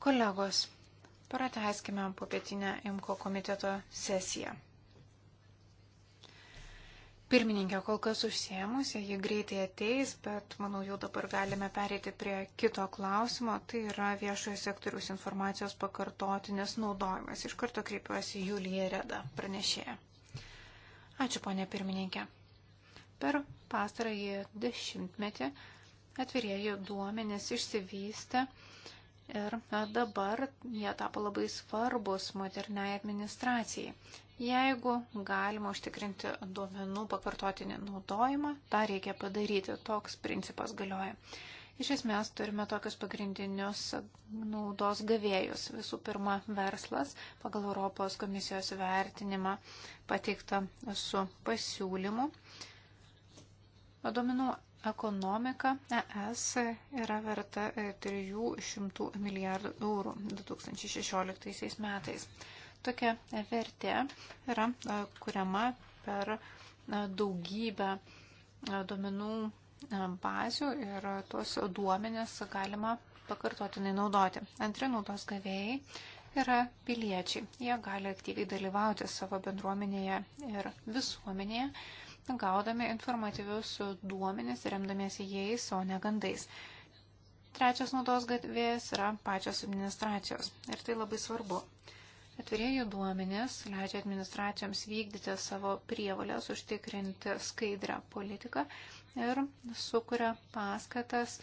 Kolegos, pratęskime popietinę IMCO komiteto sesiją. Pirmininkė kol kas užsiemusi, ji greitai ateis, bet manau jau dabar galime perėti prie kito klausimo, tai yra viešojo sektoriaus informacijos pakartotinės naudojimas. Iš karto kreipiuosi Julija Reda, pranešėja. Ačiū, ponė pirmininkė. Per pastarąjį dešimtmetį atvirieji duomenys išsivystė ir dabar jie tapo labai svarbus moderniai administracijai. Jeigu galima užtikrinti duomenų pakartotinį naudojimą, tą reikia padaryti, toks principas galioja. Iš esmės turime tokius pagrindinius naudos gavėjus. Visų pirma, verslas pagal Europos komisijos vertinimą pateikta su pasiūlymu Domenų ekonomika ES yra verta 300 e, milijardų eurų 2016 metais. Tokia vertė yra e, kuriama per e, daugybę duomenų bazių ir tuos duomenės galima pakartotinai naudoti. Antri naudos gavėjai yra piliečiai. Jie gali aktyviai dalyvauti savo bendruomenėje ir visuomenėje gaudami informatyvius duomenis, remdamiesi jais, o ne gandais. Trečias naudos gatvės yra pačios administracijos ir tai labai svarbu. Atvirėjų duomenės leidžia administracijoms vykdyti savo prievalės, užtikrinti skaidrę politiką ir sukuria paskatas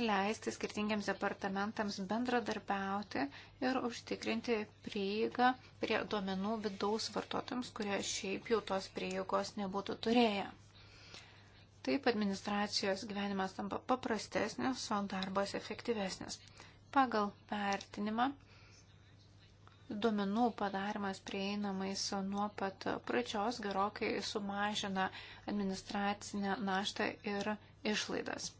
leisti skirtingiams departamentams bendradarbiauti ir užtikrinti prieigą prie duomenų vidaus vartotojams, kurie šiaip jau tos prieigos nebūtų turėję. Taip administracijos gyvenimas tampa paprastesnis, o darbas efektyvesnis. Pagal vertinimą duomenų padarimas prieinamais nuo pat pradžios gerokai sumažina administracinę naštą ir išlaidas.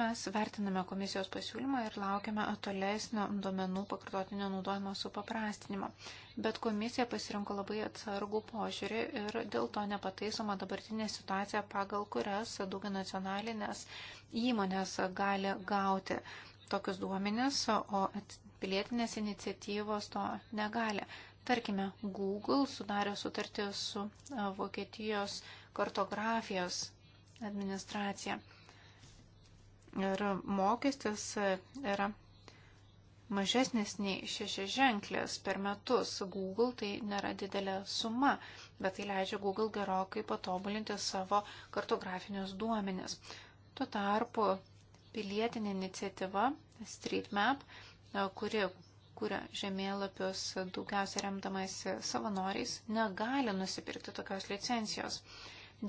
Mes vertiname komisijos pasiūlymą ir laukiame tolesnio duomenų pakartotinio naudojimo supaprastinimo. Bet komisija pasirinko labai atsargų požiūrį ir dėl to nepataisoma dabartinė situacija, pagal kurias daugia nacionalinės įmonės gali gauti tokius duomenis, o pilietinės iniciatyvos to negali. Tarkime, Google sudarė sutartį su Vokietijos kartografijos administracija ir mokestis yra mažesnis nei šeši ženklės per metus. Google tai nėra didelė suma, bet tai leidžia Google gerokai patobulinti savo kartografinius duomenis. Tuo tarpu pilietinė iniciatyva StreetMap, kuri kuria žemėlapius daugiausia remdamasi savanoriais, negali nusipirkti tokios licencijos.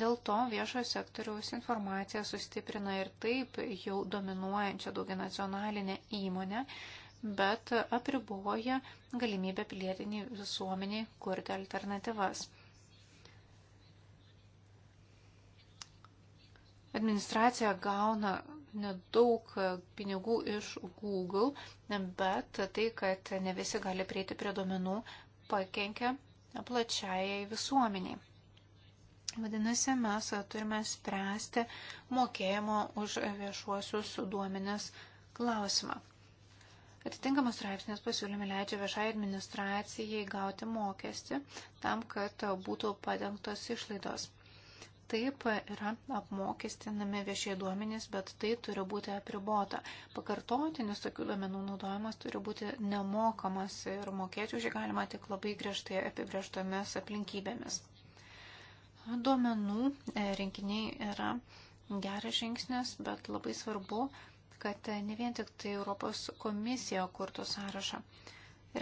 Dėl to viešojo sektoriaus informacija sustiprina ir taip jau dominuojančią daugianacionalinę įmonę, bet apriboja galimybę pilietiniai visuomeniai kurti alternatyvas. Administracija gauna nedaug pinigų iš Google, bet tai, kad ne visi gali prieiti prie domenų, pakenkia plačiai visuomeniai. Vadinasi, mes turime spręsti mokėjimo už viešuosius duomenis klausimą. Atitinkamas straipsnis pasiūlyme leidžia viešai administracijai gauti mokestį tam, kad būtų padengtos išlaidos. Taip yra apmokestinami viešie duomenys, bet tai turi būti apribota. Pakartotinis tokių duomenų naudojimas turi būti nemokamas ir mokėti už jį galima tik labai griežtai apibrieštomis aplinkybėmis. Duomenų e, rinkiniai yra geras žingsnis, bet labai svarbu, kad e, ne vien tik tai Europos komisija kurtų sąrašą.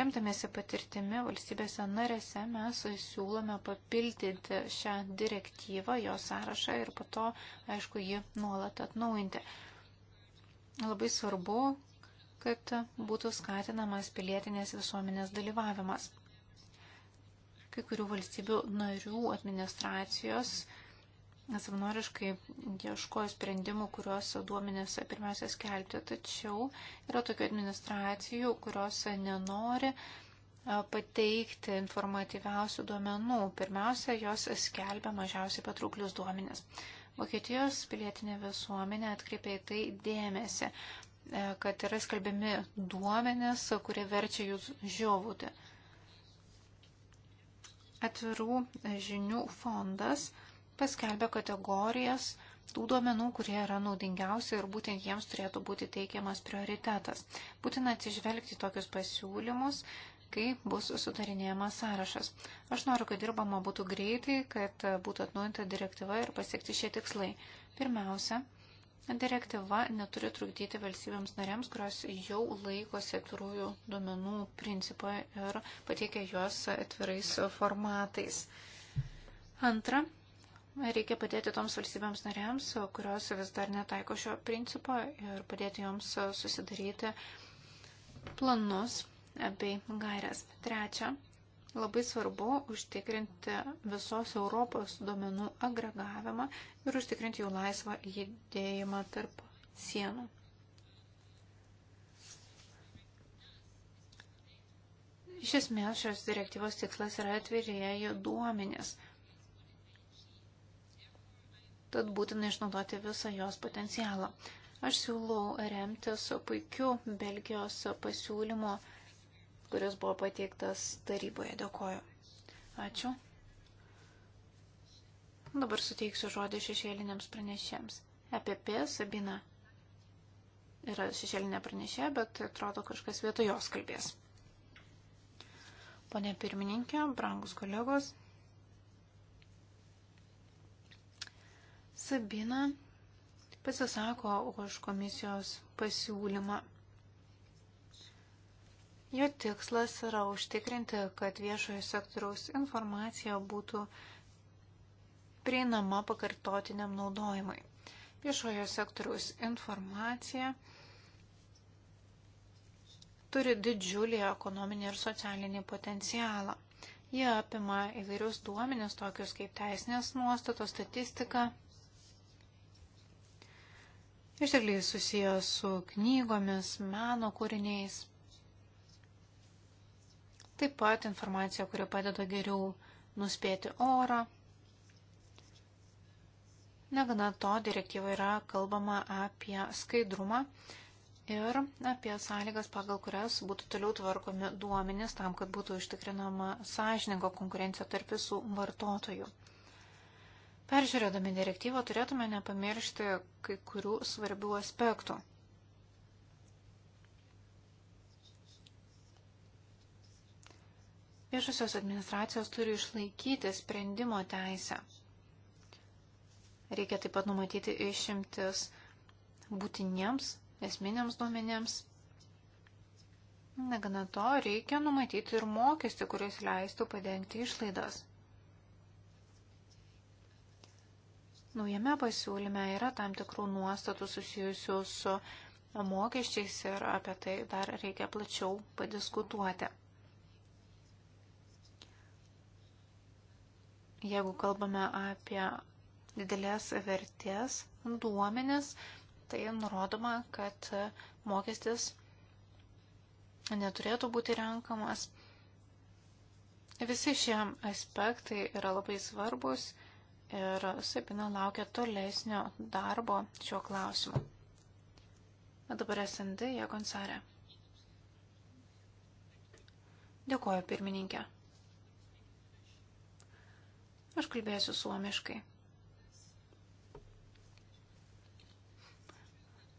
Remdamėsi patirtimi valstybėse narėse mes siūlome papildyti šią direktyvą, jo sąrašą ir po to, aišku, jį nuolat atnaujinti. Labai svarbu, kad būtų skatinamas pilietinės visuomenės dalyvavimas. Kai kurių valstybių narių administracijos savanoriškai ieškojo sprendimų, kuriuos duomenės pirmiausia skelbti, tačiau yra tokių administracijų, kurios nenori pateikti informatyviausių duomenų. Pirmiausia, jos skelbia mažiausiai patrauklius duomenės. Vokietijos pilietinė visuomenė atkreipė į tai dėmesį, kad yra skalbiami duomenės, kurie verčia jūs žiovūti atvirų žinių fondas paskelbė kategorijas tų duomenų, kurie yra naudingiausi ir būtent jiems turėtų būti teikiamas prioritetas. Būtina atsižvelgti tokius pasiūlymus, kai bus sudarinėjamas sąrašas. Aš noriu, kad dirbama būtų greitai, kad būtų atnaujinta direktyva ir pasiekti šie tikslai. Pirmiausia, Direktyva neturi trukdyti valstybėms narėms, kurios jau laikosi atvirųjų duomenų principą ir pateikia juos atvirais formatais. Antra, reikia padėti toms valstybėms narėms, kurios vis dar netaiko šio principo ir padėti joms susidaryti planus bei gairias. Trečia, Labai svarbu užtikrinti visos Europos duomenų agregavimą ir užtikrinti jų laisvą judėjimą tarp sienų. Iš esmės šios direktyvos tikslas yra atvirieji duomenys. Tad būtina išnaudoti visą jos potencialą. Aš siūlau remtis puikiu Belgijos pasiūlymo kuris buvo pateiktas taryboje. Dėkoju. Ačiū. Dabar suteiksiu žodį šešėliniams pranešėms. EPP Sabina yra šešėlinė pranešė, bet atrodo kažkas vietoj jos kalbės. Pone pirmininkė, brangus kolegos. Sabina pasisako už komisijos pasiūlymą. Jų tikslas yra užtikrinti, kad viešojo sektoriaus informacija būtų prieinama pakartotiniam naudojimui. Viešojo sektoriaus informacija turi didžiulį ekonominį ir socialinį potencialą. Jie apima įvairius duomenis, tokius kaip teisinės nuostatos, statistika, ištekliai susijęs su knygomis, meno kūriniais. Taip pat informacija, kuri padeda geriau nuspėti orą. Negana to, direktyva yra kalbama apie skaidrumą ir apie sąlygas, pagal kurias būtų toliau tvarkomi duomenys tam, kad būtų ištikrinama sąžininko konkurencija tarp visų vartotojų. Peržiūrėdami direktyvą turėtume nepamiršti kai kurių svarbių aspektų. Viešosios administracijos turi išlaikyti sprendimo teisę. Reikia taip pat numatyti išimtis būtiniems, esminiams duomenėms. Negana to, reikia numatyti ir mokestį, kuris leistų padengti išlaidas. Naujame pasiūlyme yra tam tikrų nuostatų susijusių su mokesčiais ir apie tai dar reikia plačiau padiskutuoti. Jeigu kalbame apie didelės vertės duomenis, tai nurodoma, kad mokestis neturėtų būti renkamas. Visi šie aspektai yra labai svarbus ir Sabina laukia tolesnio darbo šiuo klausimu. Dabar SND Jekonsarė. Dėkuoju pirmininkė. Aš kalbėsiu suomiškai.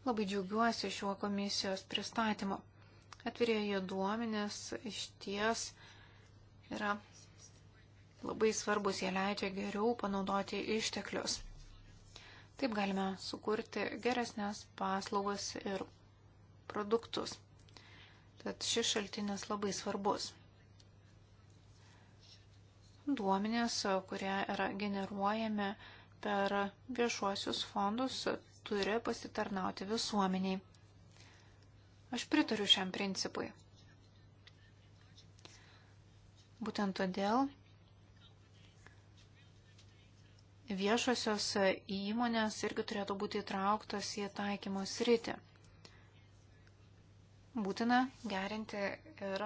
Labai džiaugiuosi šiuo komisijos pristatymu. Atvirėje duomenės iš ties yra labai svarbus, jie leidžia geriau panaudoti išteklius. Taip galime sukurti geresnės paslaugas ir produktus. Tad šis šaltinis labai svarbus duomenės, kurie yra generuojami per viešuosius fondus, turi pasitarnauti visuomeniai. Aš pritariu šiam principui. Būtent todėl viešosios įmonės irgi turėtų būti įtrauktos į taikymo sritį. Būtina gerinti ir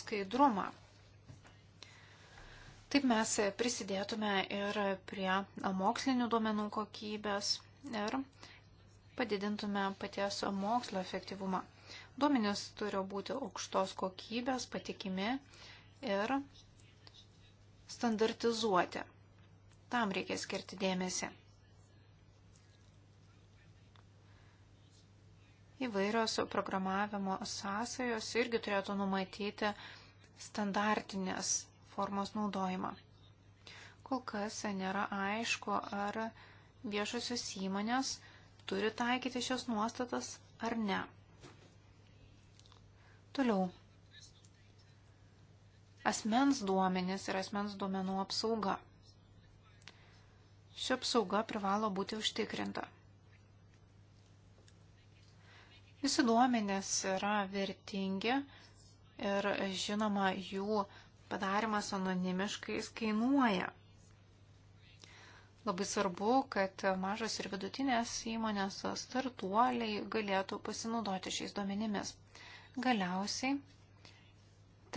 skaidrumą. Taip mes prisidėtume ir prie mokslinių duomenų kokybės ir padidintume paties mokslo efektyvumą. Duomenys turi būti aukštos kokybės, patikimi ir standartizuoti. Tam reikia skirti dėmesį. Įvairios programavimo sąsajos irgi turėtų numatyti standartinės platformos naudojimą. Kol kas nėra aišku, ar viešosios įmonės turi taikyti šios nuostatas ar ne. Toliau. Asmens duomenis ir asmens duomenų apsauga. Ši apsauga privalo būti užtikrinta. Visi duomenės yra vertingi ir žinoma jų padarimas anonimiškai kainuoja. Labai svarbu, kad mažos ir vidutinės įmonės startuoliai galėtų pasinaudoti šiais duomenimis. Galiausiai,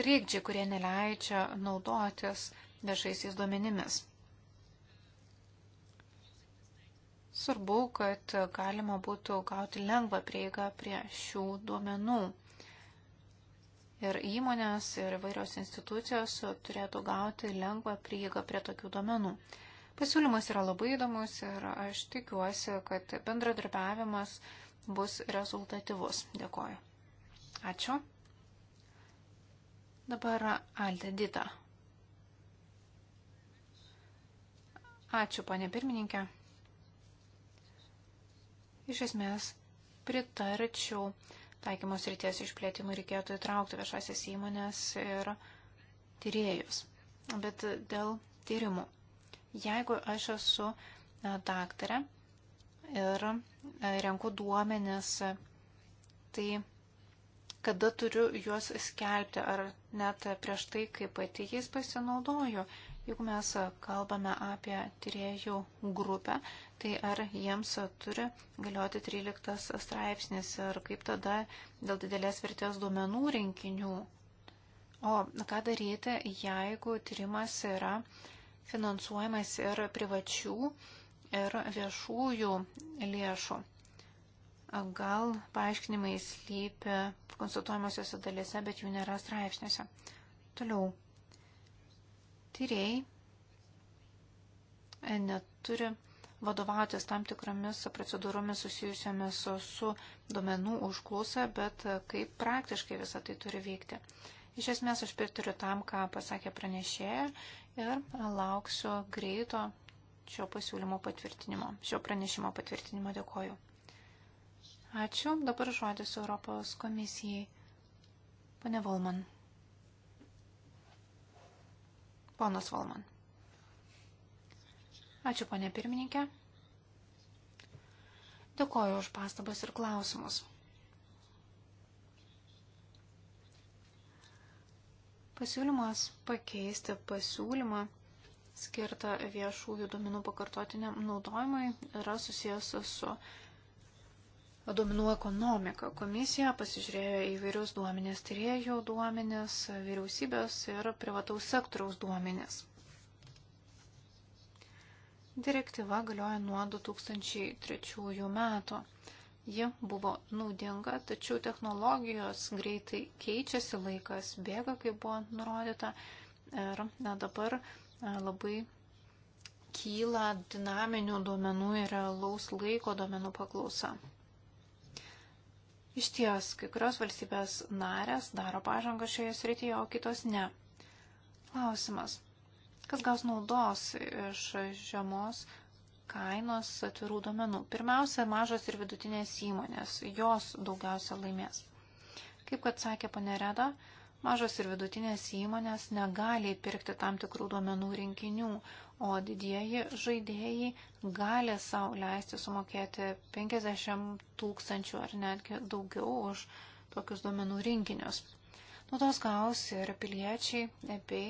trikdžiai, kurie neleidžia naudotis viešaisiais duomenimis. Svarbu, kad galima būtų gauti lengvą prieigą prie šių duomenų. Ir įmonės ir vairios institucijos turėtų gauti lengvą prieigą prie tokių domenų. Pasiūlymas yra labai įdomus ir aš tikiuosi, kad bendradarbiavimas bus rezultatyvus. Dėkoju. Ačiū. Dabar Alde Dita. Ačiū, ponė pirmininkė. Iš esmės pritarčiau taikymos ryties išplėtimui reikėtų įtraukti viešasias įmonės ir tyrėjus. Bet dėl tyrimų. Jeigu aš esu e, daktarė ir e, renku duomenis, tai kada turiu juos skelbti, ar net prieš tai, kai pati jais pasinaudoju. Juk mes kalbame apie tyriejų grupę, tai ar jiems turi galioti 13 straipsnis ir kaip tada dėl didelės vertės duomenų rinkinių. O ką daryti, jeigu tyrimas yra finansuojamas ir privačių, ir viešųjų lėšų. Gal paaiškinimai slypi konsultuojamosiose dalyse, bet jų nėra straipsniuose. Toliau Tyrėjai e, neturi vadovautis tam tikromis procedūromis susijusiamis su, su duomenų užklausa, bet e, kaip praktiškai visą tai turi vykti. Iš esmės aš pritariu tam, ką pasakė pranešėja ir lauksiu greito šio pasiūlymo patvirtinimo, šio pranešimo patvirtinimo dėkoju. Ačiū, dabar žodis Europos komisijai. Pane Volman. Ponas Volman. Ačiū, ponė pirmininkė. Dėkoju už pastabas ir klausimus. Pasiūlymas pakeisti pasiūlymą skirtą viešųjų duomenų pakartotiniam naudojimui yra susijęs su duomenų ekonomiką. Komisija pasižiūrėjo į vairius duomenės, tyriejų duomenės, vyriausybės ir privataus sektoriaus duomenės. Direktyva galioja nuo 2003 metų. Ji buvo naudinga, tačiau technologijos greitai keičiasi, laikas bėga, kaip buvo nurodyta. Ir na, dabar e, labai kyla dinaminių duomenų ir realaus laiko duomenų paklausa. Iš ties, kai kurios valstybės narės daro pažangą šioje srityje, o kitos ne. Klausimas. Kas gaus naudos iš žemos kainos atvirų domenų? Pirmiausia, mažos ir vidutinės įmonės. Jos daugiausia laimės. Kaip kad sakė panereda, mažos ir vidutinės įmonės negali pirkti tam tikrų duomenų rinkinių, o didieji žaidėjai gali savo leisti sumokėti 50 tūkstančių ar netgi daugiau už tokius duomenų rinkinius. Naudos gaus ir piliečiai bei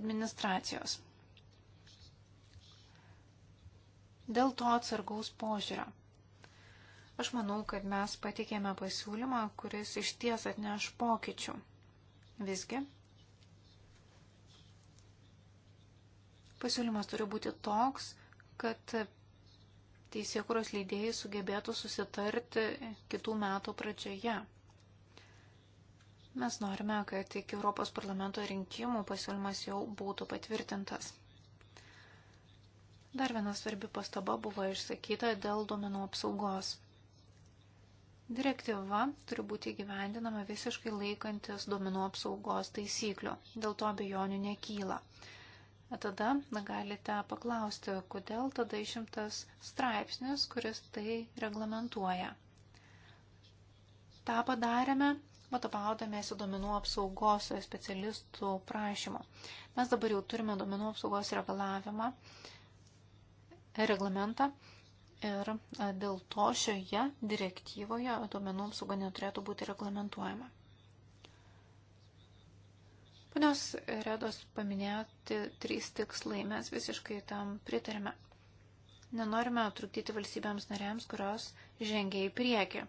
administracijos. Dėl to atsargaus požiūrio. Aš manau, kad mes patikėme pasiūlymą, kuris iš ties atneš pokyčių. Visgi, Pasiūlymas turi būti toks, kad teisėkuros leidėjai sugebėtų susitarti kitų metų pradžioje. Mes norime, kad iki Europos parlamento rinkimų pasiūlymas jau būtų patvirtintas. Dar viena svarbi pastaba buvo išsakyta dėl duomenų apsaugos. Direktyva turi būti įgyvendinama visiškai laikantis duomenų apsaugos taisyklių, dėl to abejonių nekyla tada galite paklausti, kodėl tada išimtas straipsnis, kuris tai reglamentuoja. Ta padarėme, vadovaudamėsi duomenų apsaugos specialistų prašymu. Mes dabar jau turime duomenų apsaugos regalavimą, reglamentą ir e, dėl to šioje direktyvoje duomenų apsauga neturėtų būti reglamentuojama. Ponios Redos paminėti trys tikslai, mes visiškai tam pritarime. Nenorime trukdyti valstybėms narėms, kurios žengia į priekį.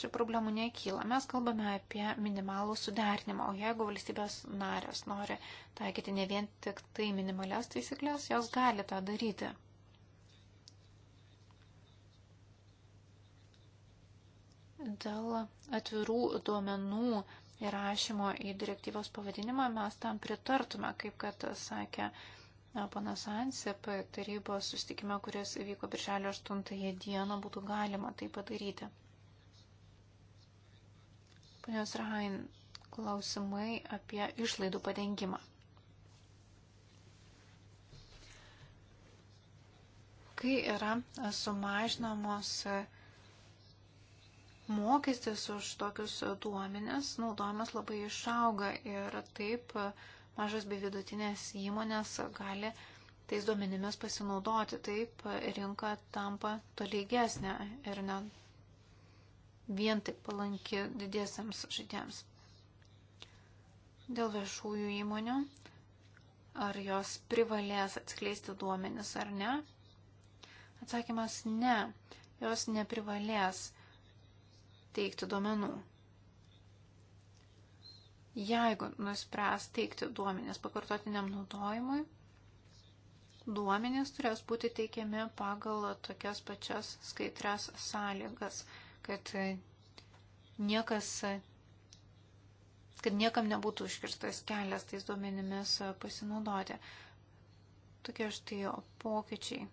Čia problemų nekyla. Mes kalbame apie minimalų sudarnimą, o jeigu valstybės narės nori taikyti ne vien tik tai minimalias taisyklės, jos gali tą daryti. Dėl atvirų duomenų įrašymo į direktyvos pavadinimą mes tam pritartume, kaip kad sakė panas Ansip, tarybos sustikime, kuris vyko birželio 8 dieną, būtų galima tai padaryti. Panios Rahain, klausimai apie išlaidų padengimą. Kai yra sumažinamos mokestis už tokius duomenis naudojimas labai išauga ir taip mažas bei vidutinės įmonės gali tais duomenimis pasinaudoti. Taip rinka tampa tolygesnė ir ne vien tik palanki didiesiams žaidėjams. Dėl viešųjų įmonių, ar jos privalės atskleisti duomenis ar ne? Atsakymas ne, jos neprivalės teikti duomenų. Jeigu nuspręs teikti duomenės pakartotiniam naudojimui, duomenės turės būti teikiami pagal tokias pačias skaitrias sąlygas, kad niekas kad niekam nebūtų užkirstas kelias tais duomenimis pasinaudoti. Tokie štai pokyčiai,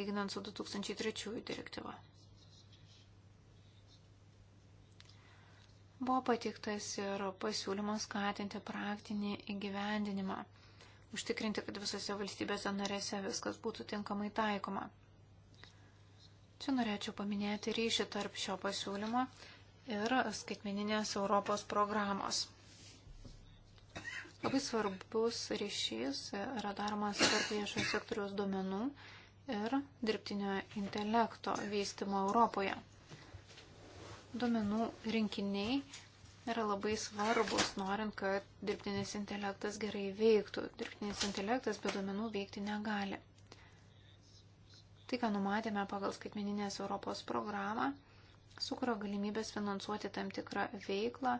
lyginant su 2003 direktyva. Buvo patiktas ir pasiūlymas skatinti praktinį įgyvendinimą, užtikrinti, kad visose valstybėse narėse viskas būtų tinkamai taikoma. Čia norėčiau paminėti ryšį tarp šio pasiūlymo ir skaitmeninės Europos programos. Labai svarbus ryšys yra daromas tarp viešojo sektoriaus duomenų ir dirbtinio intelekto vystimo Europoje. Duomenų rinkiniai yra labai svarbus, norint, kad dirbtinis intelektas gerai veiktų. Dirbtinis intelektas be duomenų veikti negali. Tai, ką numatėme pagal skaitmeninės Europos programą, sukuria galimybės finansuoti tam tikrą veiklą,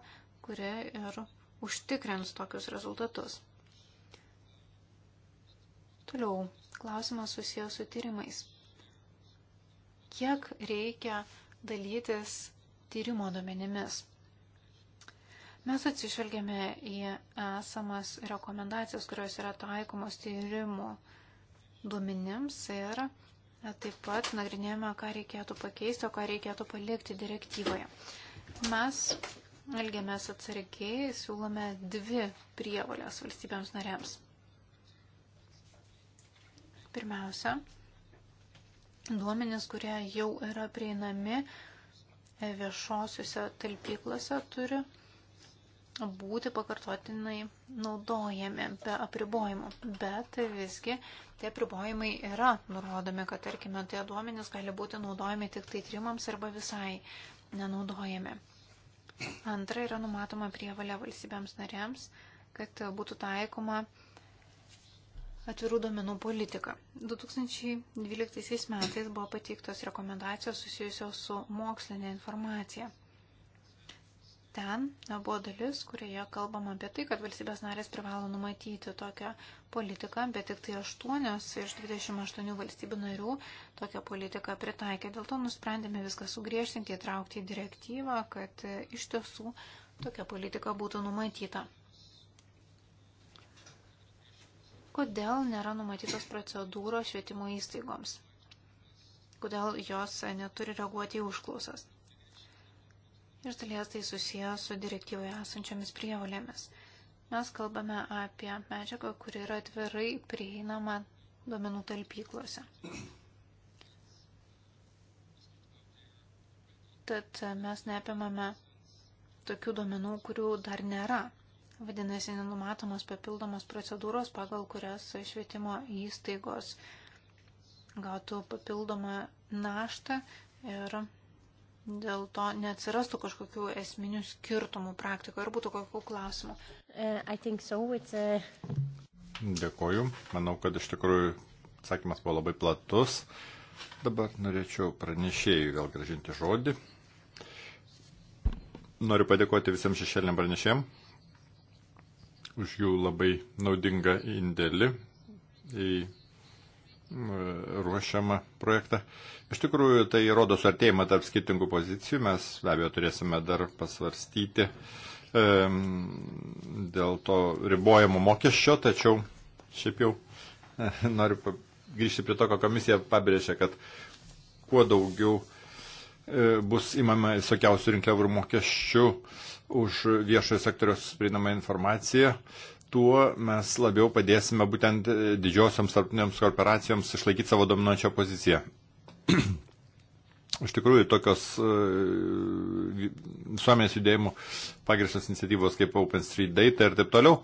kuri ir užtikrins tokius rezultatus. Toliau, klausimas susijęs su tyrimais. Kiek reikia dalytis tyrimo duomenimis. Mes atsižvelgėme į esamas rekomendacijas, kurios yra taikomos tyrimų duomenims ir taip pat nagrinėjome, ką reikėtų pakeisti, o ką reikėtų palikti direktyvoje. Mes elgiamės atsargiai, siūlome dvi prievalės valstybėms narėms. Pirmiausia, duomenys, kurie jau yra prieinami, viešosiuose talpyklose turi būti pakartotinai naudojami be apribojimų. Bet visgi tie apribojimai yra nurodomi, kad tarkime tie duomenys gali būti naudojami tik tai trimams arba visai nenaudojami. Antra yra numatoma prievalė valstybėms narėms, kad būtų taikoma atvirų domenų politiką. 2012 metais buvo pateiktos rekomendacijos susijusios su mokslinė informacija. Ten buvo dalis, kurioje kalbama apie tai, kad valstybės narės privalo numatyti tokią politiką, bet tik tai 8 iš 28 valstybių narių tokią politiką pritaikė. Dėl to nusprendėme viską sugriežtinti, įtraukti į direktyvą, kad iš tiesų tokia politika būtų numatyta. kodėl nėra numatytos procedūros švietimo įstaigoms, kodėl jos neturi reaguoti į užklausas. Iš dalies tai susijęs su direktyvoje esančiomis prievolėmis. Mes kalbame apie medžiagą, kuri yra atvirai prieinama duomenų talpyklose. Tad mes neapimame tokių duomenų, kurių dar nėra. Vadinasi, nenumatomos papildomos procedūros, pagal kurias švietimo įstaigos gautų papildomą naštą ir dėl to neatsirastų kažkokių esminių skirtumų praktikoje ir būtų kokių klausimų. Uh, so. a... Uh, Dėkoju. Manau, kad iš tikrųjų atsakymas buvo labai platus. Dabar norėčiau pranešėjai vėl gražinti žodį. Noriu padėkoti visiems šešėliniam pranešėjim už jų labai naudingą indėlį į ruošiamą projektą. Iš tikrųjų, tai rodo suartėjimą tarp skirtingų pozicijų. Mes be abejo turėsime dar pasvarstyti e, dėl to ribojimo mokesčio, tačiau šiaip jau e, noriu grįžti prie to, ką komisija pabrėžė, kad kuo daugiau e, bus įmama visokiausių rinkliavų ir mokesčių, e, už viešojo sektoriaus prieinamą informaciją, tuo mes labiau padėsime būtent didžiosioms tarptautinėms korporacijoms išlaikyti savo dominuojančią poziciją. Iš tikrųjų, tokios e, visuomenės judėjimų pagristos iniciatyvos kaip OpenStreetData ir taip toliau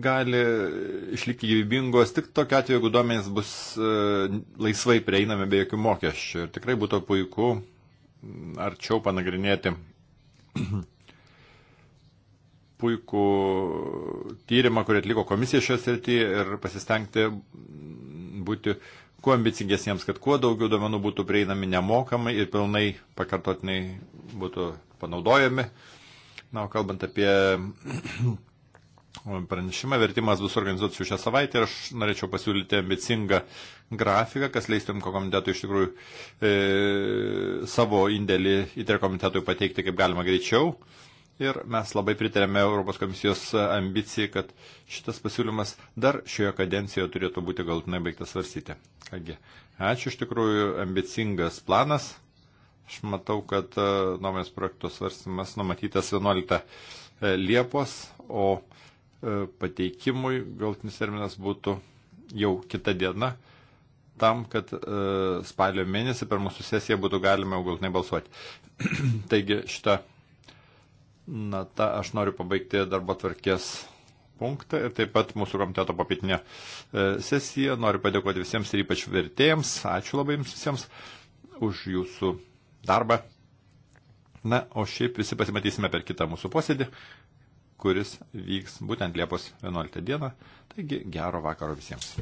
gali išlikti gyvybingos tik tokia atveju, jeigu duomenys bus e, laisvai prieinami be jokių mokesčių. Ir tikrai būtų puiku arčiau panagrinėti puikų tyrimą, kurį atliko komisija šios srityje ir pasistengti būti kuo ambicingesniems, kad kuo daugiau duomenų būtų prieinami nemokamai ir pilnai pakartotinai būtų panaudojami. Na, o kalbant apie pranešimą, vertimas bus organizuotas jau šią savaitę ir aš norėčiau pasiūlyti ambicingą grafiką, kas leistų imko komitetui iš tikrųjų e, savo indėlį į tre komitetui pateikti kaip galima greičiau. E, Ir mes labai pritarėme Europos komisijos ambicijai, kad šitas pasiūlymas dar šioje kadencijoje turėtų būti galtinai baigtas svarstyti. Kągi, ačiū iš tikrųjų, ambicingas planas. Aš matau, kad e, nuomės projekto svarstymas numatytas 11 e, Liepos, o e, pateikimui galtinis terminas būtų jau kita diena tam, kad e, spalio mėnesį per mūsų sesiją būtų galima jau galtinai balsuoti. Taigi šitą nata aš noriu pabaigti darbo tvarkės punktą ir taip pat mūsų komiteto papietinę e, sesiją. Noriu padėkoti visiems ir ypač vertėjams. Ačiū labai jums visiems už jūsų darbą. Na, o šiaip visi pasimatysime per kitą mūsų posėdį, kuris vyks būtent Liepos 11 dieną. Taigi gero vakaro visiems.